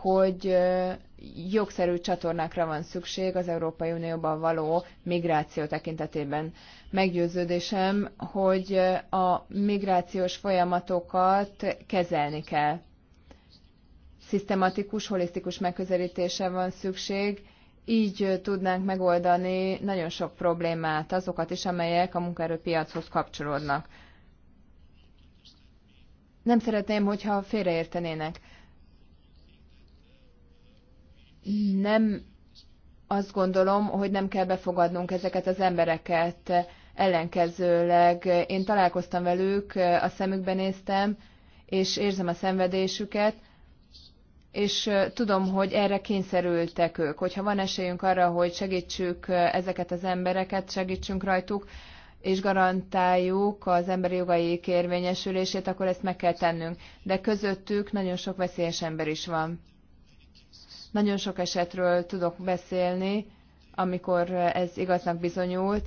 hogy jogszerű csatornákra van szükség az Európai Unióban való migráció tekintetében. Meggyőződésem, hogy a migrációs folyamatokat kezelni kell. Szisztematikus, holisztikus megközelítése van szükség, így tudnánk megoldani nagyon sok problémát, azokat is, amelyek a munkaerőpiachoz kapcsolódnak. Nem szeretném, hogyha félreértenének nem azt gondolom, hogy nem kell befogadnunk ezeket az embereket. Ellenkezőleg én találkoztam velük, a szemükbe néztem, és érzem a szenvedésüket, és tudom, hogy erre kényszerültek ők. Hogyha van esélyünk arra, hogy segítsük ezeket az embereket, segítsünk rajtuk, és garantáljuk az emberi jogai érvényesülését, akkor ezt meg kell tennünk. De közöttük nagyon sok veszélyes ember is van. Nagyon sok esetről tudok beszélni, amikor ez igaznak bizonyult,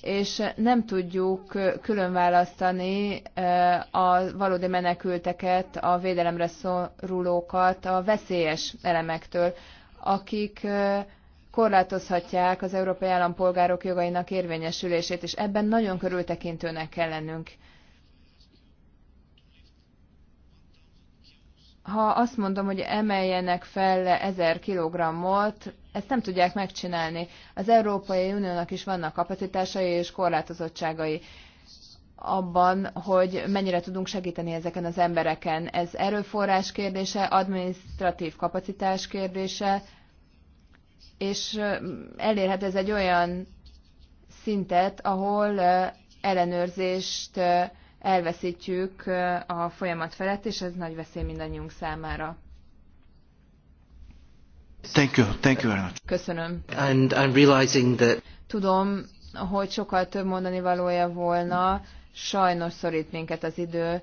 és nem tudjuk különválasztani eh, a valódi menekülteket, a védelemre szorulókat a veszélyes elemektől, akik eh, korlátozhatják az európai állampolgárok jogainak érvényesülését, és ebben nagyon körültekintőnek kell lennünk. ha azt mondom, hogy emeljenek fel ezer kilogrammot, ezt nem tudják megcsinálni. Az Európai Uniónak is vannak kapacitásai és korlátozottságai abban, hogy mennyire tudunk segíteni ezeken az embereken. Ez erőforrás kérdése, administratív kapacitás kérdése, és elérhet ez egy olyan szintet, ahol ellenőrzést elveszítjük a folyamat felett, és ez nagy veszély mindannyiunk számára.
Thank you, thank you very much. Köszönöm. And I'm realizing that...
Tudom, hogy sokkal több mondani valója volna, sajnos szorít minket az idő,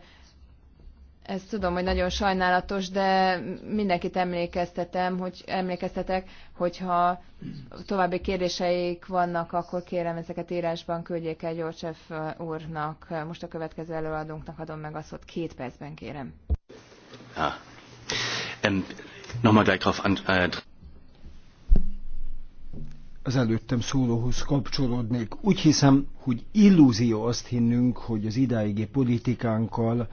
ezt tudom, hogy nagyon sajnálatos, de mindenkit emlékeztetem, hogy emlékeztetek, hogyha további kérdéseik vannak, akkor kérem ezeket írásban küldjék el Gyorcsef úrnak. Most a következő előadónknak adom meg a szót, két percben kérem.
Ja. Um,
az előttem szólóhoz kapcsolódnék. Úgy hiszem, hogy illúzió azt hinnünk, hogy az idáigi politikánkkal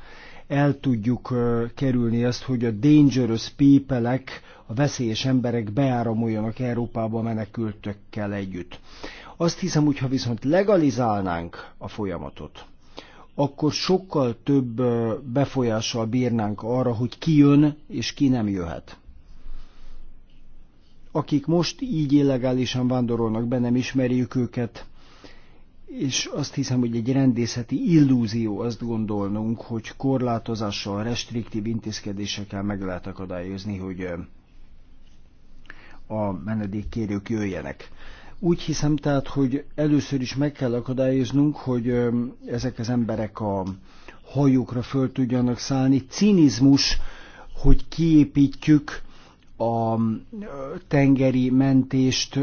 el tudjuk kerülni azt, hogy a dangerous people a veszélyes emberek beáramoljanak Európába menekültökkel együtt. Azt hiszem, hogyha viszont legalizálnánk a folyamatot, akkor sokkal több befolyással bírnánk arra, hogy ki jön és ki nem jöhet. Akik most így illegálisan vándorolnak be, nem ismerjük őket, és azt hiszem, hogy egy rendészeti illúzió azt gondolnunk, hogy korlátozással, restriktív intézkedésekkel meg lehet akadályozni, hogy a menedékkérők jöjjenek. Úgy hiszem tehát, hogy először is meg kell akadályoznunk, hogy ezek az emberek a hajókra föl tudjanak szállni. Cinizmus, hogy kiépítjük a tengeri mentést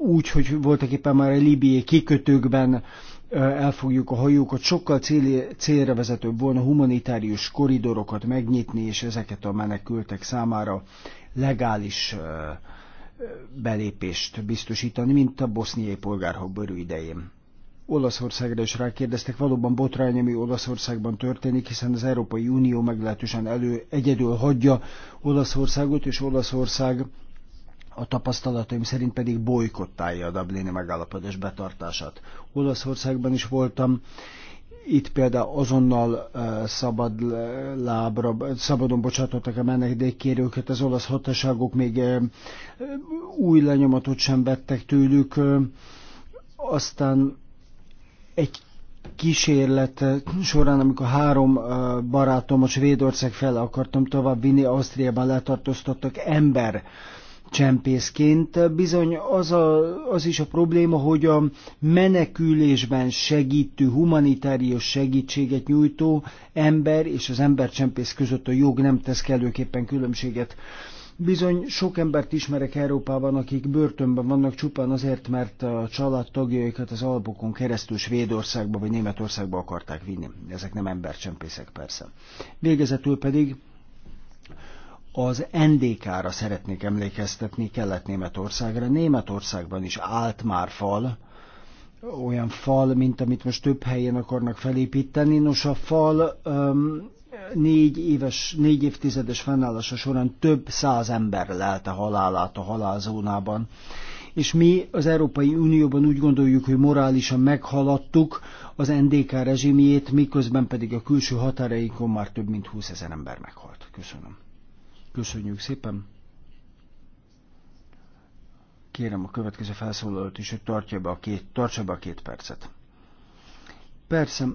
úgy, hogy voltak éppen már a libiai kikötőkben elfogjuk a hajókat, sokkal cél, célra vezetőbb volna humanitárius koridorokat megnyitni, és ezeket a menekültek számára legális belépést biztosítani, mint a boszniai polgárháború idején. Olaszországra is rákérdeztek, valóban botrány, ami Olaszországban történik, hiszen az Európai Unió meglehetősen elő egyedül hagyja Olaszországot, és Olaszország a tapasztalataim szerint pedig bolykottálja a Dublini megállapodás betartását. Olaszországban is voltam, itt például azonnal eh, szabad lábra, szabadon bocsátottak a menedékkérőket, az olasz hatóságok még eh, új lenyomatot sem vettek tőlük, aztán egy kísérlet során, amikor három barátom a Svédország fel akartam tovább vinni, Ausztriában letartóztattak ember csempészként. Bizony az, a, az is a probléma, hogy a menekülésben segítő, humanitárius segítséget nyújtó ember és az ember csempész között a jog nem tesz kellőképpen különbséget. Bizony sok embert ismerek Európában, akik börtönben vannak csupán azért, mert a tagjaikat az Alpokon keresztül Svédországba vagy Németországba akarták vinni. Ezek nem embercsempészek persze. Végezetül pedig az NDK-ra szeretnék emlékeztetni Kelet-Németországra. Németországban is állt már fal, olyan fal, mint amit most több helyen akarnak felépíteni. Nos, a fal um, négy éves, négy évtizedes fennállása során több száz ember lelte halálát a halálzónában. És mi az Európai Unióban úgy gondoljuk, hogy morálisan meghaladtuk az NDK rezsimjét, miközben pedig a külső határaikon már több mint 20 ezer ember meghalt. Köszönöm. Köszönjük szépen. Kérem a következő felszólalót is, hogy tartsa be a két, tartsa be a két percet. Persze,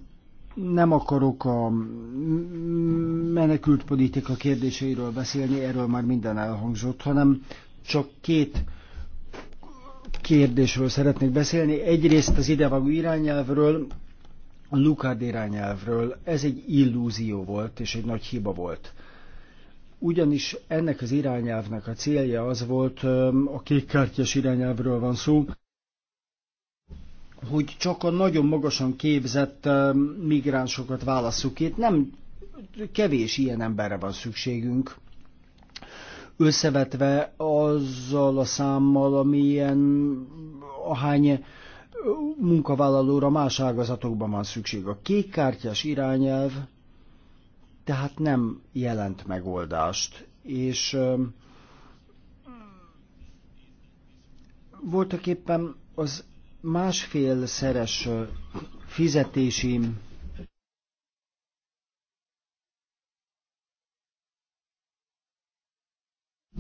nem akarok a menekült politika kérdéseiről beszélni, erről már minden elhangzott, hanem csak két kérdésről szeretnék beszélni. Egyrészt az idevágó irányelvről, a Lukád irányelvről. Ez egy illúzió volt, és egy nagy hiba volt. Ugyanis ennek az irányelvnek a célja az volt, a kékkártyás irányelvről van szó, hogy csak a nagyon magasan képzett migránsokat válasszuk itt. Nem kevés ilyen emberre van szükségünk, összevetve azzal a számmal, amilyen ahány munkavállalóra más ágazatokban van szükség. A kékkártyás irányelv tehát nem jelent megoldást, és voltak éppen az másfélszeres fizetési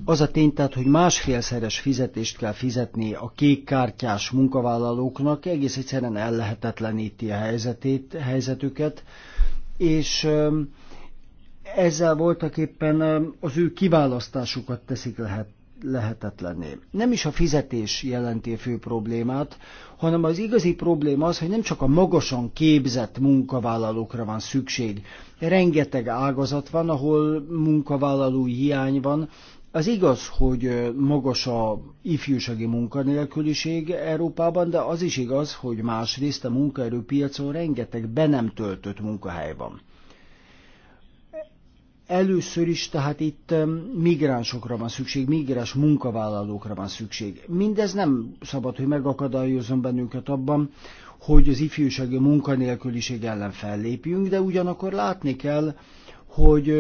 Az a tény tehát, hogy másfélszeres fizetést kell fizetni a kékkártyás munkavállalóknak, egész egyszerűen ellehetetleníti a helyzetét, helyzetüket, és ezzel voltak éppen az ő kiválasztásukat teszik lehet, lehetetlenné. Nem is a fizetés jelenti a fő problémát, hanem az igazi probléma az, hogy nem csak a magasan képzett munkavállalókra van szükség. Rengeteg ágazat van, ahol munkavállaló hiány van. Az igaz, hogy magas a ifjúsági munkanélküliség Európában, de az is igaz, hogy másrészt a munkaerőpiacon rengeteg be nem töltött munkahely van. Először is tehát itt migránsokra van szükség, migráns munkavállalókra van szükség. Mindez nem szabad, hogy megakadályozom bennünket abban, hogy az ifjúsági munkanélküliség ellen fellépjünk, de ugyanakkor látni kell, hogy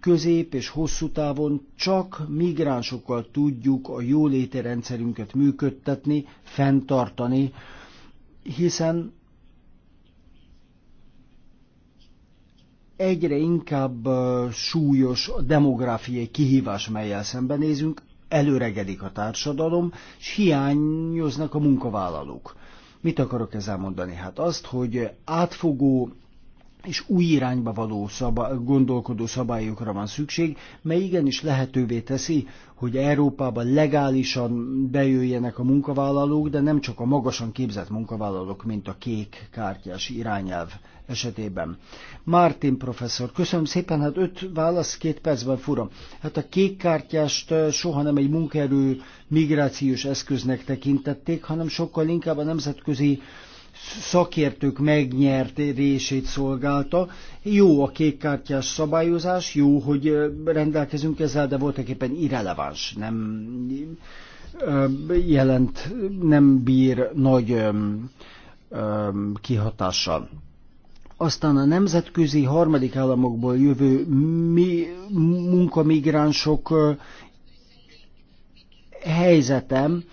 közép és hosszú távon csak migránsokkal tudjuk a jóléti rendszerünket működtetni, fenntartani, hiszen egyre inkább súlyos a demográfiai kihívás, melyel szembenézünk, előregedik a társadalom, és hiányoznak a munkavállalók. Mit akarok ezzel mondani? Hát azt, hogy átfogó és új irányba való szabály, gondolkodó szabályokra van szükség, mely igenis lehetővé teszi, hogy Európába legálisan bejöjjenek a munkavállalók, de nem csak a magasan képzett munkavállalók, mint a kék kártyás irányelv esetében. Martin professzor, köszönöm szépen, hát öt válasz két percben fura. Hát a kék kártyást eh, soha nem egy munkaerő migrációs eszköznek tekintették, hanem sokkal inkább a nemzetközi szakértők részét szolgálta. Jó a kékkártyás szabályozás, jó, hogy rendelkezünk ezzel, de voltak éppen irreleváns, nem jelent, nem bír nagy kihatással. Aztán a nemzetközi harmadik államokból jövő mi, munkamigránsok helyzetem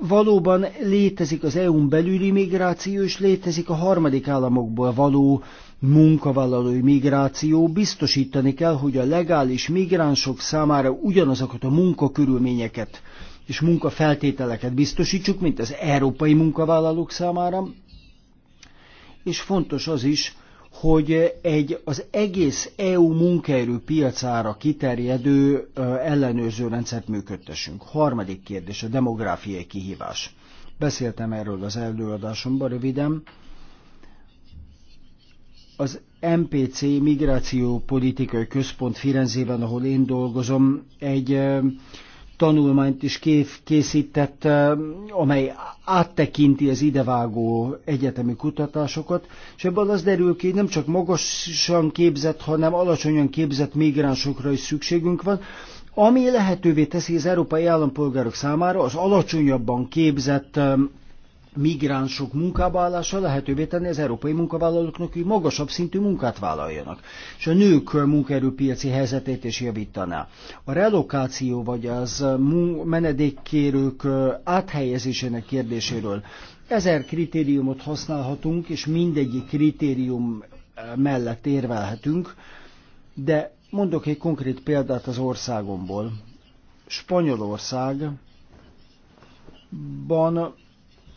valóban létezik az EU-n belüli migráció, és létezik a harmadik államokból való munkavállalói migráció. Biztosítani kell, hogy a legális migránsok számára ugyanazokat a munkakörülményeket és munkafeltételeket biztosítsuk, mint az európai munkavállalók számára. És fontos az is, hogy egy az egész EU piacára kiterjedő ellenőrző rendszert működtessünk. Harmadik kérdés, a demográfiai kihívás. Beszéltem erről az előadásomban röviden. Az MPC Migráció Politikai Központ Firenzében, ahol én dolgozom, egy tanulmányt is készített, eh, amely áttekinti az idevágó egyetemi kutatásokat, és ebből az derül ki, hogy nem csak magasan képzett, hanem alacsonyan képzett migránsokra is szükségünk van, ami lehetővé teszi az európai állampolgárok számára az alacsonyabban képzett eh, migránsok munkába állása lehetővé tenni az európai munkavállalóknak, hogy magasabb szintű munkát vállaljanak, és a nők munkaerőpiaci helyzetét is javítaná. A relokáció vagy az menedékkérők áthelyezésének kérdéséről ezer kritériumot használhatunk, és mindegyik kritérium mellett érvelhetünk, de mondok egy konkrét példát az országomból. Spanyolország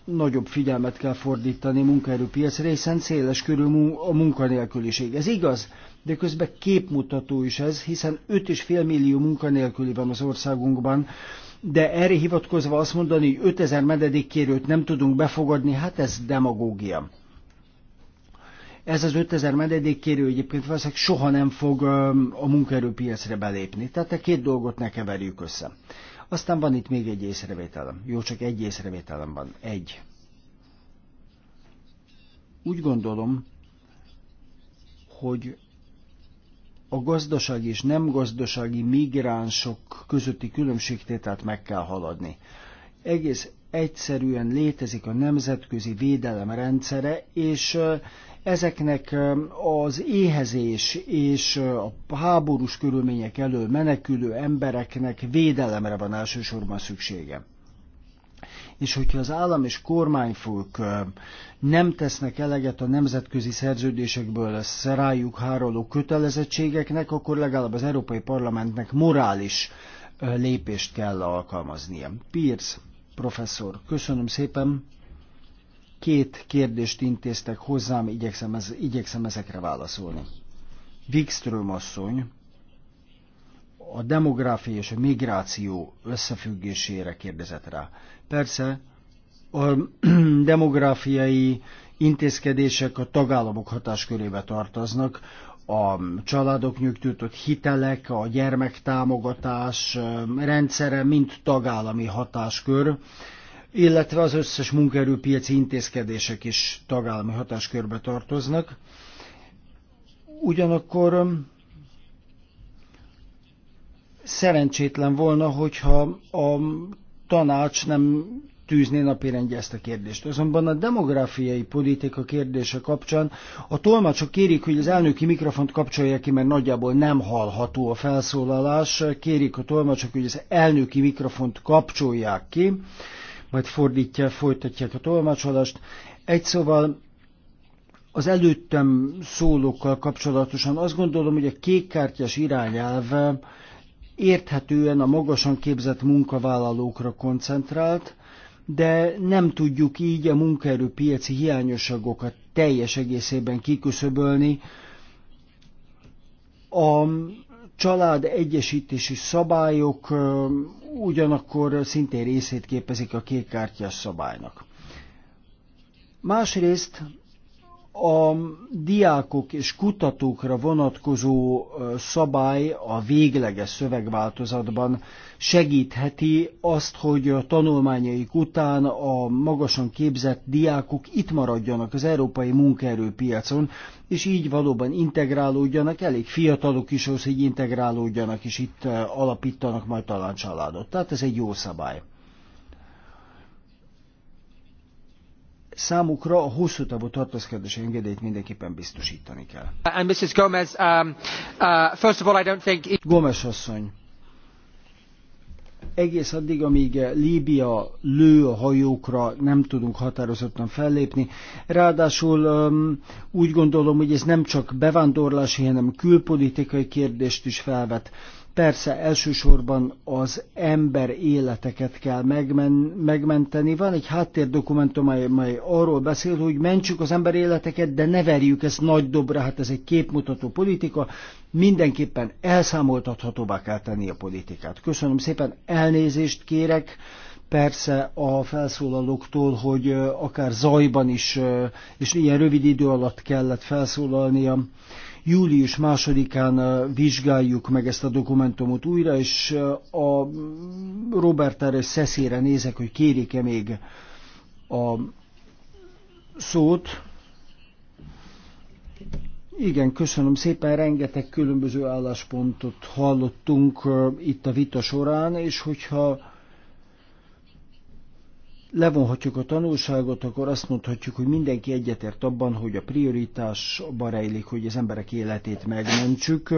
nagyobb figyelmet kell fordítani munkaerőpiacra, hiszen széles körül a munkanélküliség. Ez igaz, de közben képmutató is ez, hiszen 5,5 millió munkanélküli van az országunkban, de erre hivatkozva azt mondani, hogy 5000 menedékkérőt nem tudunk befogadni, hát ez demagógia. Ez az 5000 menedékkérő egyébként valószínűleg soha nem fog a munkaerőpiacra belépni. Tehát a két dolgot ne keverjük össze. Aztán van itt még egy észrevételem. Jó, csak egy észrevételem van. Egy. Úgy gondolom, hogy a gazdasági és nem gazdasági migránsok közötti különbségtételt meg kell haladni. Egész egyszerűen létezik a nemzetközi védelem rendszere, és Ezeknek az éhezés és a háborús körülmények elől menekülő embereknek védelemre van elsősorban szüksége és hogyha az állam és kormányfők nem tesznek eleget a nemzetközi szerződésekből rájuk hároló kötelezettségeknek, akkor legalább az Európai Parlamentnek morális lépést kell alkalmaznia. Pierce professzor, köszönöm szépen, Két kérdést intéztek hozzám, igyekszem, ez, igyekszem ezekre válaszolni. Wikström asszony a demográfia és a migráció összefüggésére kérdezett rá. Persze, a demográfiai intézkedések a tagállamok hatáskörébe tartoznak, a családok nyugtűtött hitelek, a gyermektámogatás rendszere mind tagállami hatáskör, illetve az összes munkaerőpiaci intézkedések is tagállami hatáskörbe tartoznak. Ugyanakkor um, szerencsétlen volna, hogyha a tanács nem tűzné napirendje ezt a kérdést. Azonban a demográfiai politika kérdése kapcsán a tolmácsok kérik, hogy az elnöki mikrofont kapcsolja ki, mert nagyjából nem hallható a felszólalás. Kérik a tolmácsok, hogy az elnöki mikrofont kapcsolják ki majd fordítja, folytatják a tolmácsolást. Egy szóval az előttem szólókkal kapcsolatosan azt gondolom, hogy a kékkártyás irányelv érthetően a magasan képzett munkavállalókra koncentrált, de nem tudjuk így a munkaerőpiaci hiányosságokat teljes egészében kiküszöbölni. A család egyesítési szabályok ugyanakkor szintén részét képezik a kártyás szabálynak. Másrészt a diákok és kutatókra vonatkozó szabály a végleges szövegváltozatban segítheti azt, hogy a tanulmányaik után a magasan képzett diákok itt maradjanak az európai munkaerőpiacon, és így valóban integrálódjanak, elég fiatalok is ahhoz, hogy integrálódjanak, és itt alapítanak majd talán családot. Tehát ez egy jó szabály. számukra a hosszú távú tartózkodási engedélyt mindenképpen biztosítani kell. And Mrs. Gomez, um, uh, first of all, I don't think... It... Gomez asszony, egész addig, amíg Líbia lő a hajókra, nem tudunk határozottan fellépni. Ráadásul um, úgy gondolom, hogy ez nem csak bevándorlási, hanem külpolitikai kérdést is felvet Persze elsősorban az ember életeket kell megmen, megmenteni. Van egy háttérdokumentum, amely, amely arról beszél, hogy mentsük az ember életeket, de ne verjük ezt nagy dobra, hát ez egy képmutató politika. Mindenképpen elszámoltathatóbbá kell tenni a politikát. Köszönöm szépen, elnézést kérek persze a felszólalóktól, hogy akár zajban is, és ilyen rövid idő alatt kellett felszólalnia. Július másodikán vizsgáljuk meg ezt a dokumentumot újra, és a mm, Robert és Szeszére nézek, hogy kérik-e még a szót. Igen, köszönöm szépen, rengeteg különböző álláspontot hallottunk itt a vita során, és hogyha levonhatjuk a tanulságot, akkor azt mondhatjuk, hogy mindenki egyetért abban, hogy a prioritás rejlik, hogy az emberek életét megmentsük,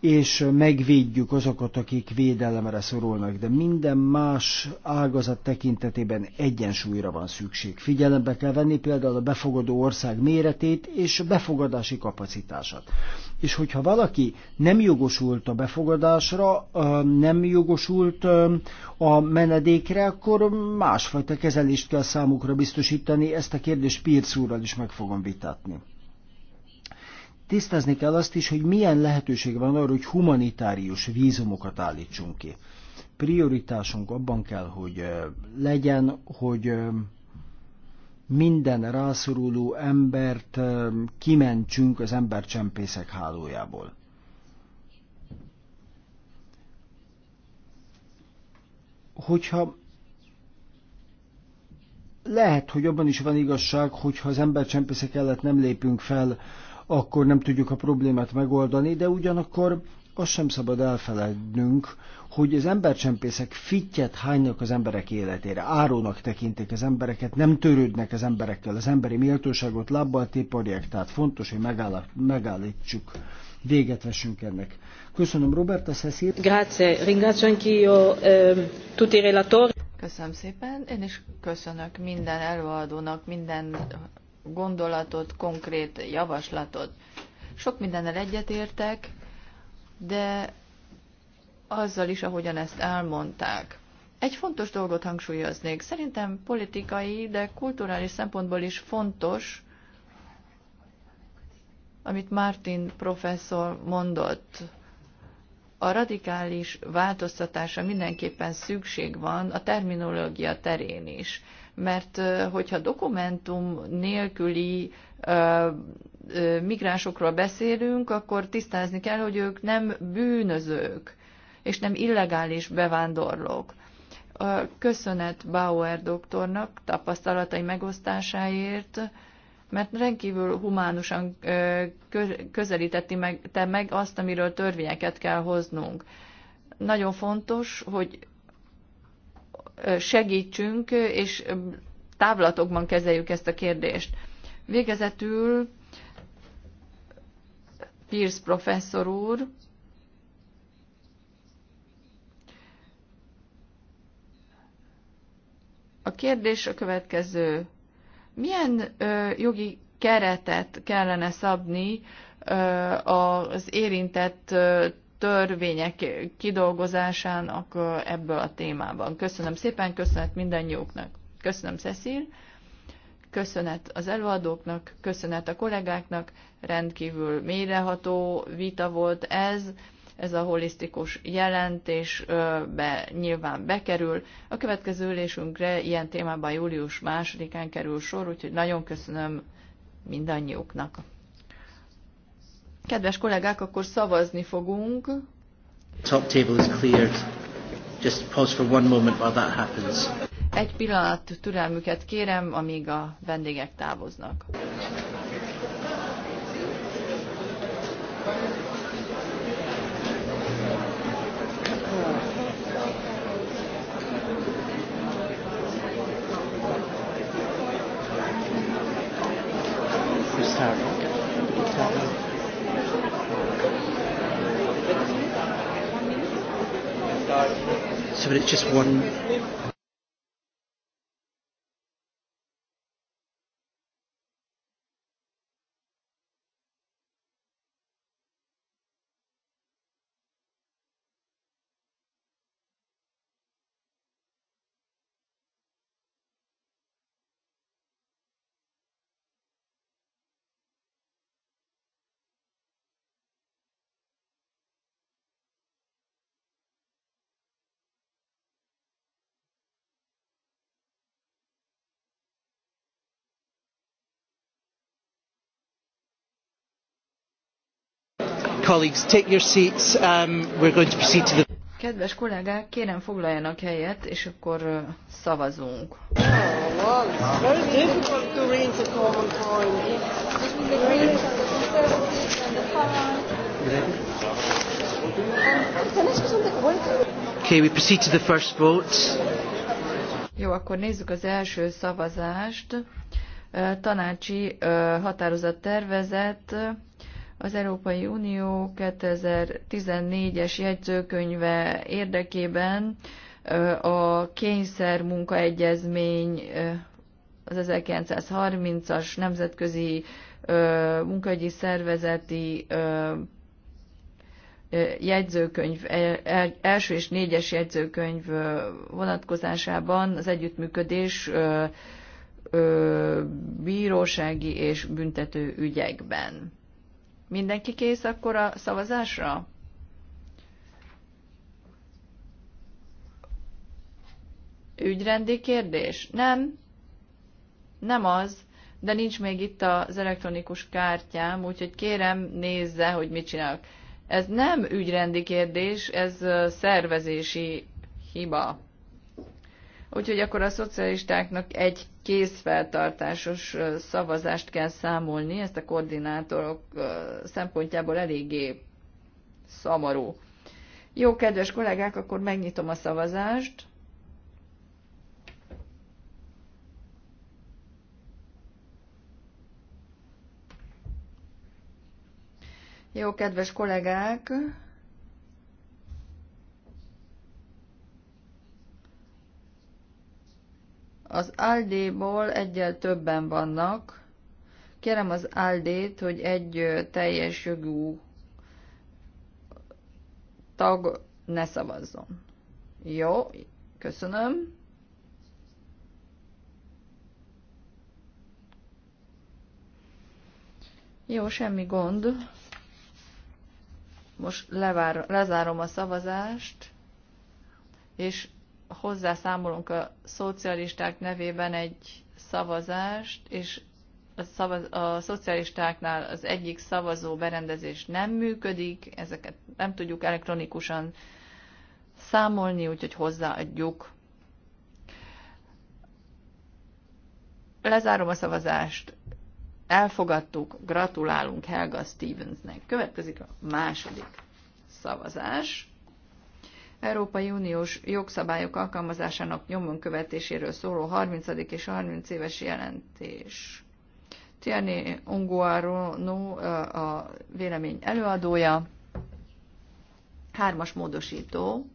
és megvédjük azokat, akik védelemre szorulnak, de minden más ágazat tekintetében egyensúlyra van szükség. Figyelembe kell venni például a befogadó ország méretét és a befogadási kapacitását. És hogyha valaki nem jogosult a befogadásra, nem jogosult a menedékre, akkor másfajta kezelést kell számukra biztosítani, ezt a kérdést Pírc úrral is meg fogom vitatni tisztázni kell azt is, hogy milyen lehetőség van arra, hogy humanitárius vízumokat állítsunk ki. Prioritásunk abban kell, hogy legyen, hogy minden rászoruló embert kimentsünk az embercsempészek hálójából. Hogyha lehet, hogy abban is van igazság, hogyha az embercsempészek ellen nem lépünk fel, akkor nem tudjuk a problémát megoldani, de ugyanakkor azt sem szabad elfelednünk, hogy az embercsempészek fittyet hánynak az emberek életére, árónak tekintik az embereket, nem törődnek az emberekkel, az emberi méltóságot lábbal téparják, tehát fontos, hogy megáll, megállítsuk, véget vessünk ennek. Köszönöm Roberta Cecil.
Grazie, ringrazio anch'io ehm, tutti i relatori.
Köszönöm szépen, én is köszönök minden előadónak, minden gondolatot, konkrét javaslatot. Sok mindennel egyetértek, de azzal is, ahogyan ezt elmondták. Egy fontos dolgot hangsúlyoznék. Szerintem politikai, de kulturális szempontból is fontos, amit Martin professzor mondott. A radikális változtatása mindenképpen szükség van a terminológia terén is mert hogyha dokumentum nélküli migránsokról beszélünk, akkor tisztázni kell, hogy ők nem bűnözők, és nem illegális bevándorlók. Köszönet Bauer doktornak tapasztalatai megosztásáért, mert rendkívül humánusan közelítette meg, meg azt, amiről törvényeket kell hoznunk. Nagyon fontos, hogy segítsünk, és távlatokban kezeljük ezt a kérdést. Végezetül Pierce professzor úr A kérdés a következő. Milyen ö, jogi keretet kellene szabni ö, az érintett ö, törvények kidolgozásának ebből a témában. Köszönöm szépen, köszönet jóknak. Köszönöm, Cecil. Köszönet az előadóknak, köszönet a kollégáknak, rendkívül mélyreható vita volt ez, ez a holisztikus jelentésbe nyilván bekerül. A következő ülésünkre ilyen témában július másodikán kerül sor, úgyhogy nagyon köszönöm mindannyiuknak. Kedves kollégák, akkor szavazni fogunk.
Top table is cleared. Just pause for one moment while that happens.
Egy pillanat türelmüket kérem, amíg a vendégek távoznak.
start. but it's just one colleagues, take your seats. Um, we're going to proceed to the...
Kedves kollégák, kérem foglaljanak helyet, és akkor szavazunk.
Okay, we proceed to the first vote.
Jó, akkor nézzük az első szavazást. Tanácsi határozat tervezet az Európai Unió 2014-es jegyzőkönyve érdekében a kényszer munkaegyezmény, az 1930-as nemzetközi munkaügyi szervezeti jegyzőkönyv, e, e, első és négyes jegyzőkönyv vonatkozásában az együttműködés bírósági és büntető ügyekben. Mindenki kész akkor a szavazásra? Ügyrendi kérdés? Nem. Nem az, de nincs még itt az elektronikus kártyám, úgyhogy kérem nézze, hogy mit csinálok. Ez nem ügyrendi kérdés, ez szervezési hiba. Úgyhogy akkor a szocialistáknak egy kézfeltartásos szavazást kell számolni, ezt a koordinátorok szempontjából eléggé szamarú. Jó, kedves kollégák, akkor megnyitom a szavazást. Jó, kedves kollégák, Az Aldi-ból egyel többen vannak. Kérem az Aldét, hogy egy teljes jogú tag ne szavazzon. Jó, köszönöm. Jó, semmi gond. Most levár, lezárom a szavazást, és hozzászámolunk a szocialisták nevében egy szavazást, és a, szavaz, a szocialistáknál az egyik szavazó berendezés nem működik, ezeket nem tudjuk elektronikusan számolni, úgyhogy hozzáadjuk. Lezárom a szavazást. Elfogadtuk, gratulálunk Helga Stevensnek. Következik a második szavazás. Európai Uniós jogszabályok alkalmazásának nyomon követéséről szóló 30. és 30 éves jelentés. Tierney Onguarono a vélemény előadója, hármas módosító,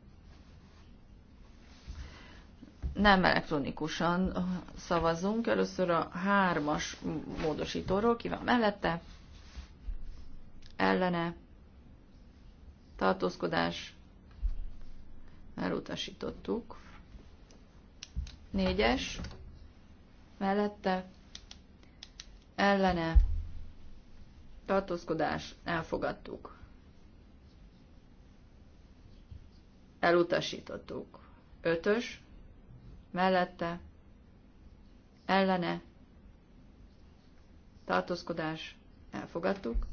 nem elektronikusan szavazunk. Először a hármas módosítóról, ki van mellette, ellene, tartózkodás, elutasítottuk. Négyes, mellette, ellene, tartózkodás, elfogadtuk. Elutasítottuk. Ötös, mellette, ellene, tartózkodás, elfogadtuk.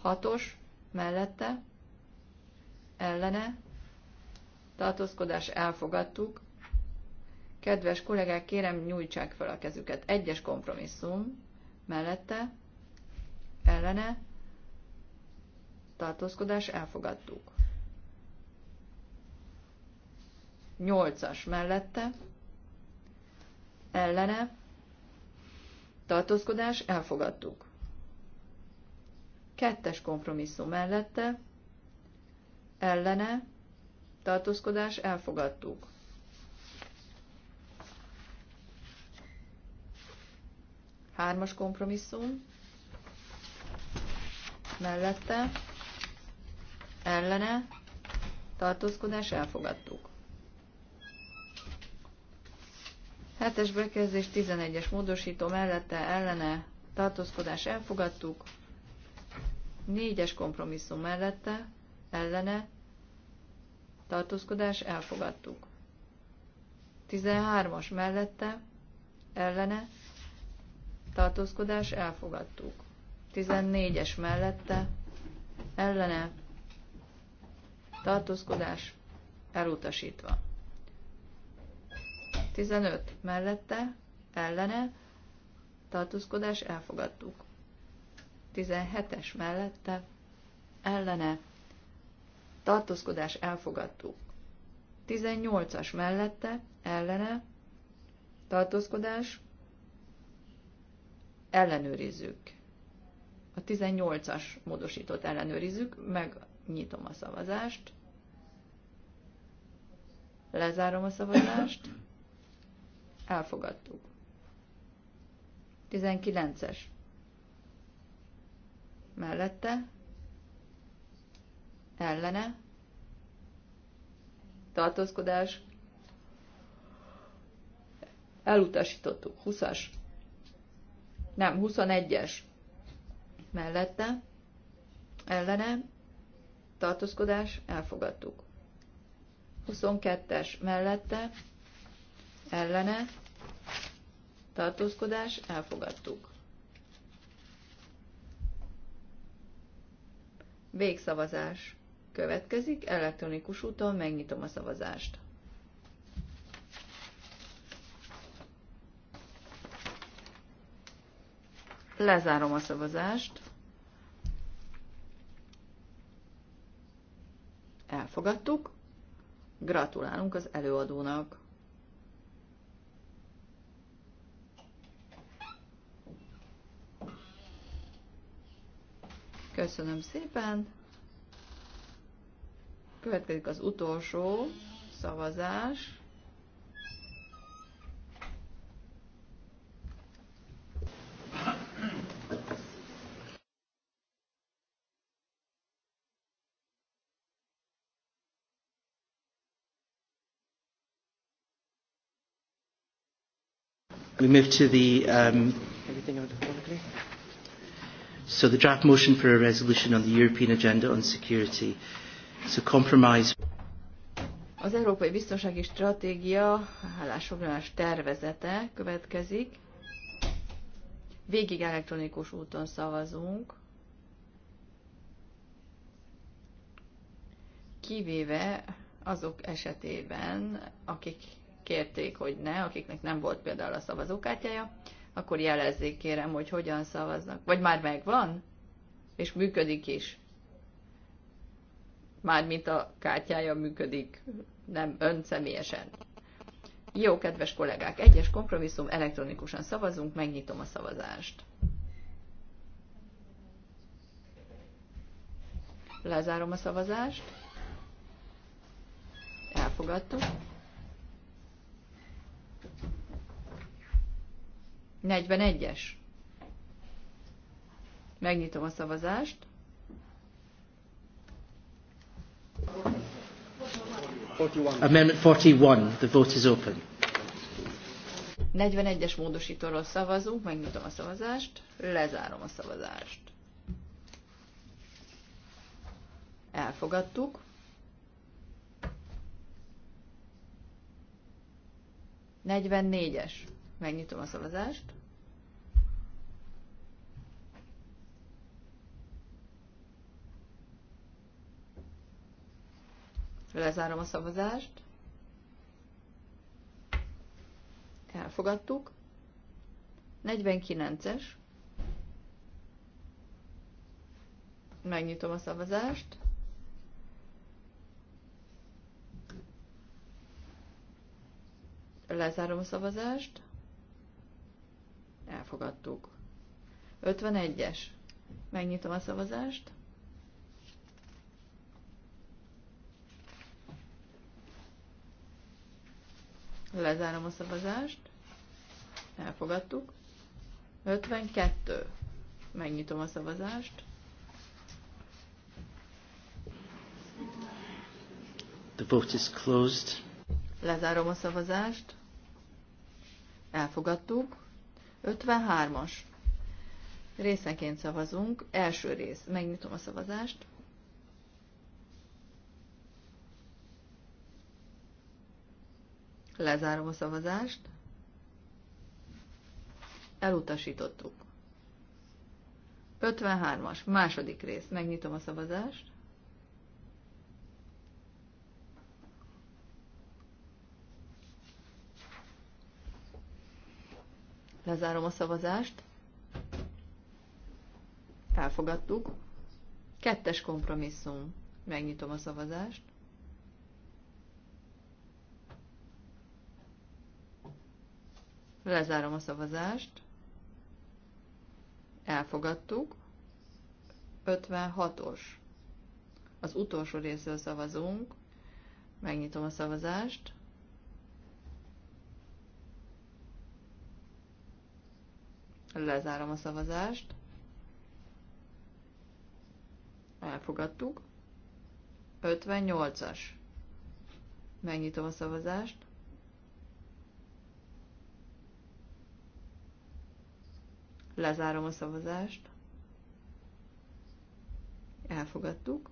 Hatos, mellette, ellene, tartózkodás elfogadtuk. Kedves kollégák, kérem nyújtsák fel a kezüket. Egyes kompromisszum mellette, ellene, tartózkodás elfogadtuk. Nyolcas mellette, ellene, tartózkodás elfogadtuk. Kettes kompromisszum mellette, ellene, tartózkodás elfogadtuk. Hármas kompromisszum, mellette, ellene, tartózkodás elfogadtuk. 7-es bekezdés 11-es módosító mellette, ellene, tartózkodás elfogadtuk. 4-es kompromisszum mellette, ellene, tartózkodás elfogadtuk. 13-as mellette, ellene, tartózkodás elfogadtuk. 14-es mellette, ellene, tartózkodás elutasítva. 15 mellette, ellene, tartózkodás elfogadtuk. 17-es mellette, ellene, tartózkodás elfogadtuk. 18-as mellette, ellene, tartózkodás, ellenőrizzük. A 18-as módosított ellenőrizzük, megnyitom a szavazást, lezárom a szavazást, elfogadtuk. 19-es mellette, ellene, tartózkodás, elutasítottuk, 20-as, nem, 21-es mellette, ellene, tartózkodás, elfogadtuk. 22-es mellette, ellene, tartózkodás, elfogadtuk. Végszavazás. Következik, elektronikus úton megnyitom a szavazást. Lezárom a szavazást. Elfogadtuk. Gratulálunk az előadónak. Köszönöm szépen! Következik az utolsó szavazás.
We move to the um, so the draft motion for a resolution on the European agenda on security. It's a compromise.
Az Európai Biztonsági Stratégia állásfoglalás tervezete következik. Végig elektronikus úton szavazunk, kivéve azok esetében, akik kérték, hogy ne, akiknek nem volt például a szavazókártyája, akkor jelezzék kérem, hogy hogyan szavaznak. Vagy már megvan, és működik is mármint a kártyája működik, nem ön személyesen. Jó, kedves kollégák, egyes kompromisszum, elektronikusan szavazunk, megnyitom a szavazást. Lezárom a szavazást. Elfogadtuk. 41-es. Megnyitom a szavazást.
Amendment 41. The vote is open.
41-es módosítóról szavazunk, megnyitom a szavazást, lezárom a szavazást. Elfogadtuk. Negyvennégyes. Megnyitom a szavazást. Lezárom a szavazást. Elfogadtuk. 49-es. Megnyitom a szavazást. Lezárom a szavazást. Elfogadtuk. 51-es. Megnyitom a szavazást. Lezárom a szavazást. Elfogadtuk. 52. Megnyitom a szavazást.
The vote is closed.
Lezárom a szavazást. Elfogadtuk. 53-as. Részenként szavazunk. Első rész. Megnyitom a szavazást. Lezárom a szavazást. Elutasítottuk. 53-as, második rész. Megnyitom a szavazást. Lezárom a szavazást. Elfogadtuk. Kettes kompromisszum. Megnyitom a szavazást. Lezárom a szavazást. Elfogadtuk. 56-os. Az utolsó részről szavazunk. Megnyitom a szavazást. Lezárom a szavazást. Elfogadtuk. 58-as. Megnyitom a szavazást. Lezárom a szavazást. Elfogadtuk.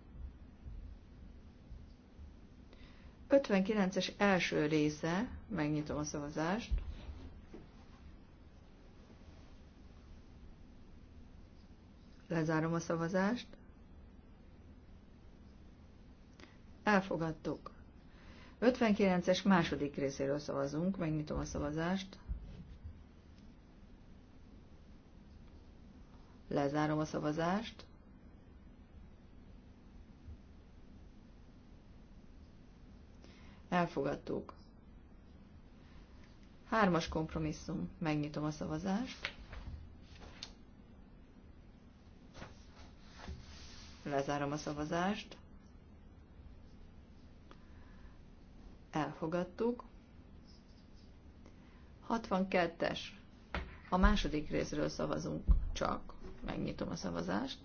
59-es első része, megnyitom a szavazást. Lezárom a szavazást. Elfogadtuk. 59-es második részéről szavazunk, megnyitom a szavazást. Lezárom a szavazást. Elfogadtuk. Hármas kompromisszum. Megnyitom a szavazást. Lezárom a szavazást. Elfogadtuk. 62-es. A második részről szavazunk csak. Megnyitom a szavazást.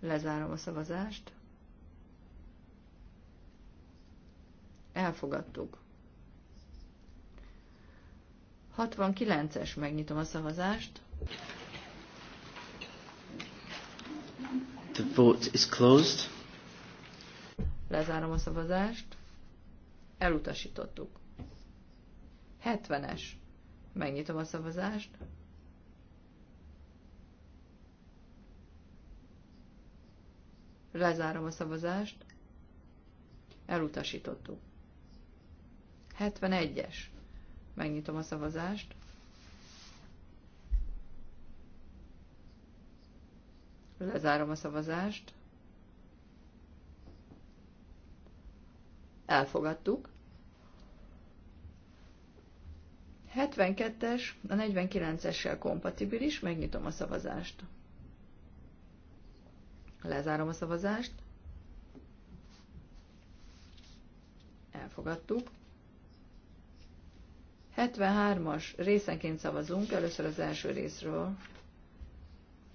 Lezárom a szavazást. Elfogadtuk. 69-es, megnyitom a szavazást.
The vote is closed.
Lezárom a szavazást. Elutasítottuk. 70-es. Megnyitom a szavazást. Lezárom a szavazást. Elutasítottuk. 71-es. Megnyitom a szavazást. Lezárom a szavazást. elfogadtuk. 72-es, a 49-essel kompatibilis, megnyitom a szavazást. Lezárom a szavazást. Elfogadtuk. 73-as részenként szavazunk, először az első részről.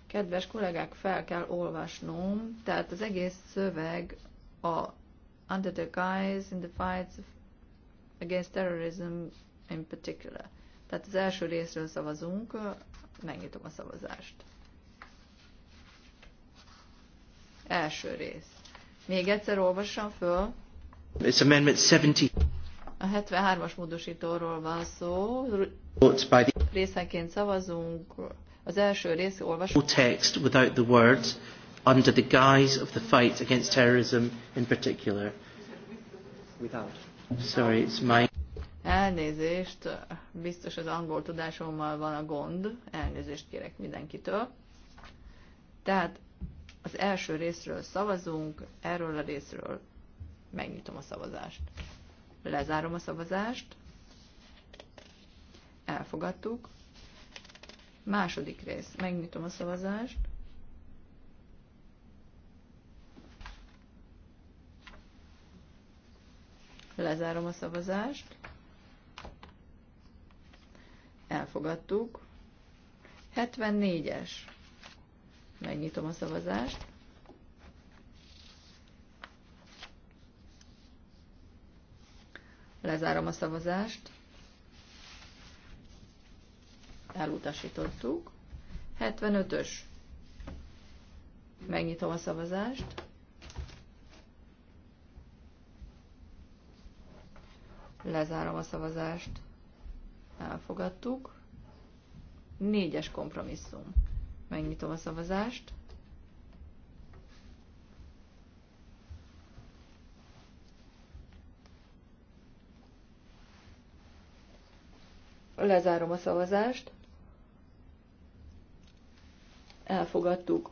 Kedves kollégák, fel kell olvasnom, tehát az egész szöveg a under the guise in the fights against terrorism in particular. Tehát az első részről szavazunk, megnyitom a szavazást. Első rész. Még egyszer olvassam föl.
It's amendment 70.
A 73-as módosítóról van szó. Részenként szavazunk. Az első rész olvasom.
Text without the words under the guise of the fight against terrorism in particular. Without. Sorry, it's my...
Elnézést, biztos az angol tudásommal van a gond, elnézést kérek mindenkitől. Tehát az első részről szavazunk, erről a részről megnyitom a szavazást. Lezárom a szavazást, elfogadtuk. Második rész, megnyitom a szavazást, Lezárom a szavazást. Elfogadtuk. 74-es. Megnyitom a szavazást. Lezárom a szavazást. Elutasítottuk. 75-ös. Megnyitom a szavazást. Lezárom a szavazást. Elfogadtuk. Négyes kompromisszum. Megnyitom a szavazást. Lezárom a szavazást. Elfogadtuk.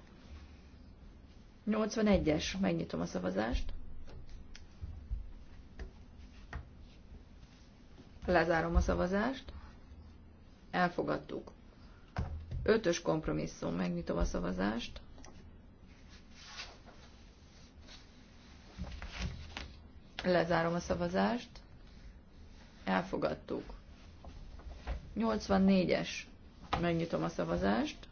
81-es. Megnyitom a szavazást. Lezárom a szavazást. Elfogadtuk. Ötös kompromisszum. Megnyitom a szavazást. Lezárom a szavazást. Elfogadtuk. 84-es. Megnyitom a szavazást.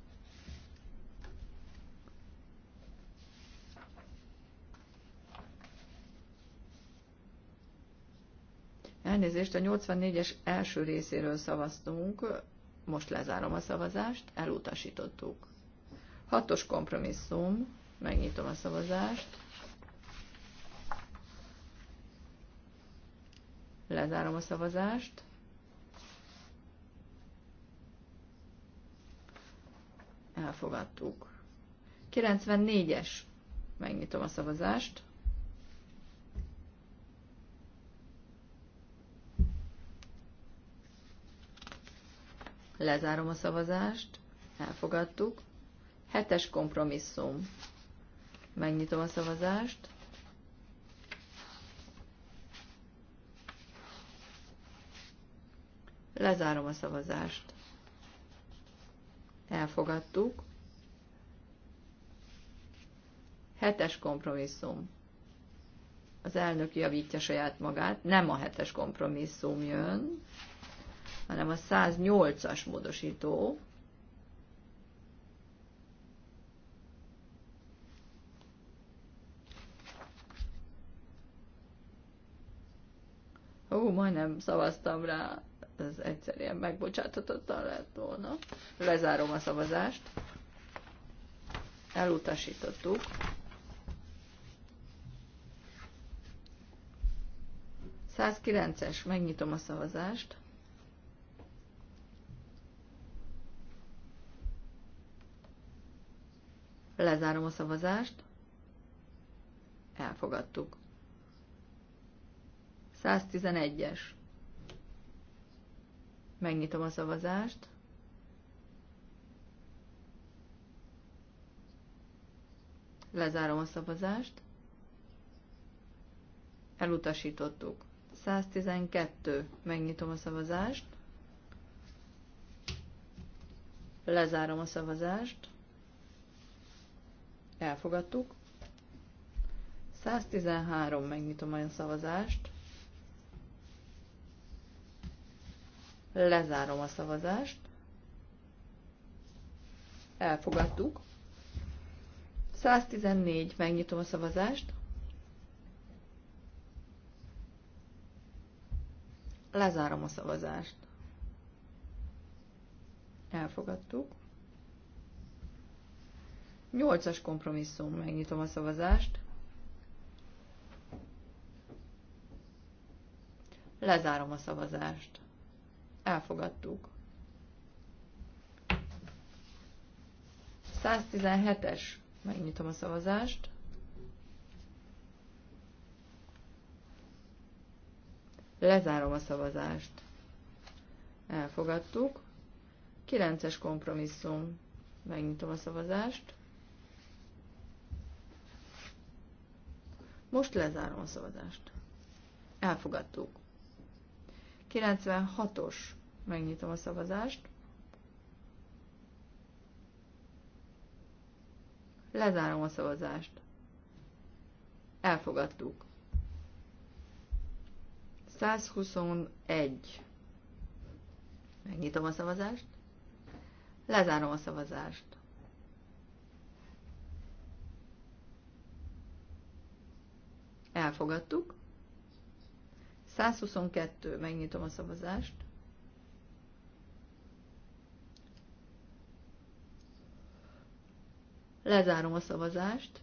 Elnézést, a 84-es első részéről szavaztunk, most lezárom a szavazást, elutasítottuk. Hatos kompromisszum, megnyitom a szavazást. Lezárom a szavazást. Elfogadtuk. 94-es. Megnyitom a szavazást. Lezárom a szavazást. Elfogadtuk. Hetes kompromisszum. Megnyitom a szavazást. Lezárom a szavazást. Elfogadtuk. Hetes kompromisszum. Az elnök javítja saját magát. Nem a hetes kompromisszum jön, hanem a 108-as módosító, Ó, majdnem szavaztam rá, ez egyszerűen megbocsáthatatlan lett volna. Lezárom a szavazást. Elutasítottuk. Százkilences, megnyitom a szavazást. Lezárom a szavazást. Elfogadtuk. 111-es. Megnyitom a szavazást. Lezárom a szavazást. Elutasítottuk. 112. Megnyitom a szavazást. Lezárom a szavazást. Elfogadtuk. 113, megnyitom a szavazást. Lezárom a szavazást. Elfogadtuk. 114, megnyitom a szavazást. Lezárom a szavazást. Elfogadtuk. Nyolcas kompromisszum, megnyitom a szavazást. Lezárom a szavazást. Elfogadtuk. 117-es, megnyitom a szavazást. Lezárom a szavazást. Elfogadtuk. 9-es kompromisszum. Megnyitom a szavazást. Most lezárom a szavazást. Elfogadtuk. 96-os. Megnyitom a szavazást. Lezárom a szavazást. Elfogadtuk. 121. Megnyitom a szavazást. Lezárom a szavazást. Elfogadtuk. 122. Megnyitom a szavazást. Lezárom a szavazást.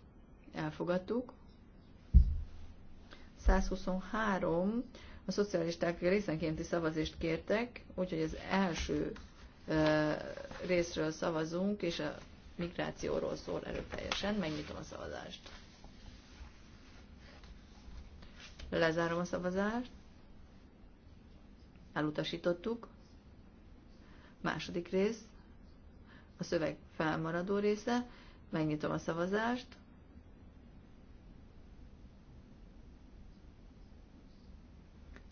Elfogadtuk. 123. A szocialisták részenkénti szavazást kértek, úgyhogy az első részről szavazunk, és a migrációról szól erőteljesen. Megnyitom a szavazást. Lezárom a szavazást. Elutasítottuk. Második rész. A szöveg felmaradó része. Megnyitom a szavazást.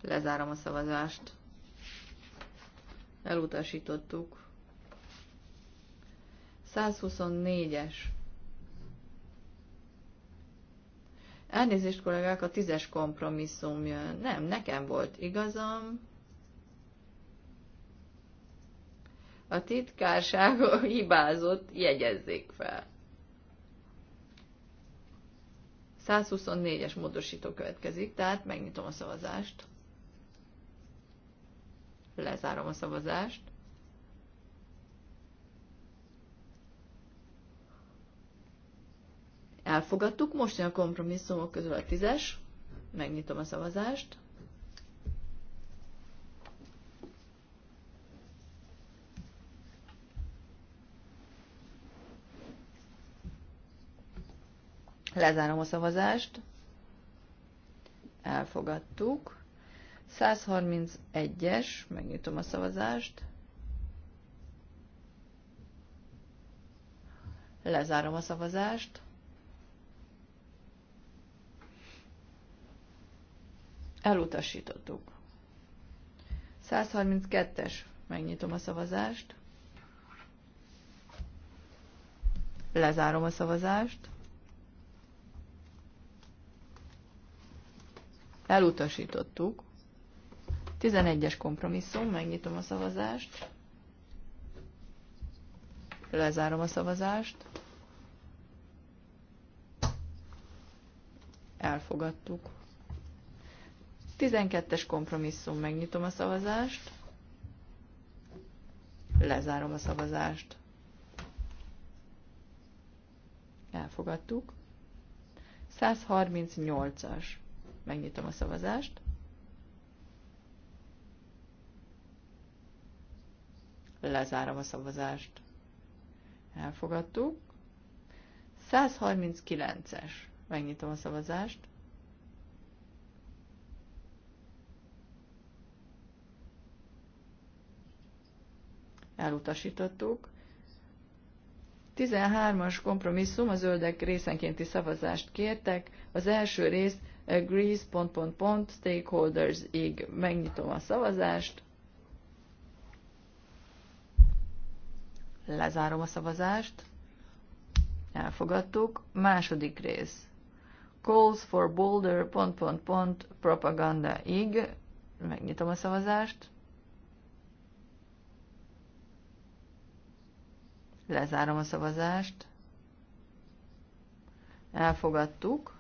Lezárom a szavazást. Elutasítottuk. 124-es Elnézést, kollégák, a tízes kompromisszum jön. Nem, nekem volt igazam. A titkárság hibázott, jegyezzék fel. 124-es módosító következik, tehát megnyitom a szavazást. Lezárom a szavazást. Elfogadtuk, most jön a kompromisszumok közül a tízes. Megnyitom a szavazást. Lezárom a szavazást. Elfogadtuk. 131-es, megnyitom a szavazást. Lezárom a szavazást. Elutasítottuk. 132-es. Megnyitom a szavazást. Lezárom a szavazást. Elutasítottuk. 11-es kompromisszum, megnyitom a szavazást. Lezárom a szavazást. Elfogadtuk. 12-es kompromisszum, megnyitom a szavazást, lezárom a szavazást. Elfogadtuk. 138-as, megnyitom a szavazást. Lezárom a szavazást. Elfogadtuk. 139-es. Megnyitom a szavazást. elutasítottuk. 13-as kompromisszum, a zöldek részenkénti szavazást kértek. Az első rész agrees, stakeholders-ig megnyitom a szavazást. Lezárom a szavazást. Elfogadtuk. Második rész. Calls for bolder, propaganda-ig. Megnyitom a szavazást. Lezárom a szavazást. Elfogadtuk.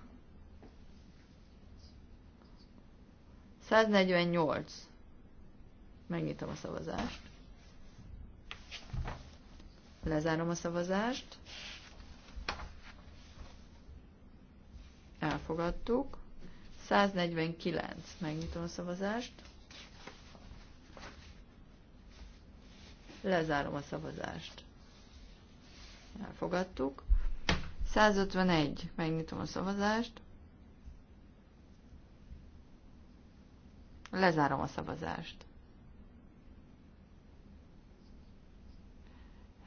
148. Megnyitom a szavazást. Lezárom a szavazást. Elfogadtuk. 149. Megnyitom a szavazást. Lezárom a szavazást elfogadtuk. 151, megnyitom a szavazást. Lezárom a szavazást.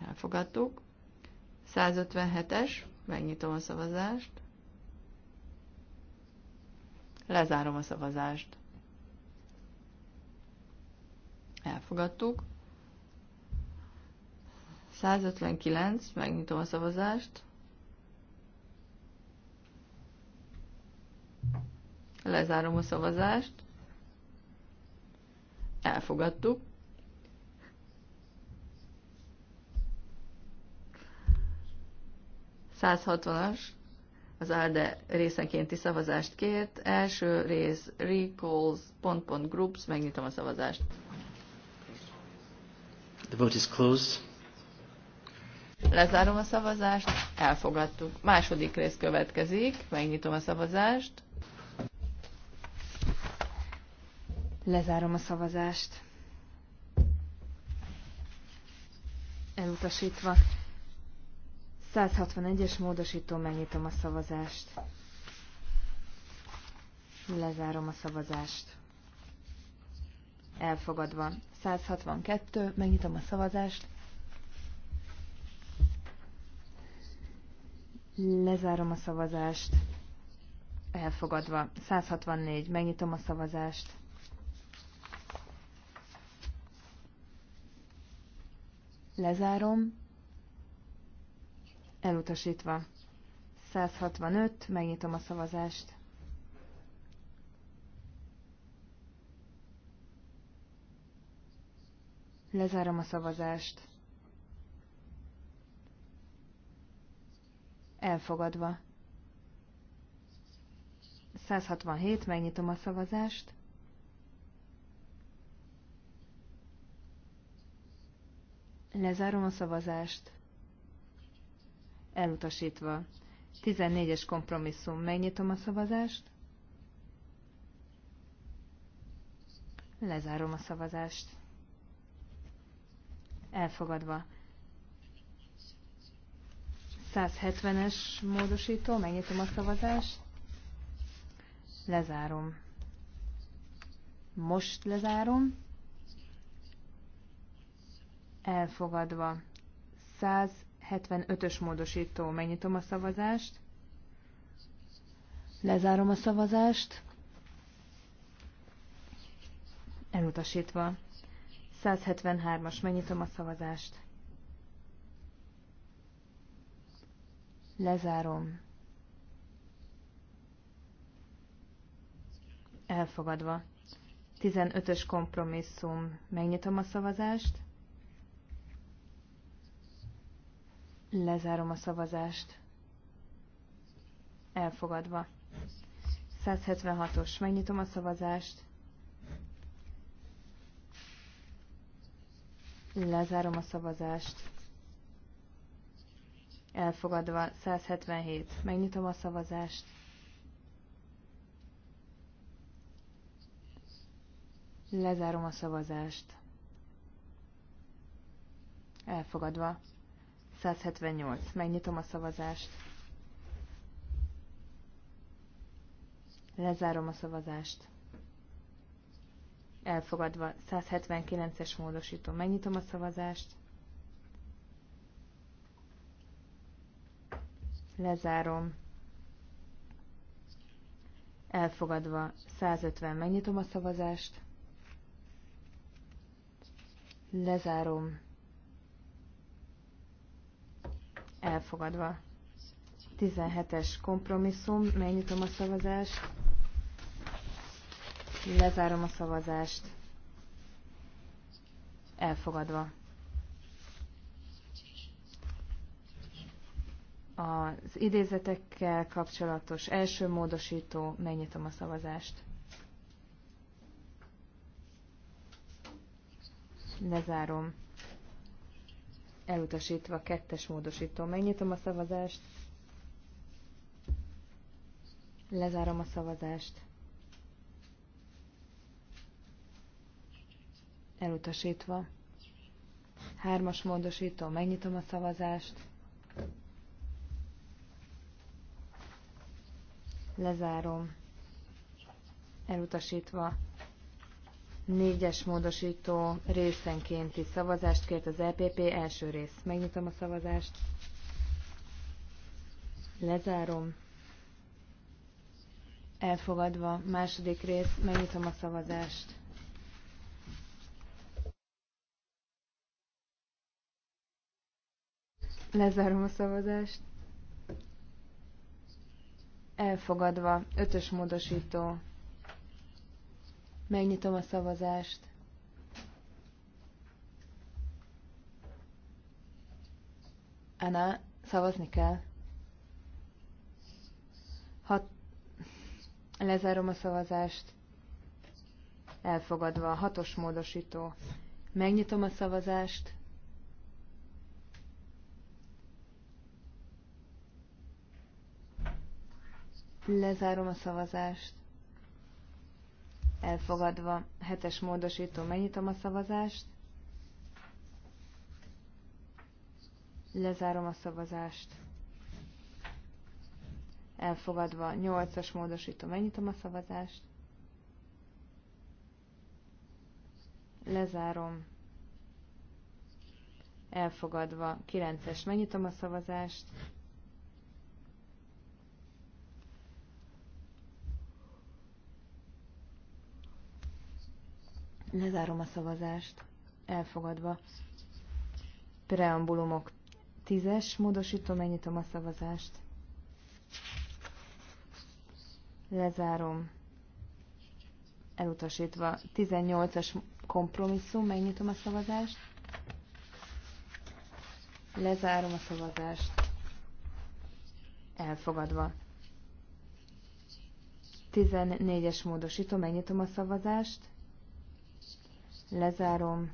Elfogadtuk. 157-es, megnyitom a szavazást. Lezárom a szavazást. Elfogadtuk. 159, megnyitom a szavazást. Lezárom a szavazást. Elfogadtuk. as az ALDE részenkénti szavazást kért. Első rész recalls, pont, pont, groups, megnyitom a szavazást.
The vote is closed.
Lezárom a szavazást, elfogadtuk. Második rész következik, megnyitom a szavazást. Lezárom a szavazást.
Elutasítva. 161-es módosító, megnyitom a szavazást. Lezárom a szavazást. Elfogadva. 162, megnyitom a szavazást. Lezárom a szavazást. Elfogadva. 164. Megnyitom a szavazást. Lezárom. Elutasítva. 165. Megnyitom a szavazást. Lezárom a szavazást. Elfogadva. 167, megnyitom a szavazást. Lezárom a szavazást. Elutasítva. 14-es kompromisszum. Megnyitom a szavazást. Lezárom a szavazást. Elfogadva. 170-es módosító, megnyitom a szavazást, lezárom. Most lezárom. Elfogadva. 175-ös módosító, megnyitom a szavazást. Lezárom a szavazást. Elutasítva. 173-as, megnyitom a szavazást. Lezárom. Elfogadva. 15-ös kompromisszum. Megnyitom a szavazást. Lezárom a szavazást. Elfogadva. 176-os. Megnyitom a szavazást. Lezárom a szavazást elfogadva 177. Megnyitom a szavazást. Lezárom a szavazást. Elfogadva. 178. Megnyitom a szavazást. Lezárom a szavazást. Elfogadva. 179-es módosító. Megnyitom a szavazást. Lezárom. Elfogadva 150. Megnyitom a szavazást. Lezárom. Elfogadva. 17-es kompromisszum. Megnyitom a szavazást. Lezárom a szavazást. Elfogadva. az idézetekkel kapcsolatos első módosító, megnyitom a szavazást. Lezárom. Elutasítva kettes módosító, megnyitom a szavazást. Lezárom a szavazást. Elutasítva. Hármas módosító, megnyitom a szavazást. Lezárom. Elutasítva. Négyes módosító részenkénti szavazást kért az EPP első rész. Megnyitom a szavazást. Lezárom. Elfogadva. Második rész. Megnyitom a szavazást. Lezárom a szavazást. Elfogadva. Ötös módosító. Megnyitom a szavazást. Anna, szavazni kell. Hat... Lezárom a szavazást. Elfogadva. Hatos módosító. Megnyitom a szavazást. Lezárom a szavazást. Elfogadva. Hetes módosító. Megnyitom a szavazást. Lezárom a szavazást. Elfogadva. Nyolcas módosító. Megnyitom a szavazást. Lezárom. Elfogadva. Kilences. Megnyitom a szavazást. Lezárom a szavazást. Elfogadva. Preambulumok. Tízes Módosítom, megnyitom a szavazást. Lezárom. Elutasítva. 18-as kompromisszum, megnyitom a szavazást. Lezárom a szavazást. Elfogadva. 14-es módosító, megnyitom a szavazást. Lezárom.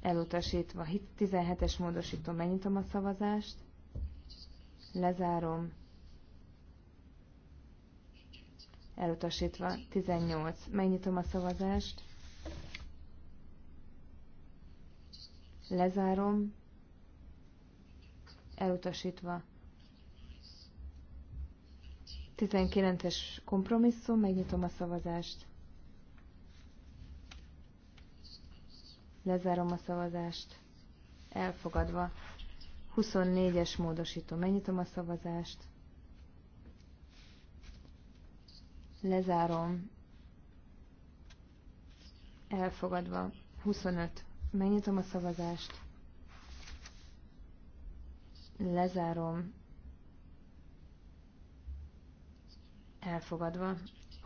Elutasítva 17-es módosító, megnyitom a szavazást. Lezárom. Elutasítva 18. Megnyitom a szavazást. Lezárom. Elutasítva 19-es kompromisszum, megnyitom a szavazást. Lezárom a szavazást. Elfogadva. 24-es módosító. Megnyitom a szavazást. Lezárom. Elfogadva. 25. Megnyitom a szavazást. Lezárom. elfogadva.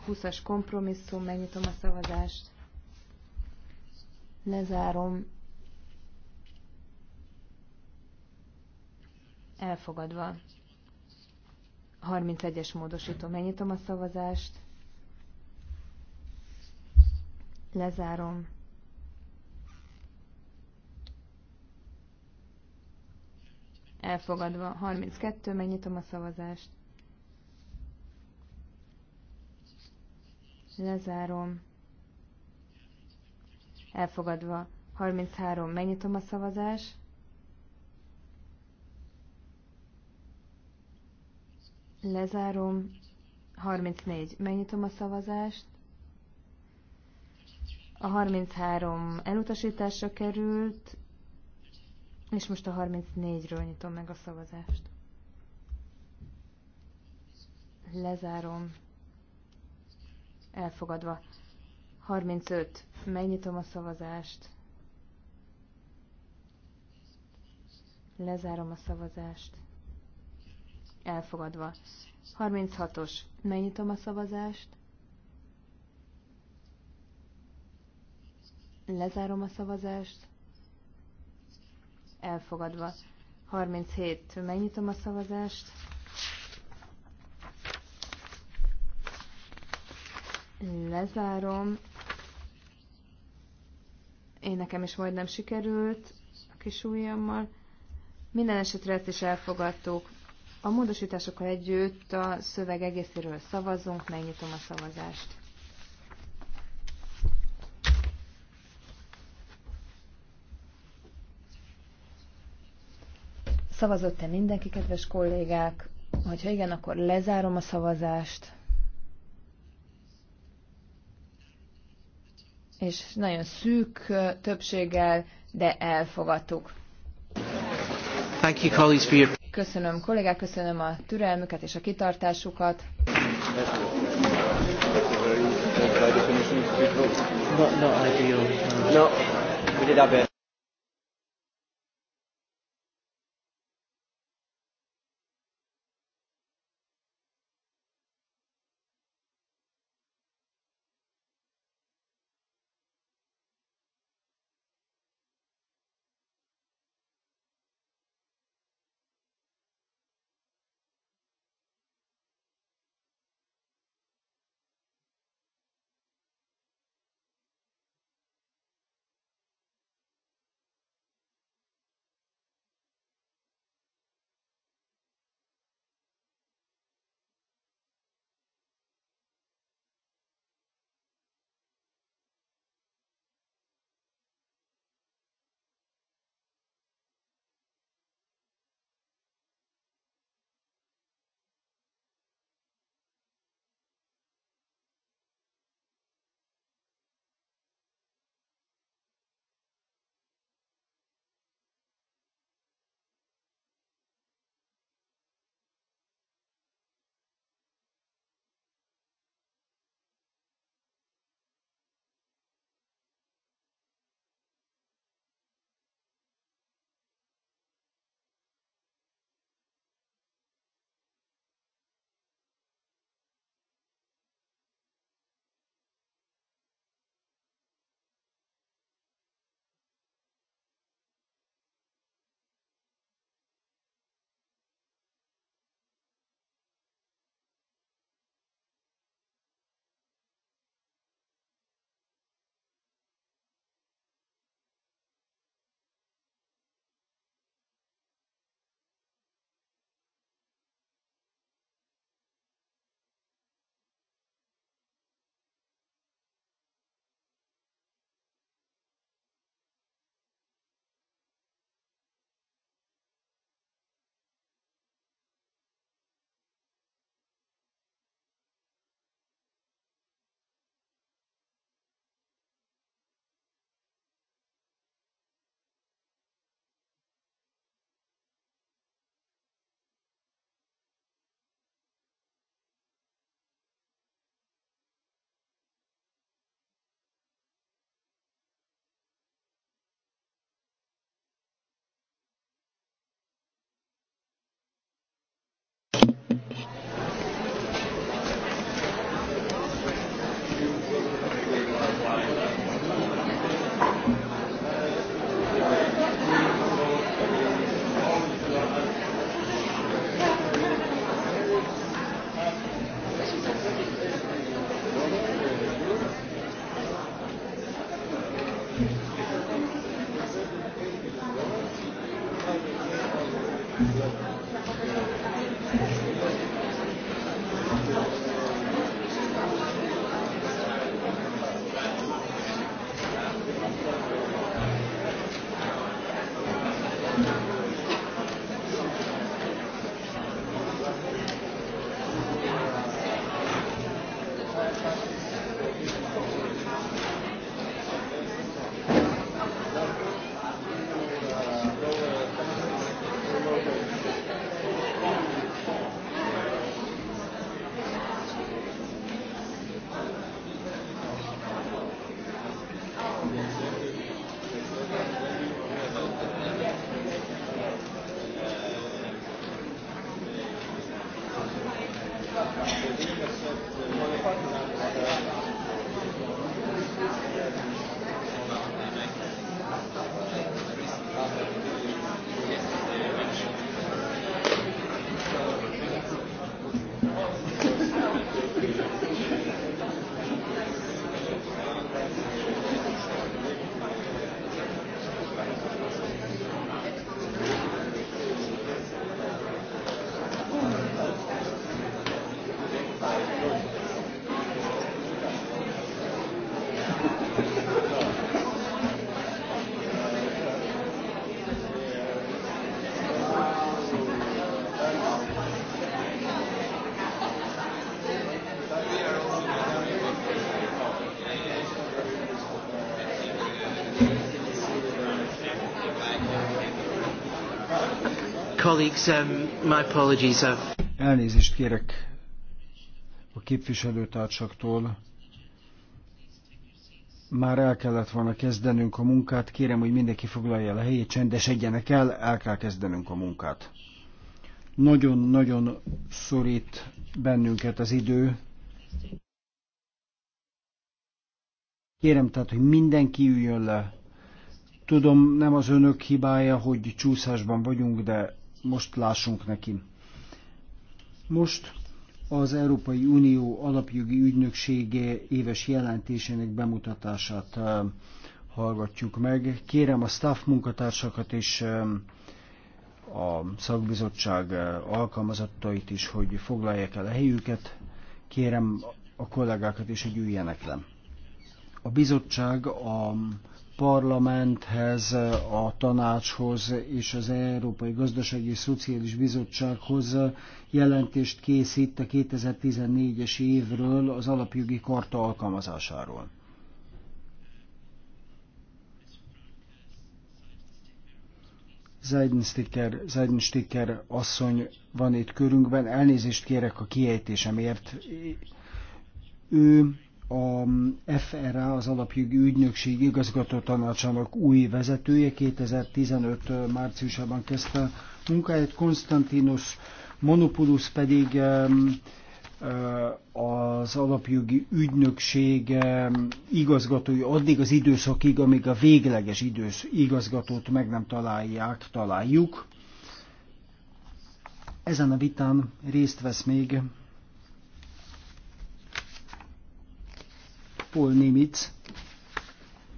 20-as kompromisszum, megnyitom a szavazást, lezárom, elfogadva. 31-es módosító, megnyitom a szavazást, lezárom, elfogadva. 32, megnyitom a szavazást, Lezárom. Elfogadva. 33. Megnyitom a szavazás. Lezárom. 34. Megnyitom a szavazást. A 33 elutasításra került, és most a 34-ről nyitom meg a szavazást. Lezárom elfogadva. 35. Megnyitom a szavazást. Lezárom a szavazást. Elfogadva. 36-os. Megnyitom a szavazást. Lezárom a szavazást. Elfogadva. 37. Megnyitom a szavazást. Lezárom. Én nekem is majdnem sikerült a kis ujjammal. Minden esetre ezt is elfogadtuk. A módosításokkal együtt a szöveg egészéről szavazunk, megnyitom a szavazást. Szavazott-e mindenki, kedves kollégák? Hogyha igen, akkor lezárom a szavazást. és nagyon szűk többséggel, de elfogadtuk.
Thank you, colleagues, for your...
Köszönöm kollégák, köszönöm a türelmüket és a kitartásukat.
No, no, I feel, no. no.
Um, uh, Elnézést kérek a képviselőtársaktól. Már el kellett volna kezdenünk a munkát. Kérem, hogy mindenki foglalja le helyét, csendesedjenek el, el kell kezdenünk a munkát. Nagyon-nagyon szorít bennünket az idő. Kérem tehát, hogy mindenki üljön le, Tudom, nem az önök hibája, hogy csúszásban vagyunk, de most lássunk neki. Most az Európai Unió alapjogi ügynöksége éves jelentésének bemutatását hallgatjuk meg. Kérem a staff munkatársakat és a szakbizottság alkalmazottait is, hogy foglalják el a helyüket. Kérem a kollégákat is, hogy üljenek le. A bizottság a parlamenthez, a tanácshoz és az Európai Gazdasági és Szociális Bizottsághoz jelentést készít a 2014-es évről az alapjogi karta alkalmazásáról. Zeidensticker, Zeidensticker asszony van itt körünkben, elnézést kérek a kiejtésemért. Ő a FRA, az Alapjogi Ügynökség igazgató tanácsának új vezetője 2015 márciusában kezdte munkáját, Konstantinos Monopoulos pedig az alapjogi ügynökség igazgatója addig az időszakig, amíg a végleges idősz igazgatót meg nem találják, találjuk. Ezen a vitán részt vesz még Paul Nimitz,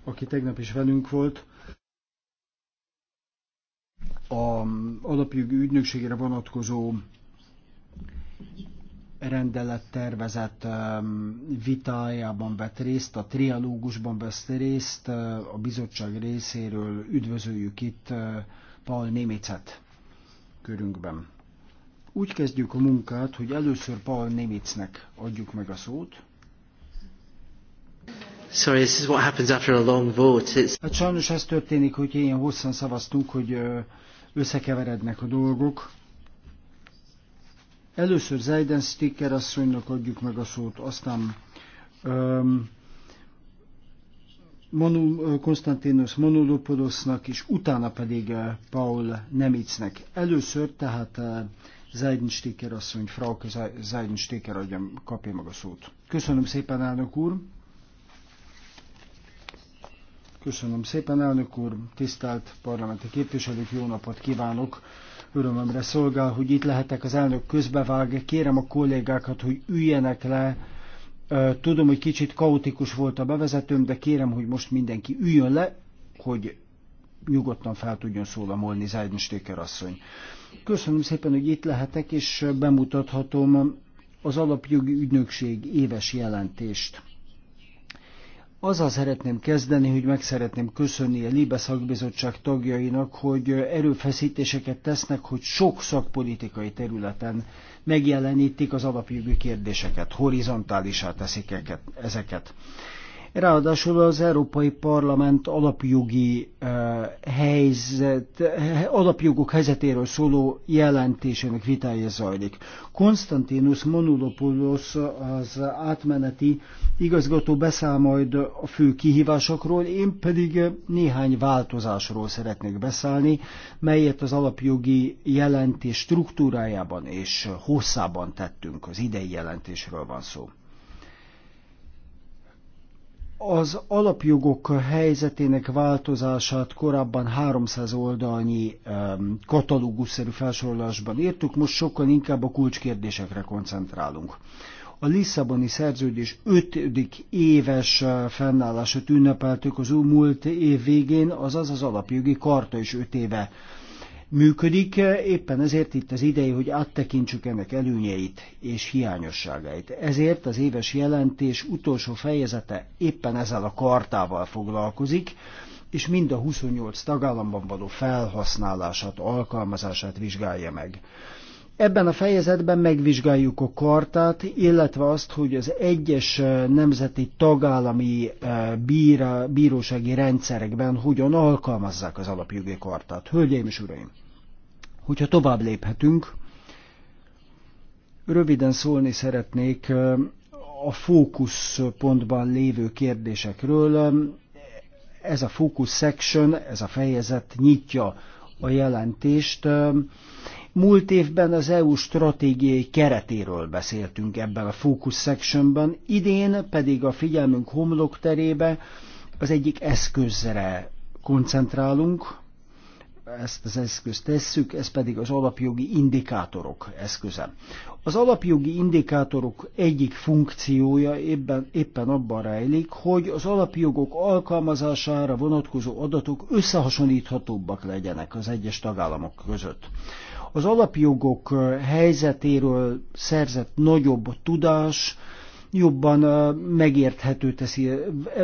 aki tegnap is velünk volt, a alapjogi ügynökségére vonatkozó rendelettervezet um, vitájában vett részt, a trialógusban vesz részt, uh, a bizottság részéről üdvözöljük itt uh, Paul Nimitzet körünkben. Úgy kezdjük a munkát, hogy először Paul Némicnek adjuk meg a szót,
Sorry, this is what happens after a long vote. It's...
Hát sajnos ez történik, hogy ilyen hosszan szavaztunk, hogy összekeverednek a dolgok. Először Zayden Sticker asszonynak adjuk meg a szót, aztán um, Manu, Konstantinos Manolopodosnak, és utána pedig Paul Nemicnek. Először tehát Sticker asszony, Frau Sticker adja, kapja meg a szót. Köszönöm szépen, elnök úr! Köszönöm szépen, elnök úr, tisztelt parlamenti képviselők, jó napot kívánok! Örömömre szolgál, hogy itt lehetek, az elnök közbevág. Kérem a kollégákat, hogy üljenek le. Tudom, hogy kicsit kaotikus volt a bevezetőm, de kérem, hogy most mindenki üljön le, hogy nyugodtan fel tudjon szólamolni Zájdenstéker asszony. Köszönöm szépen, hogy itt lehetek, és bemutathatom az alapjogi ügynökség éves jelentést azzal szeretném kezdeni, hogy meg szeretném köszönni a Libe szakbizottság tagjainak, hogy erőfeszítéseket tesznek, hogy sok szakpolitikai területen megjelenítik az alapjogi kérdéseket, horizontálisá teszik ezeket. Ráadásul az Európai Parlament alapjogi eh, helyzet, eh, alapjogok helyzetéről szóló jelentésének vitája zajlik. Konstantinus Monulopoulos az átmeneti igazgató beszáll majd a fő kihívásokról, én pedig néhány változásról szeretnék beszállni, melyet az alapjogi jelentés struktúrájában és hosszában tettünk, az idei jelentésről van szó az alapjogok helyzetének változását korábban 300 oldalnyi katalógusszerű felsorolásban írtuk, most sokkal inkább a kulcskérdésekre koncentrálunk. A Lisszaboni szerződés 5. éves fennállását ünnepeltük az új múlt év végén, azaz az alapjogi karta is 5 éve működik, éppen ezért itt az ideje, hogy áttekintsük ennek előnyeit és hiányosságait. Ezért az éves jelentés utolsó fejezete éppen ezzel a kartával foglalkozik, és mind a 28 tagállamban való felhasználását, alkalmazását vizsgálja meg. Ebben a fejezetben megvizsgáljuk a kartát, illetve azt, hogy az egyes nemzeti tagállami bíra, bírósági rendszerekben hogyan alkalmazzák az alapjogi kartát. Hölgyeim és uraim, hogyha tovább léphetünk, röviden szólni szeretnék a fókuszpontban lévő kérdésekről. Ez a fókusz section, ez a fejezet nyitja a jelentést Múlt évben az EU stratégiai keretéről beszéltünk ebben a focus sectionben, idén pedig a figyelmünk homlok terébe az egyik eszközre koncentrálunk, ezt az eszközt tesszük, ez pedig az alapjogi indikátorok eszköze. Az alapjogi indikátorok egyik funkciója éppen, éppen abban rejlik, hogy az alapjogok alkalmazására vonatkozó adatok összehasonlíthatóbbak legyenek az egyes tagállamok között. Az alapjogok helyzetéről szerzett nagyobb tudás jobban megérthető teszi,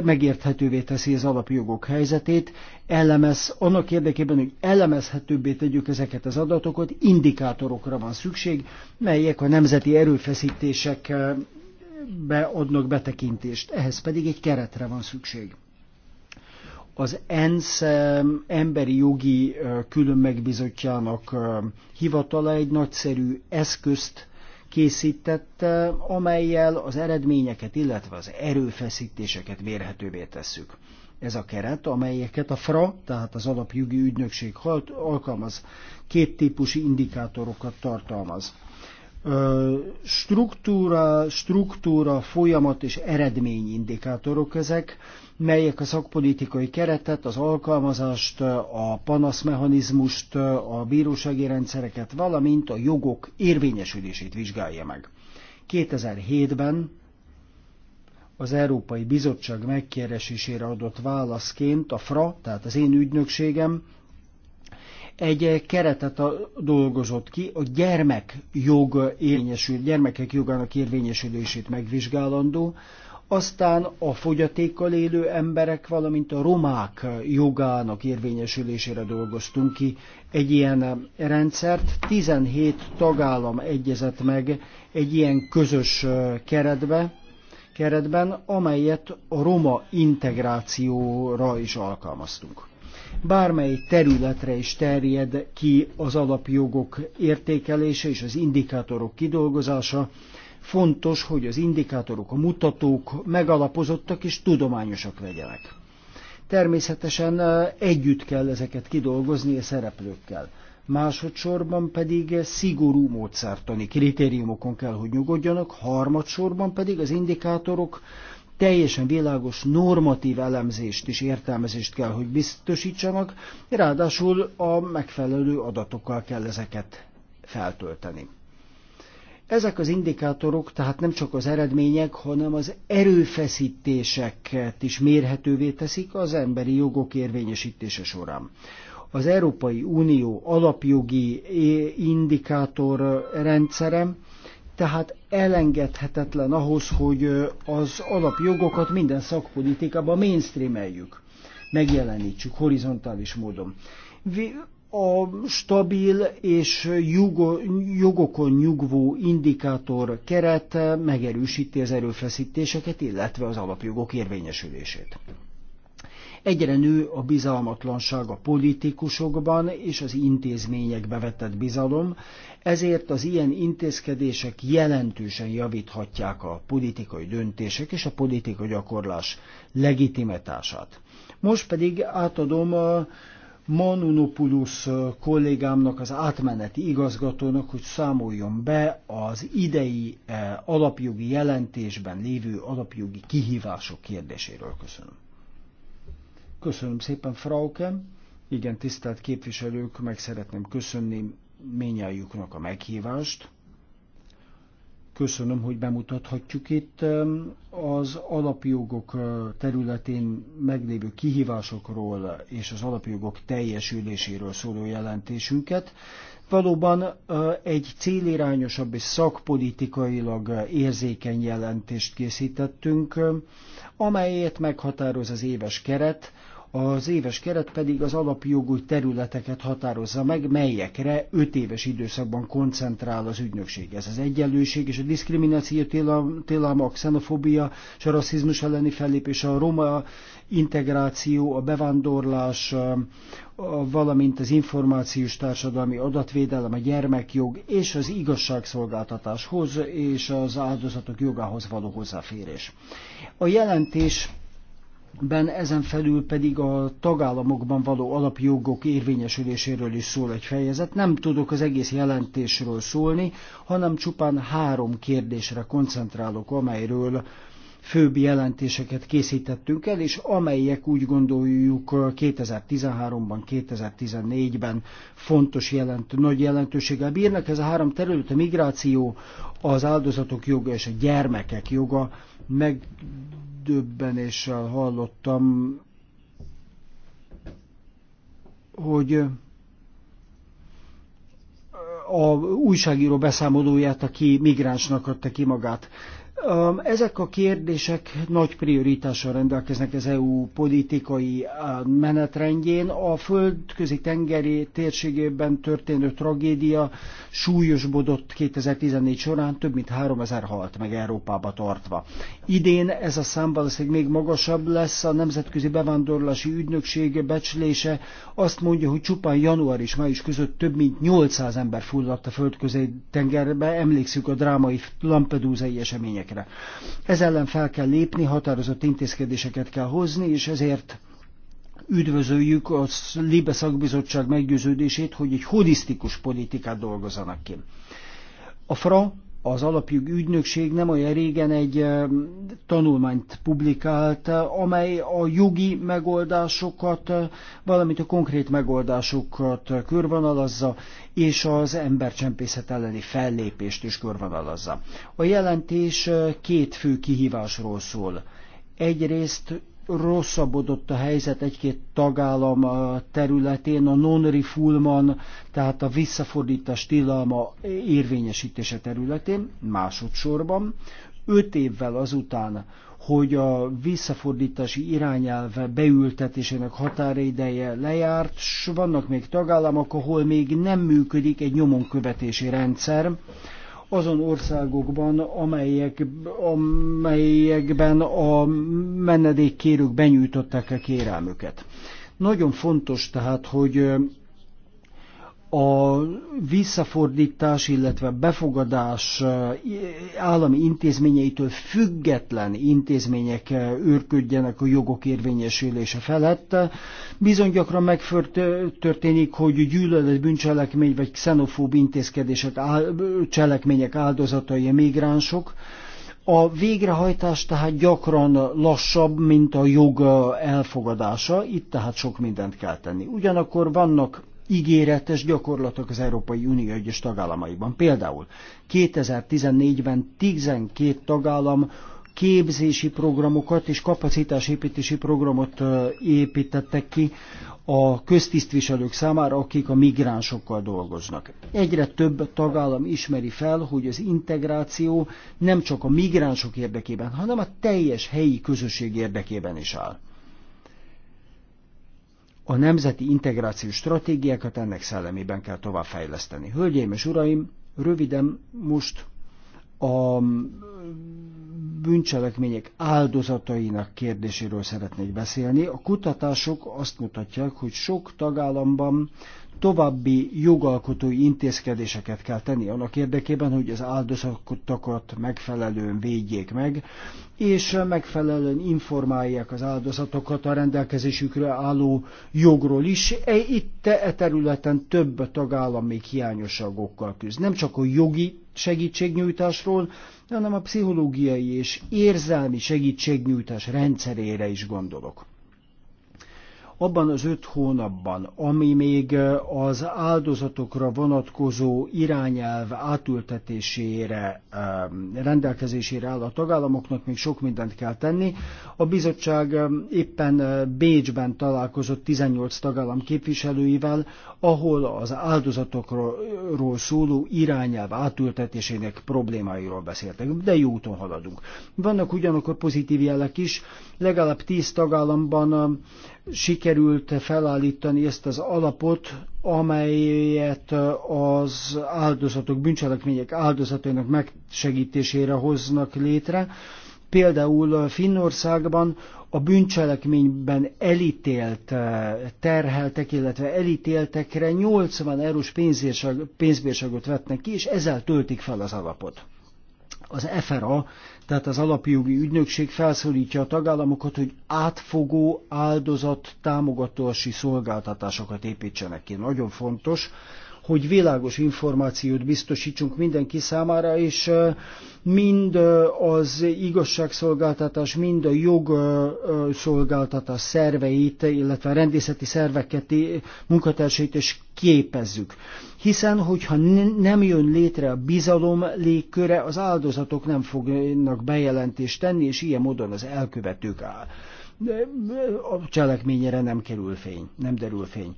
megérthetővé teszi az alapjogok helyzetét, elemez, annak érdekében, hogy elemezhetőbbé tegyük ezeket az adatokat, indikátorokra van szükség, melyek a nemzeti erőfeszítésekbe adnak betekintést. Ehhez pedig egy keretre van szükség az ENSZ emberi jogi külön megbizottjának hivatala egy nagyszerű eszközt készítette, amelyel az eredményeket, illetve az erőfeszítéseket mérhetővé tesszük. Ez a keret, amelyeket a FRA, tehát az alapjogi ügynökség alkalmaz, két típusú indikátorokat tartalmaz struktúra, struktúra, folyamat és eredmény-indikátorok ezek, melyek a szakpolitikai keretet, az alkalmazást, a panaszmechanizmust, a bírósági rendszereket, valamint a jogok érvényesülését vizsgálja meg. 2007-ben az Európai Bizottság megkeresésére adott válaszként a FRA, tehát az én ügynökségem egy keretet dolgozott ki a gyermek jog érvényesül, gyermekek jogának érvényesülését megvizsgálandó, aztán a fogyatékkal élő emberek, valamint a romák jogának érvényesülésére dolgoztunk ki egy ilyen rendszert. 17 tagállam egyezett meg egy ilyen közös keretbe, keretben, amelyet a roma integrációra is alkalmaztunk bármely területre is terjed ki az alapjogok értékelése és az indikátorok kidolgozása. Fontos, hogy az indikátorok, a mutatók megalapozottak és tudományosak legyenek. Természetesen együtt kell ezeket kidolgozni a szereplőkkel. Másodszorban pedig szigorú módszertani kritériumokon kell, hogy nyugodjanak, harmadsorban pedig az indikátorok teljesen világos normatív elemzést és értelmezést kell, hogy biztosítsanak, ráadásul a megfelelő adatokkal kell ezeket feltölteni. Ezek az indikátorok tehát nem csak az eredmények, hanem az erőfeszítéseket is mérhetővé teszik az emberi jogok érvényesítése során. Az Európai Unió alapjogi eh, indikátor rendszerem tehát elengedhetetlen ahhoz, hogy az alapjogokat minden szakpolitikában mainstreameljük, megjelenítsük horizontális módon. A stabil és jogokon nyugvó indikátor keret megerősíti az erőfeszítéseket, illetve az alapjogok érvényesülését. Egyre nő a bizalmatlanság a politikusokban és az intézményekbe vetett bizalom, ezért az ilyen intézkedések jelentősen javíthatják a politikai döntések és a politikai gyakorlás legitimitását. Most pedig átadom a uh, Manunopulus uh, kollégámnak, az átmeneti igazgatónak, hogy számoljon be az idei uh, alapjogi jelentésben lévő alapjogi kihívások kérdéséről. Köszönöm. Köszönöm szépen, Frauke, Igen, tisztelt képviselők, meg szeretném köszönni ményájuknak a meghívást. Köszönöm, hogy bemutathatjuk itt az alapjogok területén meglévő kihívásokról és az alapjogok teljesüléséről szóló jelentésünket. Valóban egy célirányosabb és szakpolitikailag érzékeny jelentést készítettünk, amelyet meghatároz az éves keret, az éves keret pedig az alapjogú területeket határozza meg, melyekre öt éves időszakban koncentrál az ügynökség. Ez az egyenlőség és a diszkrimináció tilalma, a xenofóbia és a rasszizmus elleni fellépés, a roma integráció, a bevándorlás, valamint az információs társadalmi adatvédelem, a gyermekjog és az igazságszolgáltatáshoz és az áldozatok jogához való hozzáférés. A jelentés ben ezen felül pedig a tagállamokban való alapjogok érvényesüléséről is szól egy fejezet. Nem tudok az egész jelentésről szólni, hanem csupán három kérdésre koncentrálok, amelyről főbb jelentéseket készítettünk el, és amelyek úgy gondoljuk 2013-ban, 2014-ben fontos jelent, nagy jelentőséggel bírnak. Ez a három terület a migráció, az áldozatok joga és a gyermekek joga. Meg megdöbbenéssel hallottam, hogy a újságíró beszámolóját, aki migránsnak adta ki magát. Um, ezek a kérdések nagy prioritással rendelkeznek az EU politikai uh, menetrendjén. A földközi tengeri térségében történő tragédia súlyosbodott 2014 során, több mint 3000 halt meg Európába tartva. Idén ez a szám valószínűleg még magasabb lesz, a Nemzetközi Bevándorlási Ügynökség becslése azt mondja, hogy csupán január és május között több mint 800 ember fulladt a földközi tengerbe, emlékszük a drámai i események kérdésekre. Ez ellen fel kell lépni, határozott intézkedéseket kell hozni, és ezért üdvözöljük a Libe szakbizottság meggyőződését, hogy egy holisztikus politikát dolgozanak ki. A FRA az alapjuk ügynökség nem olyan régen egy tanulmányt publikált, amely a jogi megoldásokat, valamint a konkrét megoldásokat körvonalazza, és az embercsempészet elleni fellépést is körvonalazza. A jelentés két fő kihívásról szól. Egyrészt rosszabbodott a helyzet egy-két tagállam területén, a non-refoulement, tehát a visszafordítás tilalma érvényesítése területén, másodszorban, öt évvel azután, hogy a visszafordítási irányelve beültetésének határideje lejárt, s vannak még tagállamok, ahol még nem működik egy nyomonkövetési rendszer, azon országokban, amelyek, amelyekben a menedékkérők benyújtották a kérelmüket. Nagyon fontos tehát, hogy a visszafordítás, illetve befogadás eh, állami intézményeitől független intézmények eh, őrködjenek a jogok érvényesülése felett. Bizony gyakran megtörténik, hogy gyűlölet bűncselekmény vagy xenofób intézkedések, cselekmények áldozatai a migránsok, a végrehajtás tehát gyakran lassabb, mint a jog eh, elfogadása, itt tehát sok mindent kell tenni. Ugyanakkor vannak ígéretes gyakorlatok az Európai Unió egyes tagállamaiban. Például 2014-ben 12 tagállam képzési programokat és kapacitásépítési programot építettek ki a köztisztviselők számára, akik a migránsokkal dolgoznak. Egyre több tagállam ismeri fel, hogy az integráció nem csak a migránsok érdekében, hanem a teljes helyi közösség érdekében is áll a nemzeti integrációs stratégiákat ennek szellemében kell továbbfejleszteni. Hölgyeim és uraim, röviden most a bűncselekmények áldozatainak kérdéséről szeretnék beszélni. A kutatások azt mutatják, hogy sok tagállamban további jogalkotói intézkedéseket kell tenni annak érdekében, hogy az áldozatokat megfelelően védjék meg, és megfelelően informálják az áldozatokat a rendelkezésükre álló jogról is. E, itt e területen több tagállam még hiányosságokkal küzd. Nem csak a jogi segítségnyújtásról, hanem a pszichológiai és érzelmi segítségnyújtás rendszerére is gondolok abban az öt hónapban, ami még az áldozatokra vonatkozó irányelv átültetésére, rendelkezésére áll a tagállamoknak, még sok mindent kell tenni. A bizottság éppen Bécsben találkozott 18 tagállam képviselőivel, ahol az áldozatokról szóló irányelv átültetésének problémáiról beszéltek, de jó úton haladunk. Vannak ugyanakkor pozitív jelek is, legalább 10 tagállamban sikerült felállítani ezt az alapot, amelyet az áldozatok, bűncselekmények áldozatainak megsegítésére hoznak létre. Például Finnországban a bűncselekményben elítélt eh, terheltek, illetve elítéltekre 80 eurós pénzbírságot vetnek ki, és ezzel töltik fel az alapot. Az FRA tehát az alapjogi ügynökség felszólítja a tagállamokat, hogy átfogó áldozat támogatási szolgáltatásokat építsenek ki. Nagyon fontos, hogy világos információt biztosítsunk mindenki számára, és mind az igazságszolgáltatás, mind a jogszolgáltatás szerveit, illetve a rendészeti szerveket, munkatársait is képezzük. Hiszen, hogyha nem jön létre a bizalom légköre, az áldozatok nem fognak bejelentést tenni, és ilyen módon az elkövetők áll a cselekményére nem kerül fény, nem derül fény.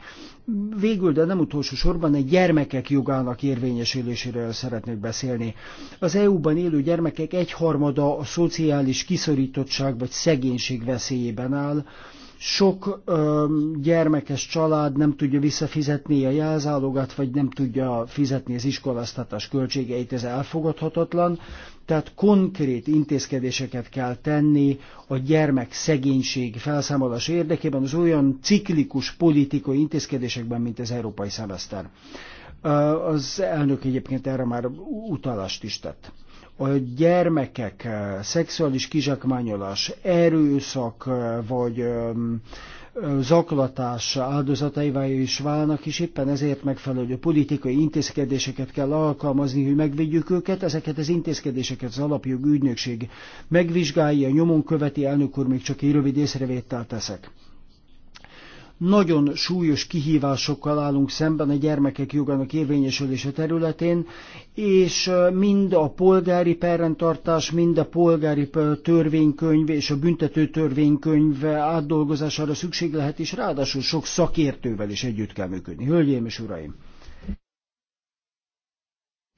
Végül, de nem utolsó sorban egy gyermekek jogának érvényesüléséről szeretnék beszélni. Az EU-ban élő gyermekek egyharmada a szociális kiszorítottság vagy szegénység veszélyében áll, sok ö, gyermekes család nem tudja visszafizetni a jelzálogat, vagy nem tudja fizetni az iskolasztatás költségeit, ez elfogadhatatlan. Tehát konkrét intézkedéseket kell tenni a gyermek szegénység felszámolása érdekében az olyan ciklikus politikai intézkedésekben, mint az európai szemeszter. Az elnök egyébként erre már utalást is tett a gyermekek szexuális kizsákmányolás, erőszak vagy zaklatás áldozataivá is válnak, és éppen ezért megfelelő politikai intézkedéseket kell alkalmazni, hogy megvédjük őket. Ezeket az intézkedéseket az alapjog ügynökség megvizsgálja, nyomon követi, elnök úr, még csak egy rövid észrevételt teszek nagyon súlyos kihívásokkal állunk szemben a gyermekek jogának érvényesülése területén, és mind a polgári perrendtartás, mind a polgári törvénykönyv és a büntető törvénykönyv átdolgozására szükség lehet, és ráadásul sok szakértővel is együtt kell működni. Hölgyeim és uraim!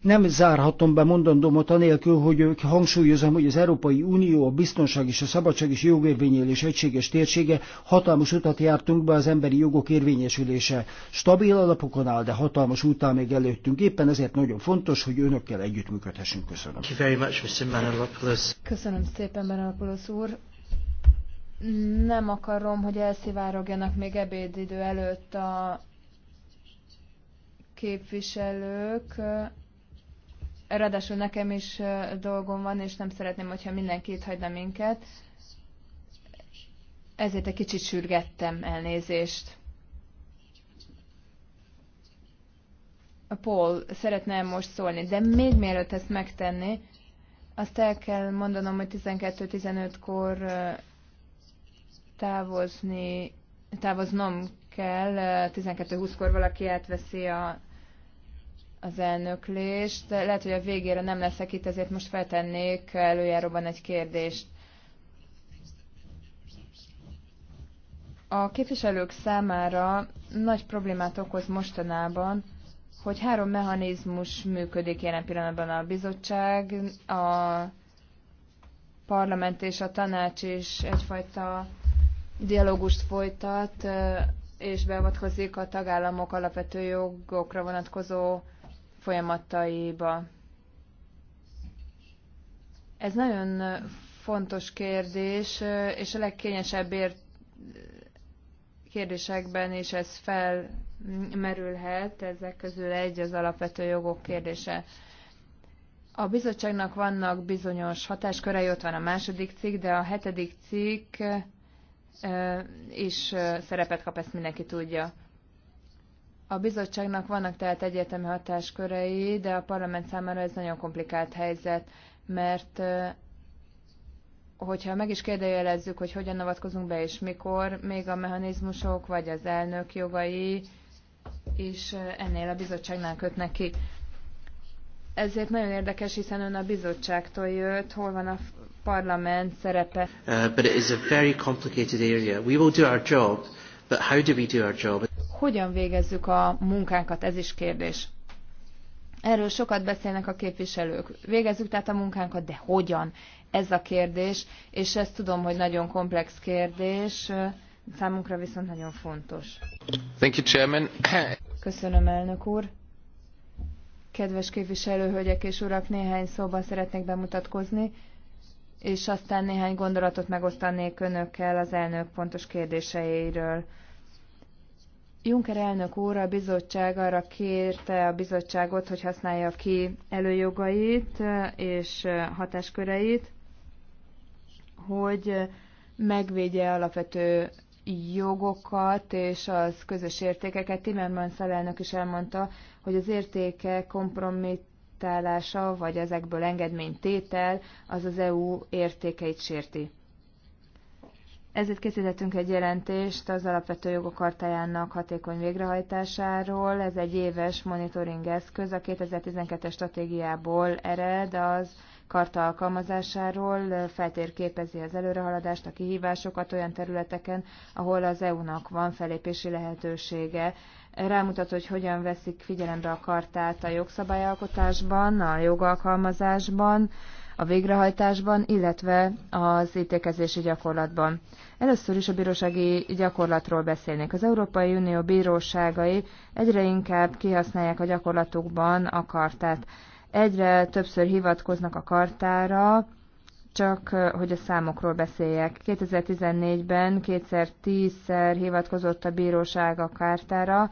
nem zárhatom be mondandómat anélkül, hogy hangsúlyozom, hogy az Európai Unió a biztonság és a szabadság és jogérvényélés egységes térsége hatalmas utat jártunk be az emberi jogok érvényesülése. Stabil alapokon áll, de hatalmas útá még előttünk. Éppen ezért nagyon fontos, hogy önökkel együttműködhessünk. Köszönöm.
Köszönöm szépen, Manalopoulos úr. Nem akarom, hogy elszivárogjanak még ebédidő előtt a képviselők. Ráadásul nekem is dolgom van, és nem szeretném, hogyha mindenki itt hagyna minket. Ezért egy kicsit sürgettem elnézést. Paul szeretne most szólni, de még mielőtt ezt megtenni, azt el kell mondanom, hogy 12-15-kor távozni, távoznom kell, 12-20-kor valaki átveszi a az elnöklést. Lehet, hogy a végére nem leszek itt, ezért most feltennék előjáróban egy kérdést. A képviselők számára nagy problémát okoz mostanában, hogy három mechanizmus működik jelen pillanatban a bizottság, a parlament és a tanács is egyfajta dialógust folytat, és beavatkozik a tagállamok alapvető jogokra vonatkozó folyamataiba. Ez nagyon fontos kérdés, és a legkényesebb kérdésekben is ez felmerülhet, ezek közül egy az alapvető jogok kérdése. A bizottságnak vannak bizonyos hatáskörei, ott van a második cikk, de a hetedik cikk is szerepet kap, ezt mindenki tudja. A bizottságnak vannak tehát egyetemi hatáskörei, de a parlament számára ez nagyon komplikált helyzet, mert hogyha meg is kérdőjelezzük, hogy hogyan avatkozunk be és mikor, még a mechanizmusok vagy az elnök jogai is ennél a bizottságnál kötnek ki. Ezért nagyon érdekes, hiszen ön a bizottságtól jött, hol van a parlament szerepe.
Uh, but it is a very complicated area. We will do our job, but how do we do our job?
hogyan végezzük a munkánkat, ez is kérdés. Erről sokat beszélnek a képviselők. Végezzük tehát a munkánkat, de hogyan? Ez a kérdés, és ezt tudom, hogy nagyon komplex kérdés, számunkra viszont nagyon fontos.
Thank you, Chairman.
Köszönöm, elnök úr. Kedves képviselőhölgyek és urak, néhány szóban szeretnék bemutatkozni, és aztán néhány gondolatot megosztanék önökkel az elnök pontos kérdéseiről. Juncker elnök úr a bizottság arra kérte a bizottságot, hogy használja ki előjogait eh, és eh, hatásköreit, hogy eh, megvédje alapvető jogokat és az közös értékeket. Timmermans elnök is elmondta, hogy az értéke kompromittálása vagy ezekből engedménytétel az az EU értékeit sérti. Ezért készítettünk egy jelentést az alapvető jogok kartájának hatékony végrehajtásáról. Ez egy éves monitoring eszköz, a 2012-es stratégiából ered, az karta alkalmazásáról feltérképezi az előrehaladást, a kihívásokat olyan területeken, ahol az EU-nak van felépési lehetősége. Rámutat, hogy hogyan veszik figyelembe a kartát a jogszabályalkotásban, a jogalkalmazásban, a végrehajtásban, illetve az ítélkezési gyakorlatban. Először is a bírósági gyakorlatról beszélnék. Az Európai Unió bíróságai egyre inkább kihasználják a gyakorlatukban a kartát. Egyre többször hivatkoznak a kartára, csak hogy a számokról beszéljek. 2014-ben kétszer tízszer hivatkozott a bíróság a kártára,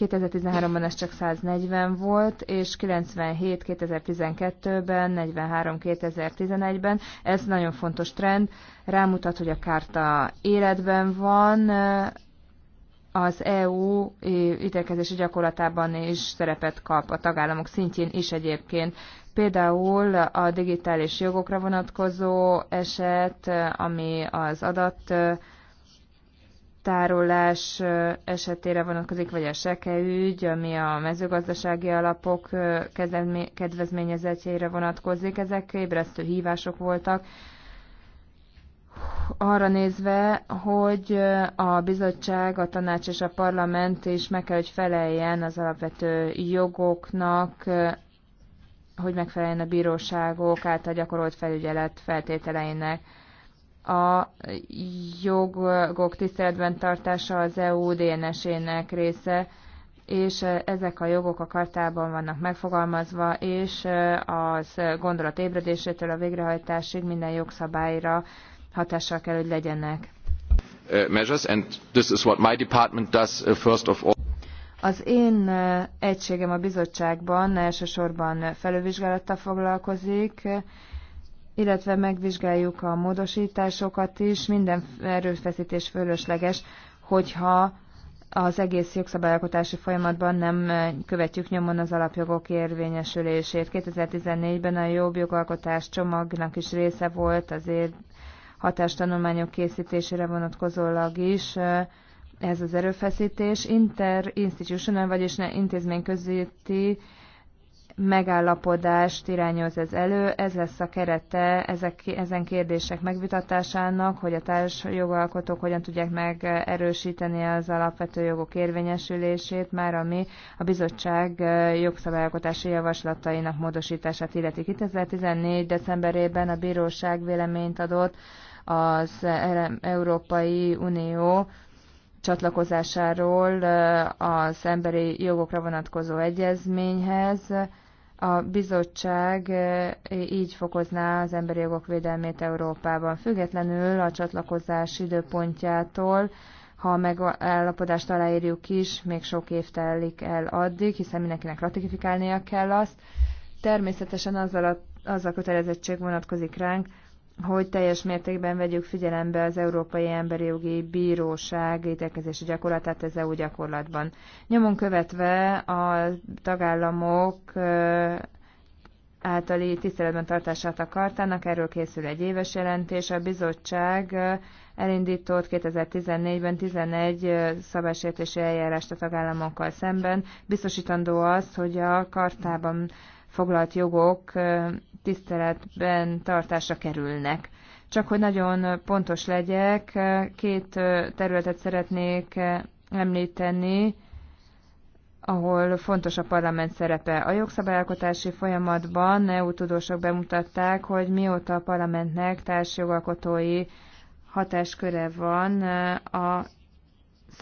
2013-ban ez csak 140 volt, és 97 2012-ben, 43 2011-ben. Ez nagyon fontos trend. Rámutat, hogy a kárta életben van, az EU ítélkezési gyakorlatában is szerepet kap a tagállamok szintjén is egyébként. Például a digitális jogokra vonatkozó eset, ami az adat tárolás esetére vonatkozik, vagy a sekeügy, ügy, ami a mezőgazdasági alapok kedvezményezetjeire vonatkozik. Ezek ébresztő hívások voltak, arra nézve, hogy a bizottság, a tanács és a parlament is meg kell, hogy feleljen az alapvető jogoknak, hogy megfeleljen a bíróságok által gyakorolt felügyelet feltételeinek a jogok tiszteletben tartása az EU DNS-ének része, és ezek a jogok a kartában vannak megfogalmazva, és az gondolat ébredésétől a végrehajtásig minden jogszabályra hatással kell, hogy legyenek.
Uh, measures, and this is what my department does uh, first of all. Az
én egységem a bizottságban elsősorban felővizsgálattal foglalkozik, illetve megvizsgáljuk a módosításokat is. Minden erőfeszítés fölösleges, hogyha az egész jogszabályalkotási folyamatban nem követjük nyomon az alapjogok érvényesülését. 2014-ben a jobb jogalkotás csomagnak is része volt azért hatástanulmányok készítésére vonatkozólag is eh, ez az erőfeszítés. Interinstitutional, vagyis intézményközötti megállapodást irányoz ez elő, ez lesz a kerete ezek, ezen kérdések megvitatásának, hogy a társ jogalkotók hogyan tudják megerősíteni az alapvető jogok érvényesülését, már ami a bizottság eh, jogszabályalkotási javaslatainak módosítását illeti. 2014. decemberében a bíróság véleményt adott az Európai Unió csatlakozásáról eh, az emberi jogokra vonatkozó egyezményhez a bizottság e, így fokozná az emberi jogok védelmét Európában, függetlenül a csatlakozás időpontjától, ha a megállapodást aláírjuk is, még sok év telik el addig, hiszen mindenkinek ratifikálnia kell azt. Természetesen azzal a, az a kötelezettség vonatkozik ránk, hogy teljes mértékben vegyük figyelembe az Európai Emberi Jogi Bíróság ítélkezési gyakorlatát az EU gyakorlatban. Nyomon követve a tagállamok általi tiszteletben tartását a kartának, erről készül egy éves jelentés. A bizottság elindított 2014-ben 11 szabálysértési eljárást a tagállamokkal szemben, biztosítandó az, hogy a kartában foglalt jogok tiszteletben tartásra kerülnek. Csak hogy nagyon pontos legyek, két területet szeretnék említeni, ahol fontos a parlament szerepe. A jogszabályalkotási folyamatban EU tudósok bemutatták, hogy mióta a parlamentnek társjogalkotói hatásköre van a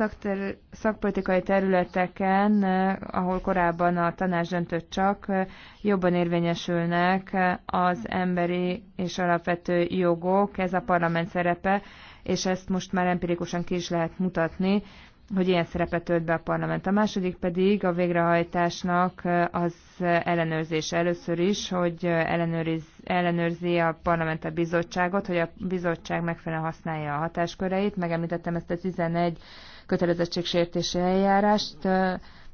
szakter, szakpolitikai területeken, eh, ahol korábban a tanács döntött csak, eh, jobban érvényesülnek az emberi és alapvető jogok, ez a parlament szerepe, és ezt most már empirikusan ki is lehet mutatni, hogy ilyen szerepet tölt be a parlament. A második pedig a végrehajtásnak eh, az ellenőrzése először is, hogy ellenőriz, ellenőrzi a parlament a bizottságot, hogy a bizottság megfelelően használja a hatásköreit. Megemlítettem ezt a 11 kötelezettségsértési eljárást,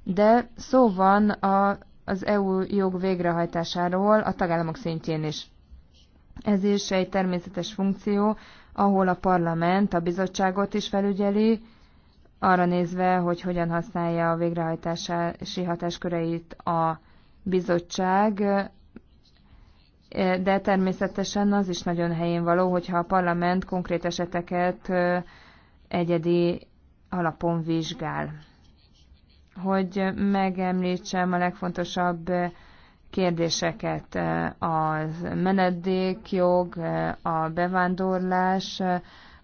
de szó van a, az EU jog végrehajtásáról a tagállamok szintjén is. Ez is egy természetes funkció, ahol a parlament a bizottságot is felügyeli, arra nézve, hogy hogyan használja a végrehajtási hatásköreit a bizottság, de természetesen az is nagyon helyén való, hogyha a parlament konkrét eseteket egyedi alapon vizsgál. Hogy megemlítsem a legfontosabb kérdéseket, a menedékjog, a bevándorlás,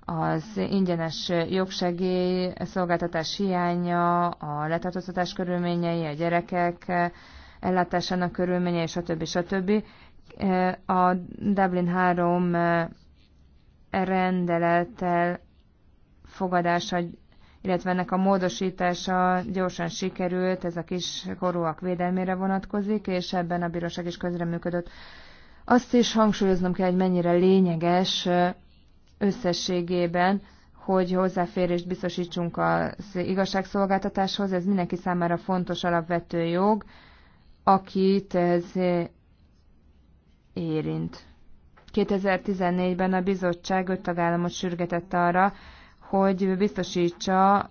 az ingyenes jogsegély, szolgáltatás hiánya, a letartóztatás körülményei, a gyerekek ellátásának körülményei, stb. stb. A Dublin 3 rendelettel fogadása illetve ennek a módosítása gyorsan sikerült, ez a kis korúak védelmére vonatkozik, és ebben a bíróság is közreműködött. Azt is hangsúlyoznom kell, hogy mennyire lényeges összességében, hogy hozzáférést biztosítsunk az igazságszolgáltatáshoz, ez mindenki számára fontos alapvető jog, akit ez érint. 2014-ben a bizottság öt tagállamot sürgetett arra, hogy biztosítsa,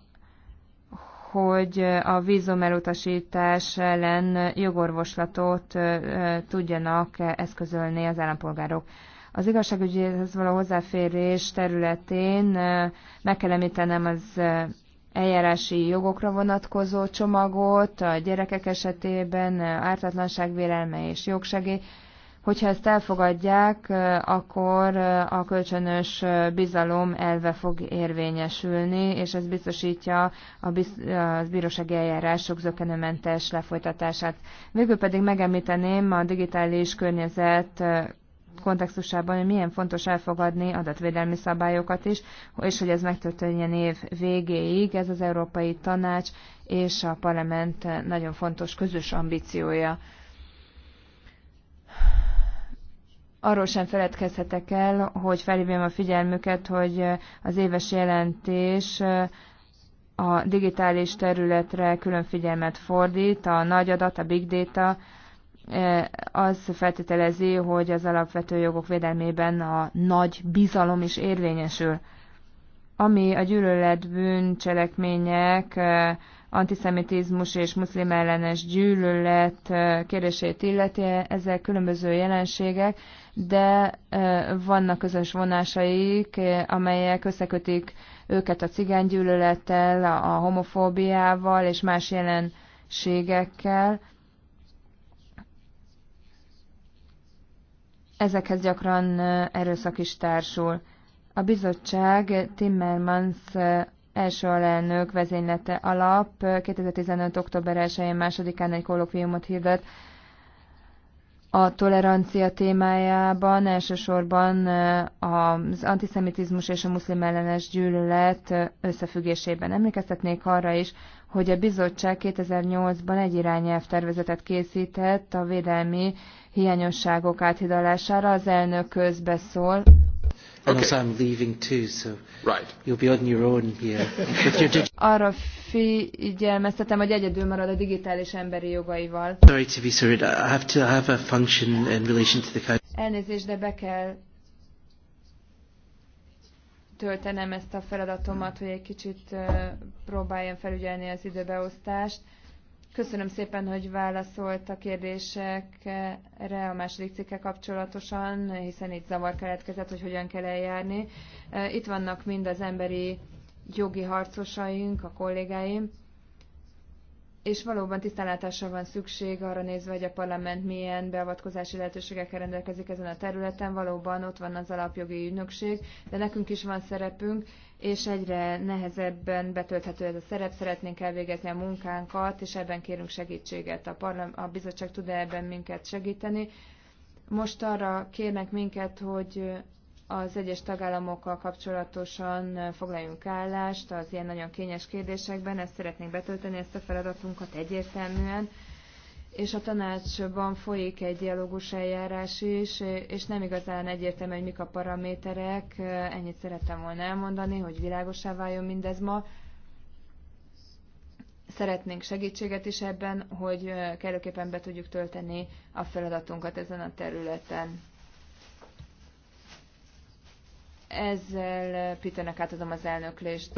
hogy a vízumelutasítás ellen jogorvoslatot tudjanak eszközölni az állampolgárok. Az igazságügyhez való hozzáférés területén meg kell említenem az eljárási jogokra vonatkozó csomagot, a gyerekek esetében ártatlanság vélelme és jogsegély, Hogyha ezt elfogadják, akkor a kölcsönös bizalom elve fog érvényesülni, és ez biztosítja a, biz- bírósági eljárások zökenőmentes lefolytatását. Végül pedig megemlíteném a digitális környezet kontextusában, hogy milyen fontos elfogadni adatvédelmi szabályokat is, és hogy ez megtörténjen év végéig. Ez az Európai Tanács és a Parlament nagyon fontos közös ambíciója arról sem feledkezhetek el, hogy felhívjam a figyelmüket, hogy az éves jelentés a digitális területre külön figyelmet fordít, a nagy adat, a big data, az feltételezi, hogy az alapvető jogok védelmében a nagy bizalom is érvényesül. Ami a gyűlölet cselekmények, antiszemitizmus és muszlim ellenes gyűlölet kérdését illeti, ezek különböző jelenségek, de vannak közös vonásaik, amelyek összekötik őket a cigánygyűlölettel, a homofóbiával és más jelenségekkel. Ezekhez gyakran erőszak is társul. A bizottság Timmermans első alelnök vezénylete alap 2015. október 1-én másodikán egy kollokviumot hirdett a tolerancia témájában elsősorban eh, az antiszemitizmus és a muszlim ellenes gyűlölet eh, összefüggésében. Emlékeztetnék arra is, hogy a bizottság 2008-ban egy irányelv tervezetet készített a védelmi hiányosságok áthidalására. Az elnök közbeszól. And okay. also
I'm leaving too, so right. you'll be on your own here.
Arra figyelmeztetem, hogy egyedül marad a digitális emberi jogaival.
Sorry to be sorry, I have to have a function in relation to the country.
Elnézést, de be kell töltenem ezt a feladatomat, hogy egy kicsit próbáljam felügyelni az időbeosztást. Köszönöm szépen, hogy válaszolt a kérdésekre a második cikke kapcsolatosan, hiszen itt zavar keletkezett, hogy hogyan kell eljárni. Eh, itt vannak mind az emberi jogi harcosaink, a kollégáim, és valóban tisztánlátásra van szükség arra nézve, hogy a parlament milyen beavatkozási lehetőségekkel rendelkezik ezen a területen. Valóban ott van az alapjogi ügynökség, de nekünk is van szerepünk, és egyre nehezebben betölthető ez a szerep, szeretnénk elvégezni a munkánkat, és ebben kérünk segítséget. A, parlam- a bizottság tud -e ebben minket segíteni. Most arra kérnek minket, hogy az egyes tagállamokkal kapcsolatosan foglaljunk állást az ilyen nagyon kényes kérdésekben, ezt szeretnénk betölteni, ezt a feladatunkat egyértelműen, és a tanácsban folyik egy dialógus eljárás is, és nem igazán egyértelmű, hogy mik a paraméterek. Ennyit szerettem volna elmondani, hogy világosá váljon mindez ma. Szeretnénk segítséget is ebben, hogy kellőképpen be tudjuk tölteni a feladatunkat ezen a területen. Ezzel Peternek átadom az elnöklést.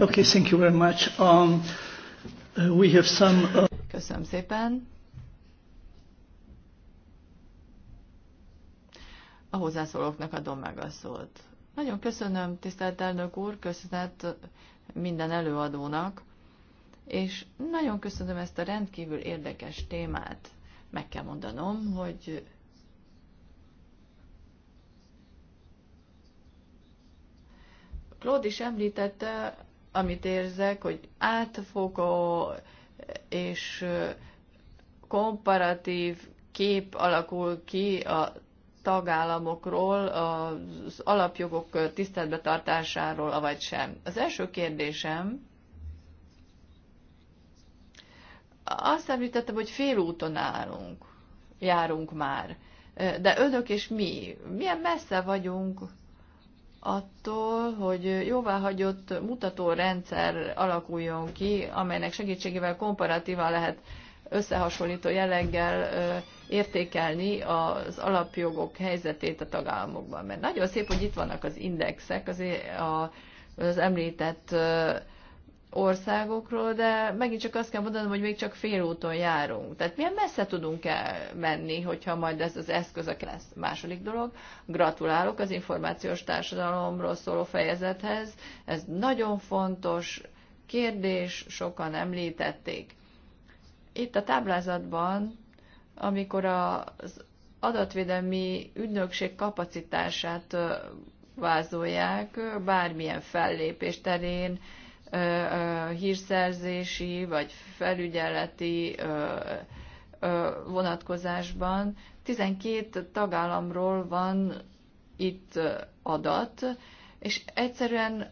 Okay, thank you very much. Um, we have some. Uh...
Köszönöm szépen. A hozzászólóknak adom meg a szót. Nagyon köszönöm, tisztelt elnök úr, köszönet minden előadónak, és nagyon köszönöm ezt a rendkívül érdekes témát. Meg kell mondanom, hogy Claude is említette, amit érzek, hogy átfogó és komparatív kép alakul ki a tagállamokról, az alapjogok tartásáról, avagy sem. Az első kérdésem, azt említettem, hogy félúton állunk, járunk már. De önök és mi, milyen messze vagyunk attól, hogy jóváhagyott mutatórendszer alakuljon ki, amelynek segítségével komparatívan lehet összehasonlító jelleggel értékelni az alapjogok helyzetét a tagállamokban. Mert nagyon szép, hogy itt vannak az indexek, az, az említett országokról, de megint csak azt kell mondanom, hogy még csak félúton járunk. Tehát milyen messze tudunk el menni, hogyha majd ez az eszköz lesz. Második dolog, gratulálok az információs társadalomról szóló fejezethez. Ez nagyon fontos kérdés, sokan említették. Itt a táblázatban, amikor az adatvédelmi ügynökség kapacitását vázolják, bármilyen fellépés terén, hírszerzési vagy felügyeleti vonatkozásban. 12 tagállamról van itt adat, és egyszerűen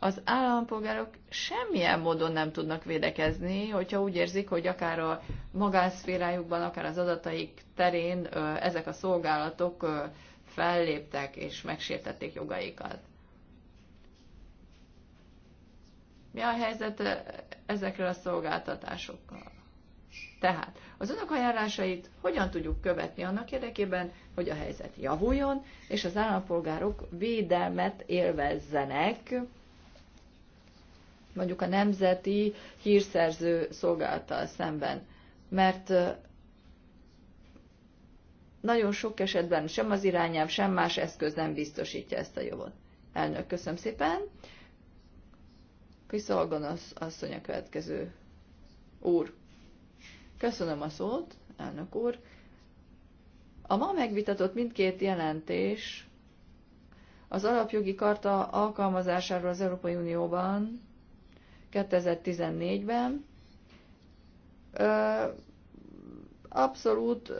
az állampolgárok semmilyen módon nem tudnak védekezni, hogyha úgy érzik, hogy akár a magánszférájukban, akár az adataik terén ezek a szolgálatok felléptek és megsértették jogaikat. Mi a helyzet ezekről a szolgáltatásokkal? Tehát az önök ajánlásait hogyan tudjuk követni annak érdekében, hogy a helyzet javuljon, és az állampolgárok védelmet élvezzenek, mondjuk a nemzeti hírszerző szolgáltal szemben. Mert nagyon sok esetben sem az irányelv, sem más eszköz nem biztosítja ezt a jogot. Elnök, köszönöm szépen. Kriszolgon az asszony a következő úr. Köszönöm a szót, elnök úr. A ma megvitatott mindkét jelentés az alapjogi karta alkalmazásáról az Európai Unióban 2014-ben abszolút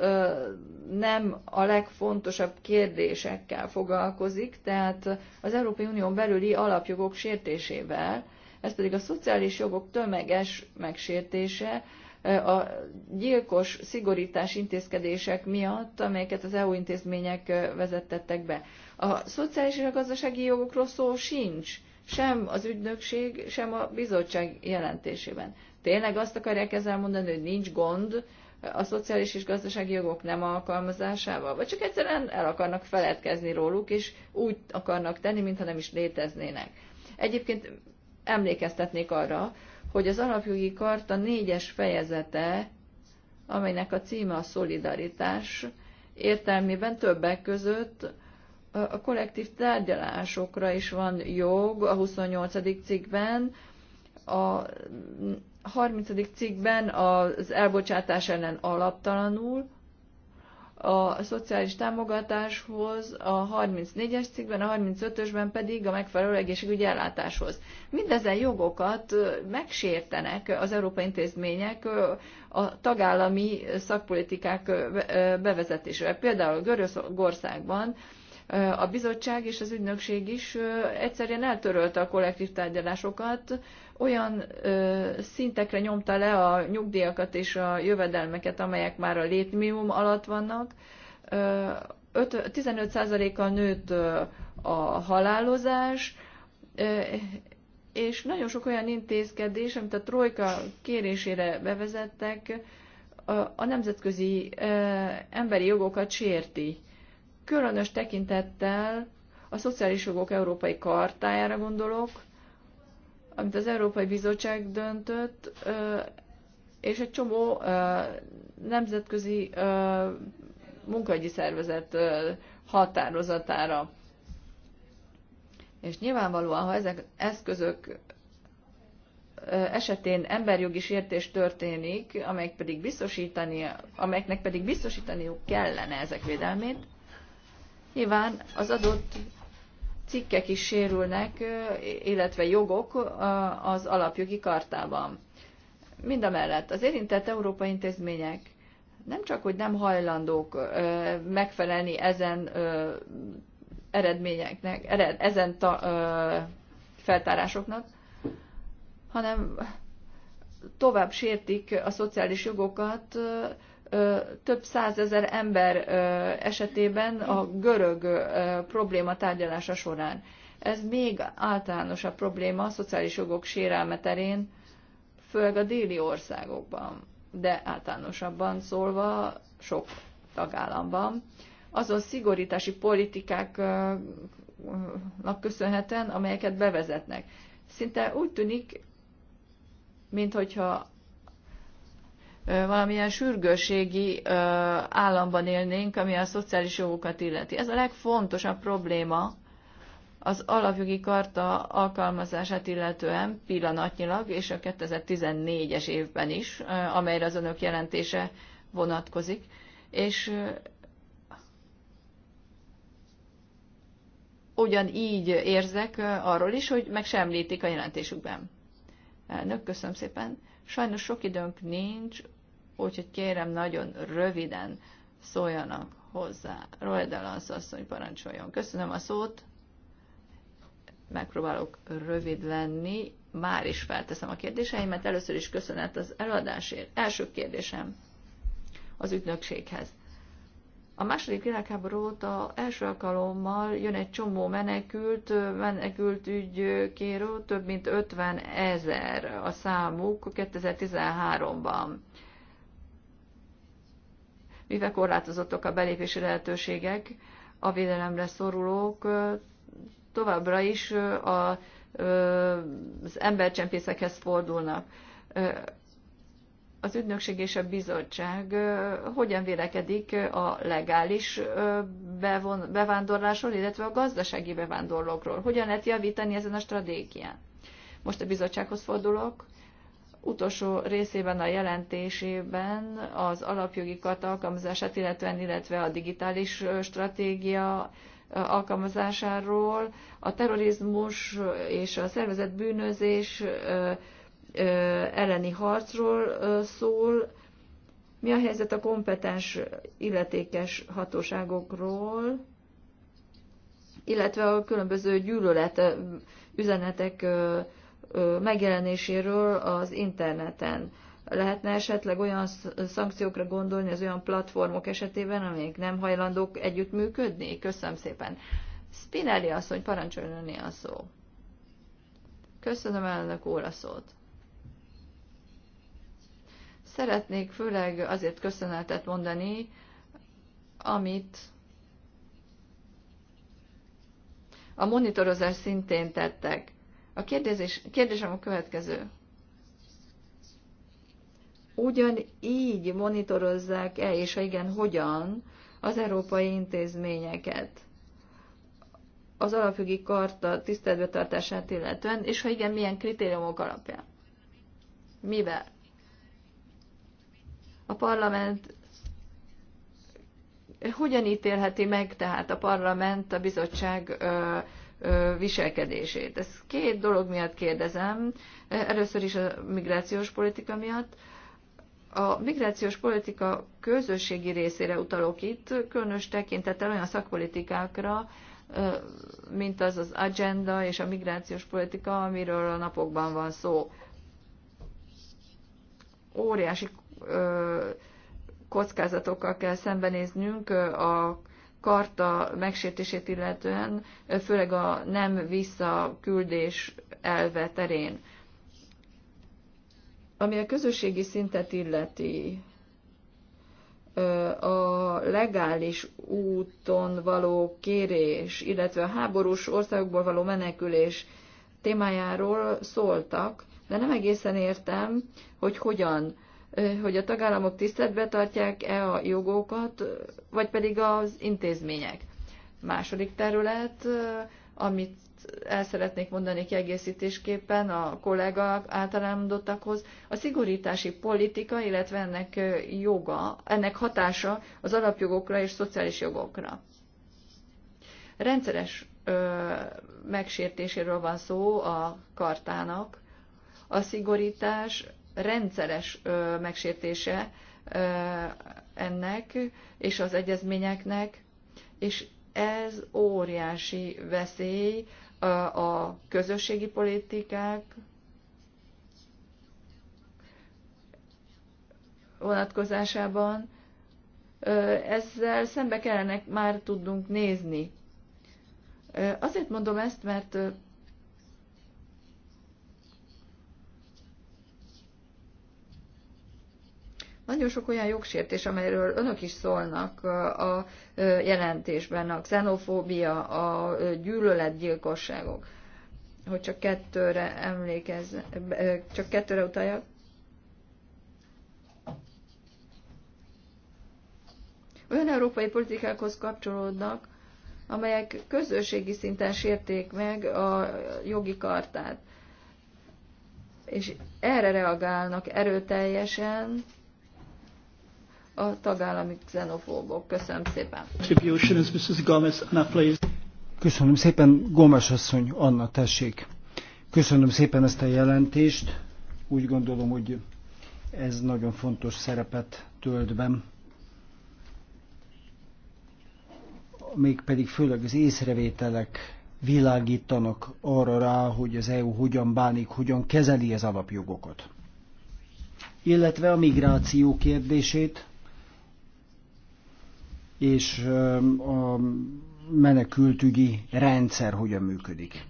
nem a legfontosabb kérdésekkel foglalkozik, tehát az Európai Unión belüli alapjogok sértésével, ez pedig a szociális jogok tömeges megsértése, a gyilkos szigorítás intézkedések miatt, amelyeket az EU intézmények vezettettek be. A szociális és a gazdasági jogokról szó sincs, sem az ügynökség, sem a bizottság jelentésében. Tényleg azt akarják ezzel mondani, hogy nincs gond a szociális és gazdasági jogok nem alkalmazásával, vagy csak egyszerűen el akarnak feledkezni róluk, és úgy akarnak tenni, mintha nem is léteznének. Egyébként emlékeztetnék arra, hogy az alapjogi karta négyes fejezete, amelynek a címe a szolidaritás, értelmében többek között a kollektív tárgyalásokra is van jog a 28. cikkben, a 30. cikkben az elbocsátás ellen alaptalanul, a szociális támogatáshoz, a 34-es cikkben, a 35-ösben pedig a megfelelő egészségügyi ellátáshoz. Mindezen jogokat megsértenek az európai intézmények a tagállami szakpolitikák bevezetésével. Például Görögországban a bizottság és az ügynökség is egyszerűen eltörölte a kollektív tárgyalásokat, olyan szintekre nyomta le a nyugdíjakat és a jövedelmeket, amelyek már a létmium alatt vannak. 15%-kal nőtt a halálozás, és nagyon sok olyan intézkedés, amit a Trojka kérésére bevezettek, a nemzetközi emberi jogokat sérti. Különös tekintettel a szociális jogok európai kartájára gondolok, amit az Európai Bizottság döntött, és egy csomó nemzetközi munkahogyi szervezet határozatára. És nyilvánvalóan, ha ezek eszközök esetén emberjogi sértés történik, amelyek pedig biztosítani, amelyeknek pedig biztosítaniuk kellene ezek védelmét, Nyilván az adott cikkek is sérülnek, illetve jogok az alapjogi kartában. Mind a mellett az érintett európai intézmények nem csak, hogy nem hajlandók megfelelni ezen eredményeknek, ezen ta, feltárásoknak, hanem tovább sértik a szociális jogokat, több százezer ember esetében a görög probléma tárgyalása során. Ez még általánosabb probléma a szociális jogok sérelme terén, főleg a déli országokban, de általánosabban szólva sok tagállamban. Azon szigorítási politikáknak köszönhetően, amelyeket bevezetnek. Szinte úgy tűnik, minthogyha valamilyen sürgőségi államban élnénk, ami a szociális jogokat illeti. Ez a legfontosabb probléma az alapjogi karta alkalmazását illetően pillanatnyilag, és a 2014-es évben is, amelyre az önök jelentése vonatkozik, és ugyanígy érzek arról is, hogy meg sem említik a jelentésükben. Elnök, köszönöm szépen. Sajnos sok időnk nincs, úgyhogy kérem nagyon röviden szóljanak hozzá. Roedelansz asszony parancsoljon. Köszönöm a szót, megpróbálok rövid lenni, már is felteszem a kérdéseimet. Először is köszönet az előadásért. Első kérdésem az ügynökséghez. A második világháború óta első alkalommal jön egy csomó menekült, menekült ügykérő, több mint 50 ezer a számuk 2013-ban mivel korlátozottak a belépési lehetőségek, a védelemre szorulók továbbra is a, az embercsempészekhez fordulnak. Az ügynökség és a bizottság hogyan vélekedik a legális bevon, bevándorlásról, illetve a gazdasági bevándorlókról? Hogyan lehet javítani ezen a stratégián? Most a bizottsághoz fordulok utolsó részében a jelentésében az alapjogi kata alkalmazását, illetve, illetve a digitális stratégia alkalmazásáról, a terrorizmus és a szervezett bűnözés elleni harcról szól, mi a helyzet a kompetens illetékes hatóságokról, illetve a különböző gyűlölet üzenetek megjelenéséről az interneten. Lehetne esetleg olyan szankciókra gondolni az olyan platformok esetében, amelyek nem hajlandók együttműködni? Köszönöm szépen. Spinelli asszony, parancsoljon önné a szó. Köszönöm elnök úr a szót. Szeretnék főleg azért köszönetet mondani, amit a monitorozás szintén tettek. A kérdés, kérdésem a következő. Ugyan így monitorozzák-e, és ha igen, hogyan az európai intézményeket? az alapjogi karta tiszteletbe tartását illetően, és ha igen, milyen kritériumok alapján? Mivel? A parlament hogyan ítélheti meg tehát a parlament a bizottság viselkedését. Ez két dolog miatt kérdezem. Először is a migrációs politika miatt. A migrációs politika közösségi részére utalok itt, különös tekintettel olyan szakpolitikákra, mint az az agenda és a migrációs politika, amiről a napokban van szó. Óriási kockázatokkal kell szembenéznünk a karta megsértését illetően, főleg a nem visszaküldés elve terén. Ami a közösségi szintet illeti, a legális úton való kérés, illetve a háborús országokból való menekülés témájáról szóltak, de nem egészen értem, hogy hogyan hogy a tagállamok tiszteletbe tartják-e a jogokat, vagy pedig az intézmények. Második terület, amit el szeretnék mondani kiegészítésképpen a kollega által elmondottakhoz, a szigorítási politika, illetve ennek joga, ennek hatása az alapjogokra és szociális jogokra. Rendszeres ö, megsértéséről van szó a kartának. A szigorítás rendszeres megsértése ennek és az egyezményeknek, és ez óriási veszély a közösségi politikák vonatkozásában. Ezzel szembe kellene már tudnunk nézni. Azért mondom ezt, mert Nagyon sok olyan jogsértés, amelyről önök is szólnak a jelentésben, a xenofóbia, a gyűlöletgyilkosságok, hogy csak kettőre emlékez, csak kettőre utaljak. Olyan európai politikákhoz kapcsolódnak, amelyek közösségi szinten sérték meg a jogi kartát. És erre reagálnak erőteljesen, a tagállami xenofóbok. Köszönöm szépen.
Köszönöm szépen, Gomes asszony, Anna, tessék. Köszönöm szépen ezt a jelentést. Úgy gondolom, hogy ez nagyon fontos szerepet tölt be. Mégpedig főleg az észrevételek világítanak arra rá, hogy az EU hogyan bánik, hogyan kezeli az alapjogokat. Illetve a migráció kérdését, és a menekültügyi rendszer hogyan működik.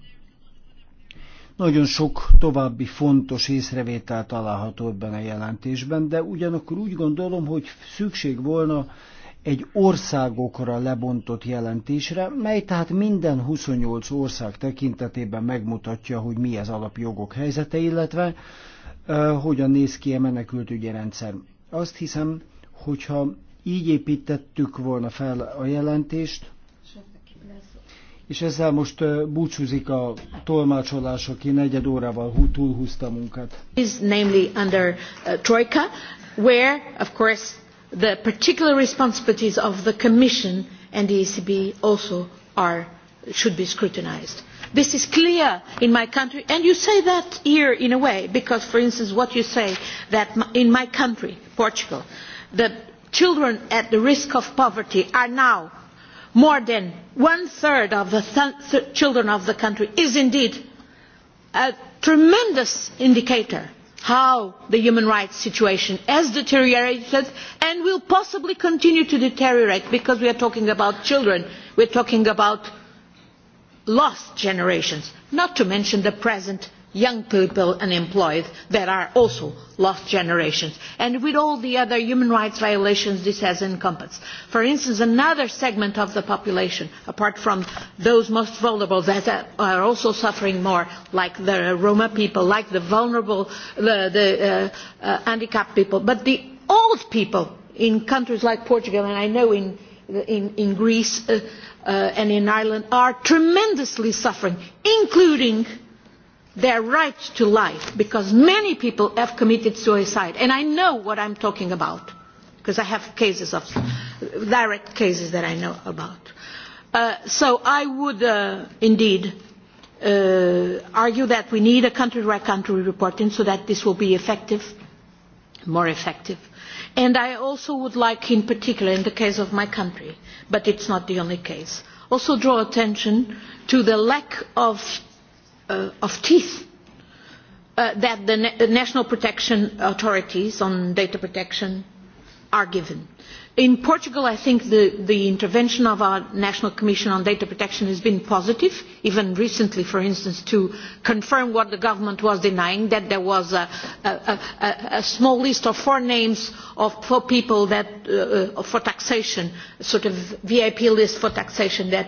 Nagyon sok további fontos észrevétel található ebben a jelentésben, de ugyanakkor úgy gondolom, hogy szükség volna egy országokra lebontott jelentésre, mely tehát minden 28 ország tekintetében megmutatja, hogy mi az alapjogok helyzete, illetve uh, hogyan néz ki a menekültügyi rendszer. Azt hiszem, hogyha így építettük volna fel a jelentést, és ezzel most búcsúzik a tolmácsolás, aki negyed órával túlhúzta a munkát.
Is namely under uh, Troika, where of course the particular responsibilities of the Commission and the ECB also are should be scrutinized. This is clear in my country, and you say that here in a way, because, for instance, what you say that in my country, Portugal, the children at the risk of poverty are now more than one third of the children of the country is indeed a tremendous indicator of how the human rights situation has deteriorated and will possibly continue to deteriorate because we are talking about children we are talking about lost generations not to mention the present young people unemployed that are also lost generations and with all the other human rights violations this has encompassed. For instance, another segment of the population, apart from those most vulnerable that are also suffering more, like the Roma people, like the vulnerable, the, the uh, uh, handicapped people, but the old people in countries like Portugal and I know in, in, in Greece uh, uh, and in Ireland are tremendously suffering, including their right to life because many people have committed suicide and i know what i am talking about because i have cases of direct cases that i know about. Uh, so i would uh, indeed uh, argue that we need a country by country reporting so that this will be effective more effective and i also would like in particular in the case of my country but it is not the only case also draw attention to the lack of Uh, of teeth uh, that the national protection authorities on data protection are given. In Portugal, I think the, the intervention of our National Commission on Data Protection has been positive, even recently, for instance, to confirm what the government was denying, that there was a, a, a, a small list of four names of four people that, uh, for taxation, a sort of VIP list for taxation that,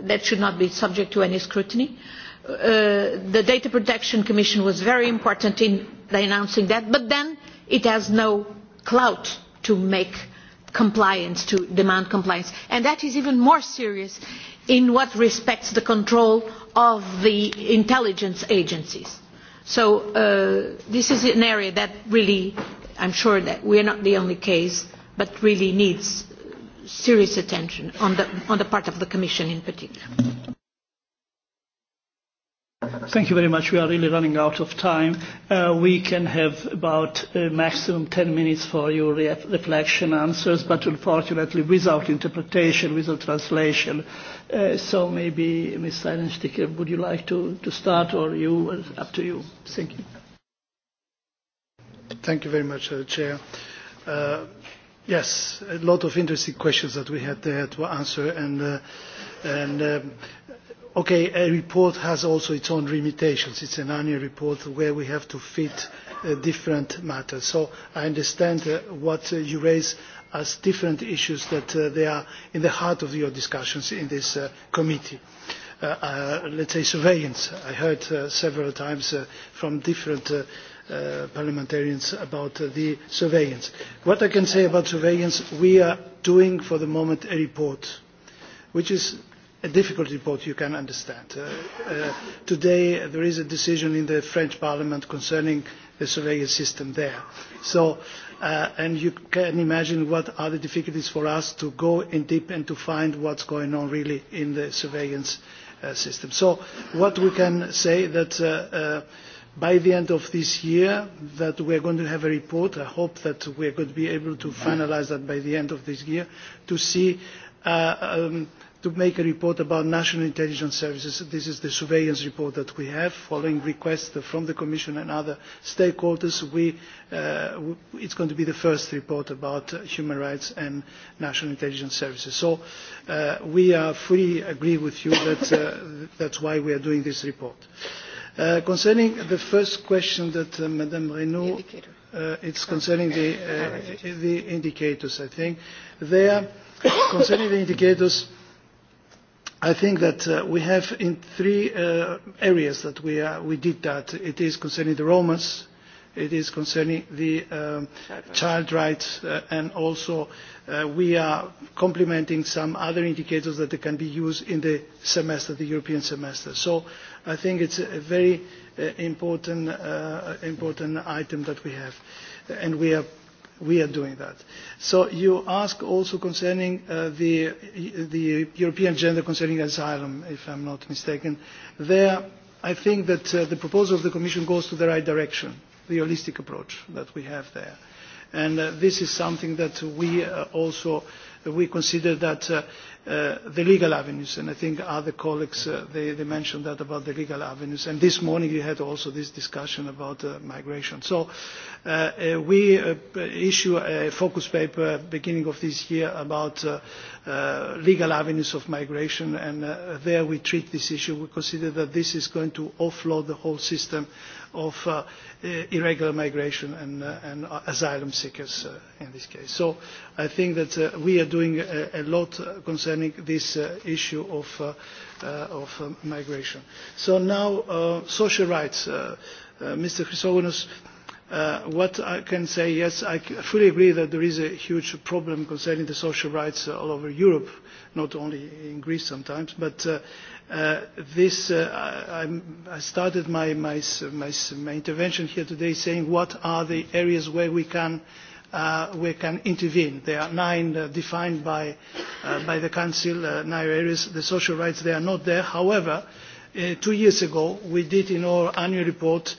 that should not be subject to any scrutiny. Uh, Uh, the data protection commission was very important in announcing that but then it has no clout to make compliance to demand compliance and that is even more serious in what respects the control of the intelligence agencies. so uh, this is an area that really i am sure that we are not the only case but really needs serious attention on the, on the part of the commission in particular.
Thank you very much. We are really running out of time. Uh, we can have about uh, maximum 10 minutes for your re reflection answers, but unfortunately without interpretation, without translation. Uh, so maybe, Ms. Seidensticker, would you like to, to start or you? Uh, up to
you. Thank you. Thank you very much, uh, Chair. Uh, yes, a lot of interesting questions that we had there to answer, and, uh, and um, Okay, a report has also its own limitations. It's an annual report where we have to fit uh, different matters. So I understand uh, what uh, you raise as different issues that uh, they are in the heart of your discussions in this uh, committee. Uh, uh, let's say surveillance. I heard uh, several times uh, from different uh, uh, parliamentarians about uh, the surveillance. What I can say about surveillance, we are doing for the moment a report, which is a difficult report you can understand. Uh, uh, today uh, there is a decision in the French Parliament concerning the surveillance system there. So, uh, and you can imagine what are the difficulties for us to go in deep and to find what's going on really in the surveillance uh, system. So what we can say that uh, uh, by the end of this year that we are going to have a report. I hope that we are going to be able to finalize that by the end of this year to see uh, um, to make a report about national intelligence services. This is the surveillance report that we have, following requests from the Commission and other stakeholders. We, uh, it's going to be the first report about uh, human rights and national intelligence services. So uh, we are fully agree with you that uh, that's why we are doing this report. Uh, concerning the first question that uh, Madame Renault, uh, it's concerning the, uh, the indicators, I think. There, concerning the indicators, I think that uh, we have in three uh, areas that we, uh, we did that. It is concerning the Roma, it is concerning the um, child rights, uh, and also uh, we are complementing some other indicators that can be used in the semester, the European semester. So I think it's a very uh, important, uh, important item that we have, and we are we are doing that. So you ask also concerning uh, the, the European agenda concerning asylum, if I'm not mistaken. There, I think that uh, the proposal of the Commission goes to the right direction, the holistic approach that we have there. And uh, this is something that we uh, also we consider that uh, Uh, the legal avenues, and I think other colleagues, uh, they, they mentioned that about the legal avenues. And this morning you had also this discussion about uh, migration. So uh, uh, we uh, issue a focus paper beginning of this year about uh, uh, legal avenues of migration, and uh, there we treat this issue. We consider that this is going to offload the whole system of uh, irregular migration and, uh, and uh, asylum seekers uh, in this case. So I think that uh, we are doing a, a lot concerning this uh, issue of, uh, uh, of uh, migration. So now, uh, social rights. Uh, uh, Mr. Chrysogonos, uh, Uh, what I can say, yes, I fully agree that there is a huge problem concerning the social rights uh, all over Europe, not only in Greece sometimes, but uh, uh, this, uh, I, I, started my, my, my, my, intervention here today saying what are the areas where we can, we can intervene. There are nine defined by, by, the Council, nine areas. The social rights, they are not there. However, two years ago, we did in our annual report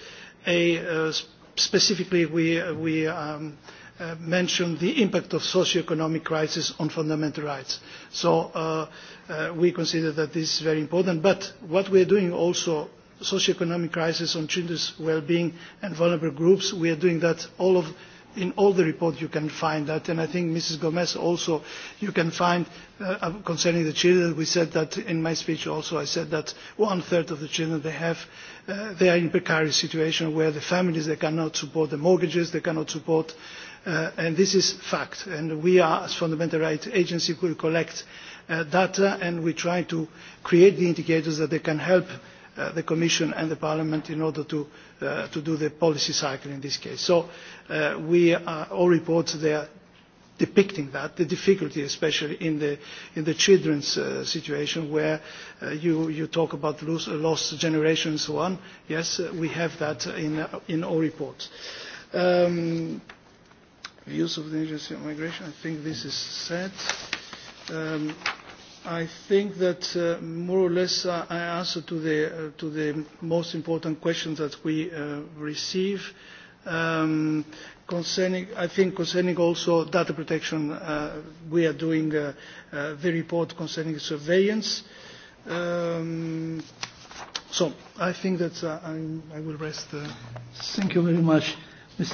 a specifically we, we um, uh, mentioned the impact of socio-economic crisis on fundamental rights. So uh, uh, we consider that this is very important. But what we are doing also, socio-economic crisis on children's well-being and vulnerable groups, we are doing that all of in all the reports you can find that, and I think Mrs. Gomez also you can find uh, uh, concerning the children. We said that in my speech also. I said that one third of the children they have uh, they are in precarious situation where the families they cannot support the mortgages, they cannot support, uh, and this is fact. And we are as fundamental rights agency we collect uh, data and we try to create the indicators that they can help. Uh, the Commission and the Parliament in order to, uh, to do the policy cycle in this case. So uh, we are, uh, all reports there depicting that, the difficulty especially in the, in the children's uh, situation where uh, you, you talk about lose, lost generation and so on. Yes, uh, we have that in, uh, in all reports. Um, views of the agency on migration, I think this is said. Um, I think that uh, more or less uh, I answered to the, uh, to the most important questions that we uh, receive. Um, concerning, I think concerning also data protection, uh, we are doing uh, uh, the report concerning surveillance. Um, so I think that uh, I, I will rest. Uh.
Thank you very much. Ms.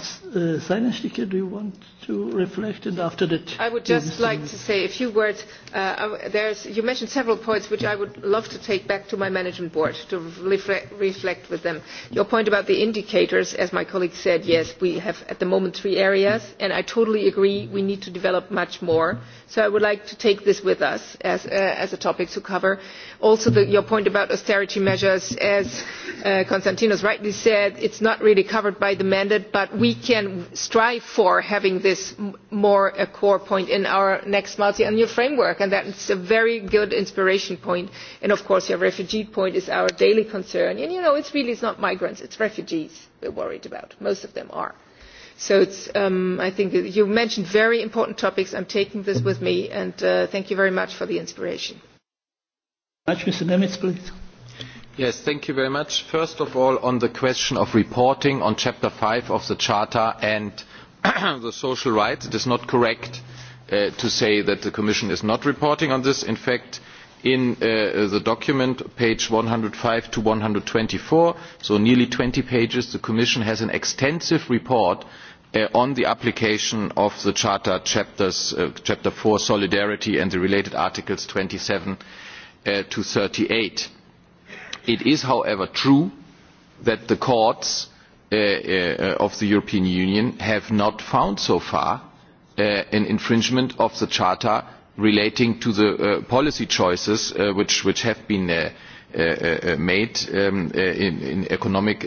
Seidensticker, uh, do you want to reflect? And after that, I would just like to
say a few words. Uh, uh, there's, you mentioned several points which I would love to take back to my management board to refre- reflect with them. Your point about the indicators, as my colleague said, yes, we have at the moment three areas, and I totally agree we need to develop much more so i would like to take this with us as, uh, a topic to cover. also your point about austerity measures as mr uh, konstantinos rightly said it is not really covered by the mandate but we can strive for having this more a core point in our next multiannual framework and that is a very good inspiration point and of course your refugee point is our daily concern and you know it is really not migrants it is refugees we are worried about most of them are. So it's, um, I think you mentioned very important topics. I'm taking this with me, and uh, thank you very much for the inspiration.
Mr. Nemitz, please.
Yes, thank you very much. First of all, on the question of reporting on Chapter 5 of the Charter and the social rights, it is not correct uh, to say that the Commission is not reporting on this. In fact, in uh, the document pages one hundred and five to one hundred and twenty four so nearly twenty pages the commission has an extensive report uh, on the application of the charter uh, chapter four solidarity and the related articles twenty seven to thirty eight. it is however true that the courts of the european union have not found so far an infringement of the charter relating to the uh, policy choices uh, which, have been uh, made um, in, economic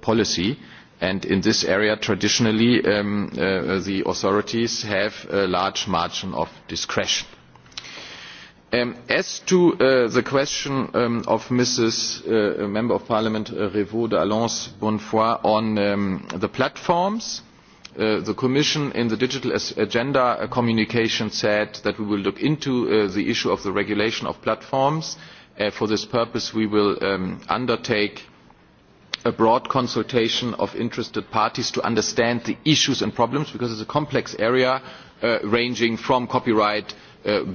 policy. And in this area, traditionally, um, the authorities have a large margin of discretion. Um, as to the question of Mrs. Member of Parliament uh, Revaux Bonnefoy on the platforms, Uh, the commission in the digital agenda uh, communication said that we will look into uh, the issue of the regulation of platforms. Uh, for this purpose we will um, undertake a broad consultation of interested parties to understand the issues and problems because it is a complex area ranging from copyright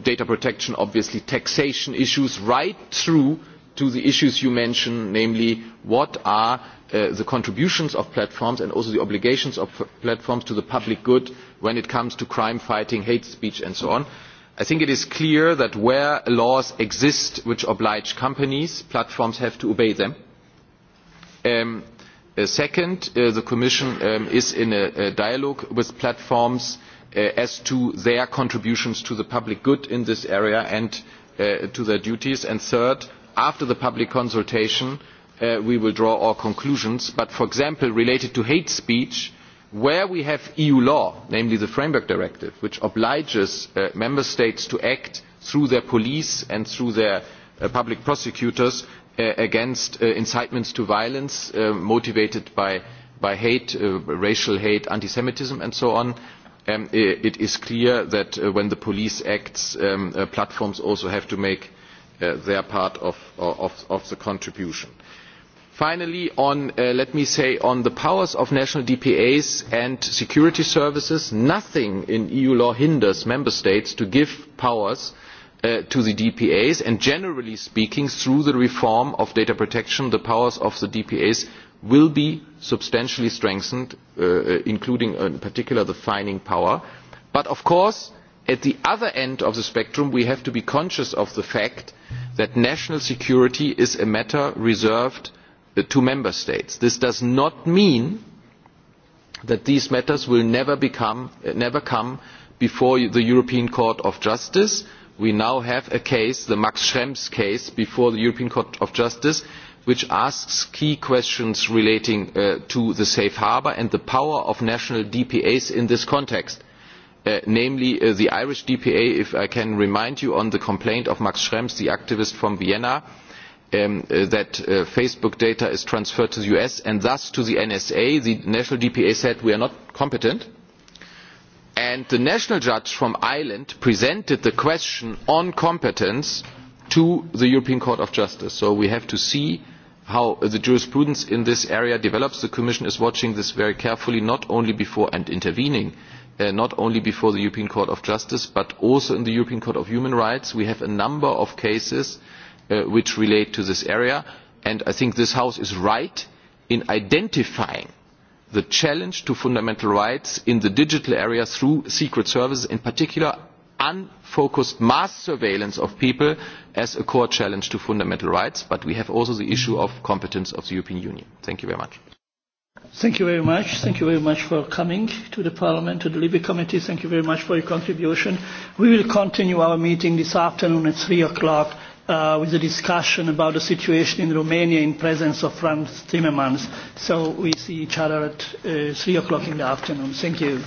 data protection obviously taxation issues right through to the issues you mention, namely what are uh, the contributions of platforms and also the obligations of platforms to the public good when it comes to crime fighting, hate speech and so on. I think it is clear that where laws exist which oblige companies, platforms have to obey them. Um, uh, second, uh, the Commission um, is in a, dialogue with platforms as to their contributions to the public good in this area and to their duties. And third, after the public consultation uh, we will draw our conclusions but for example related to hate speech where we have eu law namely the framework directive which obliges uh, member states to act through their police and through their uh, public prosecutors against incitement to violence motivated by, hate racial hate anti semitism and so on um, it is clear that when the police acts um, platforms also have to make Uh, their part uh, of, the contribution. Finally, uh, let me say on the powers of national DPAs and security services, nothing in EU law hinders member states from giving powers to the dpas and generally speaking through the reform of data protection the powers of the dpas will be substantially strengthened including in particular the fining power but of course at the other end of the spectrum we have to be conscious of the fact that national security is a matter reserved uh, to member states. this does not mean that these matters will never, uh, come before the european court of justice. we now have a case the max schrems case before the european court of justice which asks key questions relating uh, to the safe harbour and the power of national dpas in this context Uh, namely uh, the irish dpa if i can remind you on the complaint of max schrems the activist from vienna um, uh, that uh, facebook data is transferred to the us and thus to the nsa the national dpa said we are not competent and the national judge from ireland presented the question on competence to the european court of justice so we have to see how the jurisprudence in this area develops. the commission is watching this very carefully not only before and intervening Uh, not only before the european court of justice but also in the european court of human rights. we have a number of cases uh, which relate to this area and i think this house is right in identifying the challenge to fundamental rights in the digital area through secret services in particular unfocused mass surveillance of people as a core challenge to fundamental rights but we have also the issue of competence of the european union. thank you very much.
Thank you very much. Thank you very much for coming to the Parliament, to the Libe Committee. Thank you very much for your contribution. We will continue our meeting this afternoon at 3 o'clock uh, with a discussion about the situation in Romania in presence of Franz Timmermans. So we see each other at uh, 3 o'clock in the afternoon. Thank you.